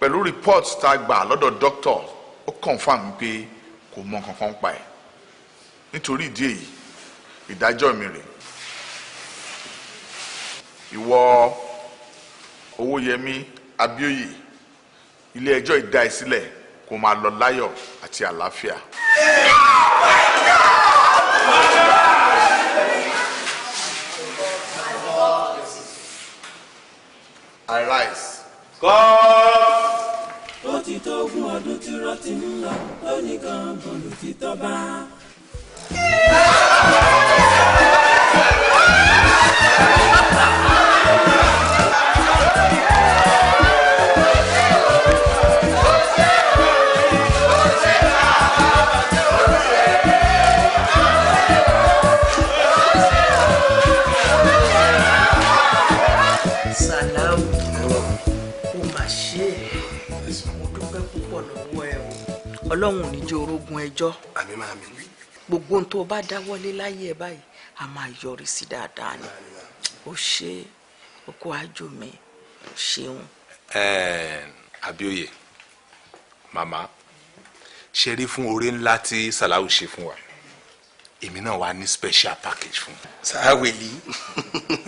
pẹ̀lú report tá a gbà lọ́dọ̀ doctor ó confam pé kò mọ kankan pa ẹ̀ nítorí ìdí èyí ìdájọ́ mi rèé ìwọ owóyẹmí abíòyè ilé ẹjọ́ ìdá ìsílẹ̀ kó máa lọ láyọ̀ àti àlàáfíà. Arise. God. ó ti tó ogún ọdún tí rọ́ọ̀tì ń lọ ó nìkan bọ̀lù ti bá. ọlọ́run ò ní jẹ́ orógun ẹjọ́ gbogbo ohun tó bá dáwọ́lé láyé ẹ báyìí a máa yọrí sí dáadáa ni ó ṣe oko àjò mi ṣeun. abioye màmá ṣe rí fún oore ńlá tí salau ṣe fún wa èmi náà wà ní special package fún. sáwèlì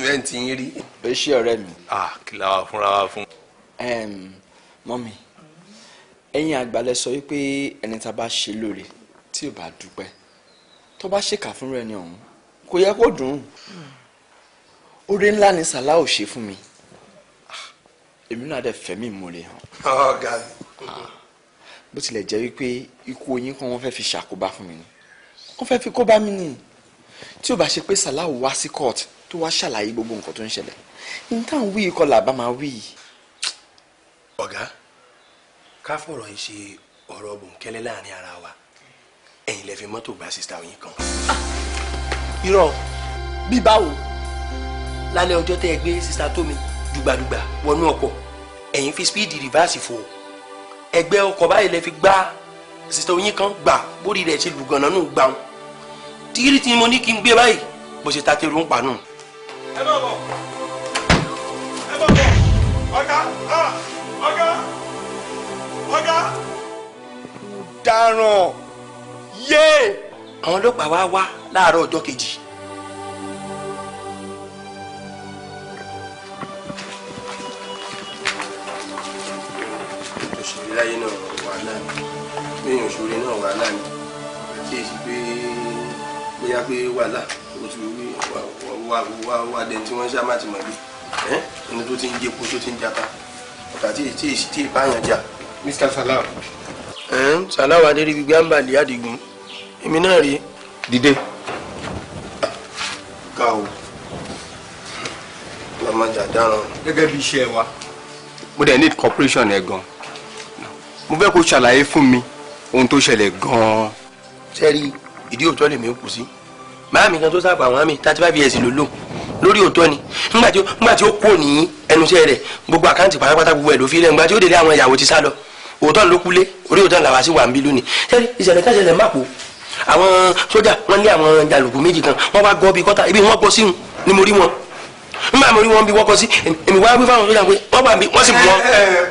bẹ́ẹ̀ ti ń rí. bẹ́ẹ̀ ṣe ọ̀rẹ́ mi. ah kí la wà fúnra wa fún. mọ́mi ẹ̀yin àgbàlẹ̀ sọ wípé ẹni tá a bá ṣe lóore tí ò bá dúpẹ́ tó bá ṣèkà fúnra ẹni ọ̀hún kò yẹ kó dùn ún oore ńlá ni sàláò ṣe fún mi ah, èmi náà dẹ̀ fẹ̀mí ìmoore hàn. ọ̀gá oh, mi. Ah, bó tilẹ̀ jẹ́ wípé ikú oyin kan wọ́n fẹ́ fi ṣàkóbá fún mi ni wọ́n fẹ́ fi kóbá mi ni tí ò bá ṣe pé sàláò wá sí court tó wá ṣàlàyé gbogbo nǹkan tó ń ṣẹlẹ̀ ní táwọn wí làbá máa wí. ọ̀gá. Okay ká fọ̀rọ̀ yìí ṣe ọ̀rọ̀ bòńkẹ́lẹ́ láàrin ara wa ẹ̀yin lẹ fi mọ́tò gba sista oyin kan. Ah, irọ́ bí báwo lálẹ́ ọjọ́ tẹ́ ẹ gbé sista tómi dùgbàdùgbà wọnú ọkọ̀ ẹ̀yin fi speed reverse fò ẹgbẹ́ ọkọ̀ báyìí lẹ fi gbá sista oyin kan gbà bórí rẹ̀ ṣe lùgànnà nù gbàùn tíírí tí mo ní kí n gbé báyìí bó ṣe ta tẹ̀rù ń pa nù. ẹ bá wọ̀. ọ̀daràn yé àwọn ọlọ́pàá wá wá láàárọ̀ ọjọ́ kejì. òṣèré láyé náà wàhálà mi lẹ́yìn òṣèré náà wàhálà mi àti èsì pé bóyá pé wàhálà o ti wí wà wà wà dẹni tí wọ́n ṣá má ti mọ̀ bí ẹni tó ti ń jẹ́ epo tó ti ń jata ọ̀tà tí èsì tí ìbáyàn jà. Mr. Salam sàláwà adérí gbígbé àǹbàlì àdìgún èmi náà rí. dìde. ga o lọ́mọdé àdáràn. gẹ́gẹ́ bí iṣẹ́ wa. mo dẹ̀ need cooperation ẹ̀ gan mo fẹ́ kó ṣàlàyé fún mi ohun tó ṣẹlẹ̀ gan-an. sẹ́rí ìdí òótọ́ lèmi ò kù sí màámi kan tó sábà àwọn àmì thirty five years ló lò lórí òótọ́ ni nígbà tí ó kúrò ní ẹnu iṣẹ́ rẹ̀ gbogbo àkáǹtì pátápátá gbogbo ẹ̀ ló fi lẹ̀ nígbà tí ó délé àwọn ìyàwó ti sá lọ òótọ́ ló kulé orí òótọ́ làwa sí wà ń bí lónìí sẹ́ni ìṣẹ̀lẹ̀ kan ṣẹlẹ̀ máàpù àwọn sójà wọn lé àwọn jàlùkù méjì kan wọn wá gọ́ bí kọ́ta ibi wọn kọ́ sí un ni mo rí wọn nígbà mo rí wọn bí wọn kọ́ sí èmi wá wí fáwọn sójà pé wọn wà bí wọn sì bù wọn.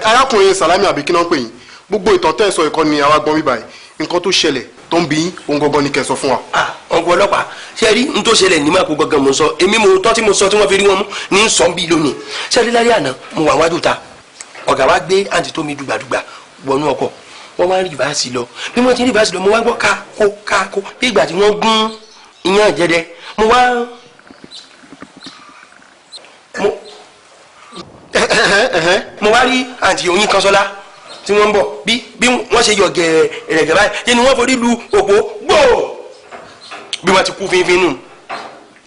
arákùnrin Salami àbí kí náà pè yín gbogbo ìtàn tẹ́ ẹ̀ sọ ìkọ́ni àwa gbọ́n bíbá yìí nǹkan tó ṣẹlẹ̀ tó ń bí ohun gangan ni kẹ́ sọ fún wa. Ah, ọ̀gbọ́n ọlọ́pàá ṣe rí n tó ṣẹlẹ̀ ní máàpù gangan mo sọ èmi mo tọ́ tí mo sọ tí wọ́n fi rí wọn mú ní sọ bí lónìí ṣe rí àná mo wà wájú ta ọ̀gá wa gbé àǹtí tó mi dùgbàdùgbà wọnú ọkọ̀ wọ́n wá rìvásì lọ bí wọ́n ti rìvásì lọ mo wá gbọ́ káko káko bí ìgbà tí wọ́n gún iyán jẹdẹ mo wá. (coughs) mo wá rí àǹtí oyin kan sọlá tí wọ́n ń bọ̀ bí bí wọ́n ṣe yọ gẹ̀rẹ̀gẹ̀ báyìí yé ni wọ́n forí lu òpó gbòò bí wọ́n ti kú fínfín nù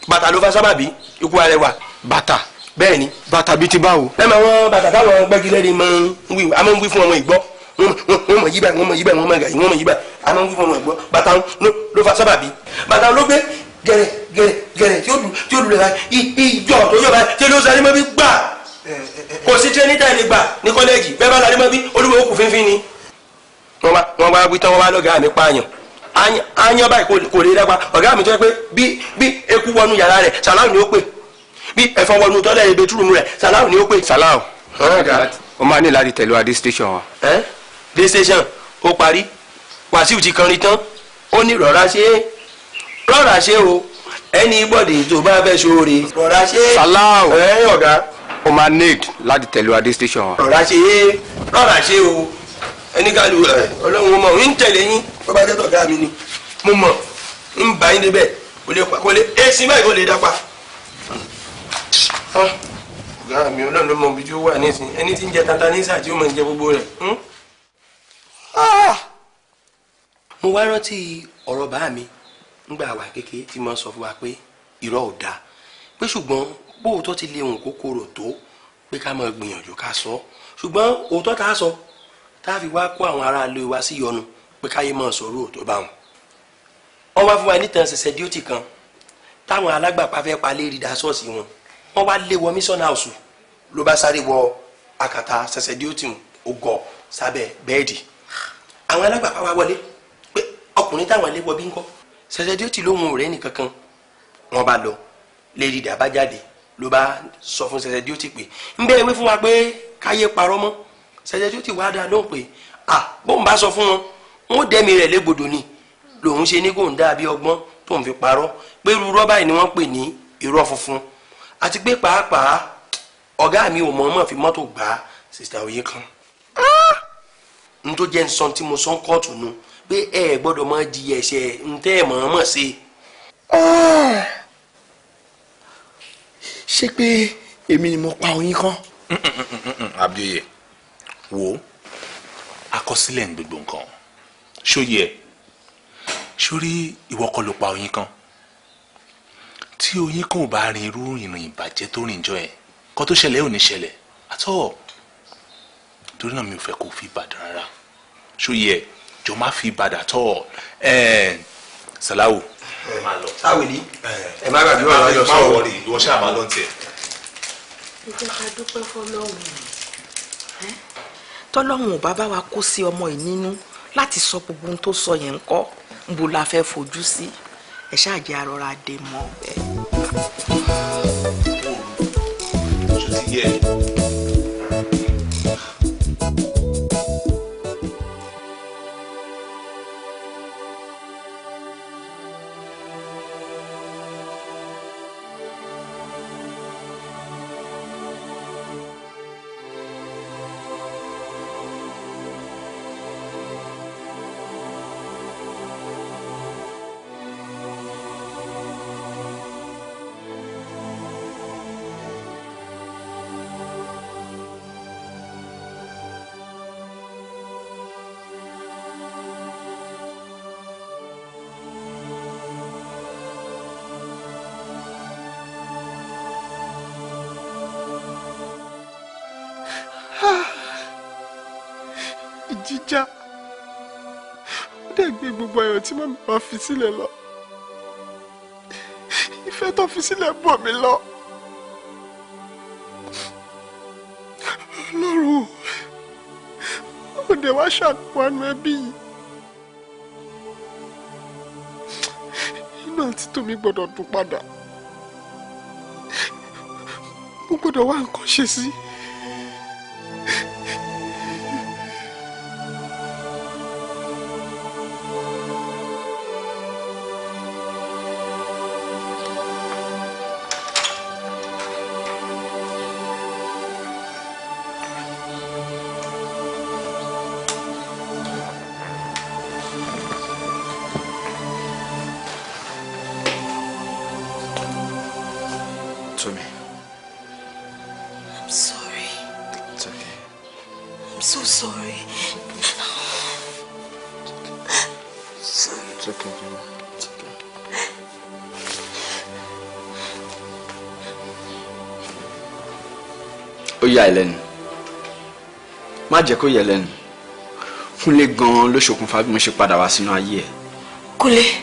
bàtà ló fa sábàbí ikú arẹwà. bàtà bẹ́ẹ̀ bàtà bíi ti báwo. ẹ máa wọn bàtà táwọn gbẹ́gilẹ́ni máa ń wí àmọ́ ń wí fún ọmọ ìgbọ́ wọ́n mọ̀ yí báyìí wọ́n mọ̀ yí báyìí wọ́n mọ̀ gàyí wọ́n mọ̀ yí báyìí àná ń fún wọn gbọ́ bàtà ló fa sábàbí bàtà ló gbé gẹ̀rẹ̀ gẹ̀rẹ̀ gẹ̀rẹ̀ tí ó lulẹ̀ báyìí ìjọ tó yọ̀ báyìí tí ó sáré mọ́ bí gbà kò sí tírénì tá ìlè gbà ní kọ́lẹ́ẹ̀jì bẹ́ẹ̀ bá sáré mọ́ bí olúwo kù fínfín ni. wọ́n wá wí tán wọ́n wá lọ́gàá mi pààyàn àyàn báyìí kò lè dàgbà ọ̀gá mi tó yẹ pé bí eku wọnú yàrá rẹ̀ sàlámù ni ó pè bí ẹ̀fọn wọnú tọ́lẹ̀ ìbẹ́tùrùmù rẹ̀ sàlámù ni ó pè sàlámù. ọmọ àgbà ó máa ní láti tẹ̀lé wa dé station wa playstation ó parí wàsíù ti kọrin tán ó ní rọra ṣe é rọra ṣe o ẹni bọ́dì tó bá fẹ́ ṣoore rọra ṣe é salao ẹ ọ̀gá. o máa need láti tẹ̀lé wa dé station. rọra ṣe é rọra ṣe o ẹni kálù ẹ ọlọ́run mọ̀ ń tẹ̀lé yín bó bá tẹ́tọ̀ ọ̀gá mi ni mo mọ̀ ń bá yín débẹ̀ kò lè pa kò lè èsì báyìí kò lè dápa. Ah, ọ̀gá mi ọlọ́run ló mọ ibi tí ó wà nísìnyí ẹni tí ń jẹ tata ní sáà tí ó máa ń jẹ gbogbo rẹ̀. Hmm? Ah! mo wá rántí ọ̀rọ̀ bàá mi ńgbà wà kékeré tí mo sọ fún wa pé irọ́ ò dáa pé ṣùgbọ́n bóòótọ́ ti lé òun kókòrò tó pé ká mọ̀ gbìyànjú ká sọ ṣùgbọ́n òótọ́ ta sọ tá a fi wá kó àwọn aráàlú wa sí yọnu pé káyé máa sọ orúkọ tó bá wọn. wọ́n wá fún wa nítan ṣẹ̀ṣẹ̀ díòtì kan táwọn alágbàpá fẹ́ palẹ̀ rí dasọ́ọ̀sì wọn wọ́n wá lé wọ mísọ̀nà ọ̀sùn ló bá sáré wọ àkàtà ṣẹ̀ṣẹ̀ díòtì ògọ̀ sábẹ́ bẹ́ẹ̀dì àwọn alágbàpá wa wọlé pé ọkùnrin táwọn ilé wọ bí ń kọ́ ṣẹṣẹdí ó ti lóhun rẹ̀ nìkankan wọn bá lọ lè rí ìdá bá jáde ló bá sọ fún ṣẹṣẹdí ó ti pè ń bẹ́ẹ̀ wí fún wa pé káyé parọ́ mọ́ ṣẹṣẹdí ó ti wá dáa lóhùn pé à bóun bá sọ fún wọn wọn ó dẹ́mi rẹ̀ légbodò ni lòun ṣe ní kò ń dáa bí ọgbọ́n tó ń fi parọ́ pé irú rọ́bà yìí ni wọ́n pè ní irọ́ funfun àti pé pàápàá ọ̀gá mi ò mọ̀ọ́mọ̀ fi mọ́tò gbá sista òye kan. Ah! n tó jẹ́ nsọ́n tí mo sọ́n kóòtù nu pé ẹ gbọ́dọ̀ máa di ẹ̀ṣẹ̀ n tẹ́ ẹ̀ mọ̀ọ́mọ̀ ṣe. Ah! ṣé pé èmi ni mo pa oyin kan. àbíyè wo àkọsílẹ̀ ń gbogbo nǹkan ṣóyè ẹ sórí ìwọ kọ́ ló pa oyin kan tí oyin kan ò bá rin irú ìrìn ìbàjẹ́ tó rìn jọ ẹ̀ kó tó ṣẹlẹ̀ ò ní ṣẹlẹ̀ àtọ́ torí náà mi ò fẹ́ kó fi ìbàdàn rárá ṣó yẹ jọ má fi ìbàdàn tọ́ ẹ sàláwò. ẹ máa lọ táwọn ni ẹ má gbàgbé wà lọ sọ wọn rí ìwọ ṣáà máa lọ tiẹ. ẹ ká dúpẹ́ fọlọ́run tọ́lọ́run ò bá wa kó sí ọmọ yìí nínú láti sọ gbogbo ohun tó sọ yẹn ń kọ́ ń bo la fẹ́ fojú sí ẹ ṣáà jẹ́ arọra dè mọ́ bẹ́ẹ̀. Yeah. tí màmí máa fi sílẹ̀ lọ ìfẹ́ tó fi sílẹ̀ bọ̀ mí lọ. ọlọ́run òde wá ṣàpọnú ẹbí yìí inú àti tómi gbọ́dọ̀ dùn padà mo gbọ́dọ̀ wá nǹkan ṣe sí i. yà ẹ́ lẹ́nu má jẹ́ kó yẹ lẹ́nu Kúnlé gan-an ló ṣokùnfà bí mo ṣe padà wá sínú ayé ẹ̀. Kúnlé.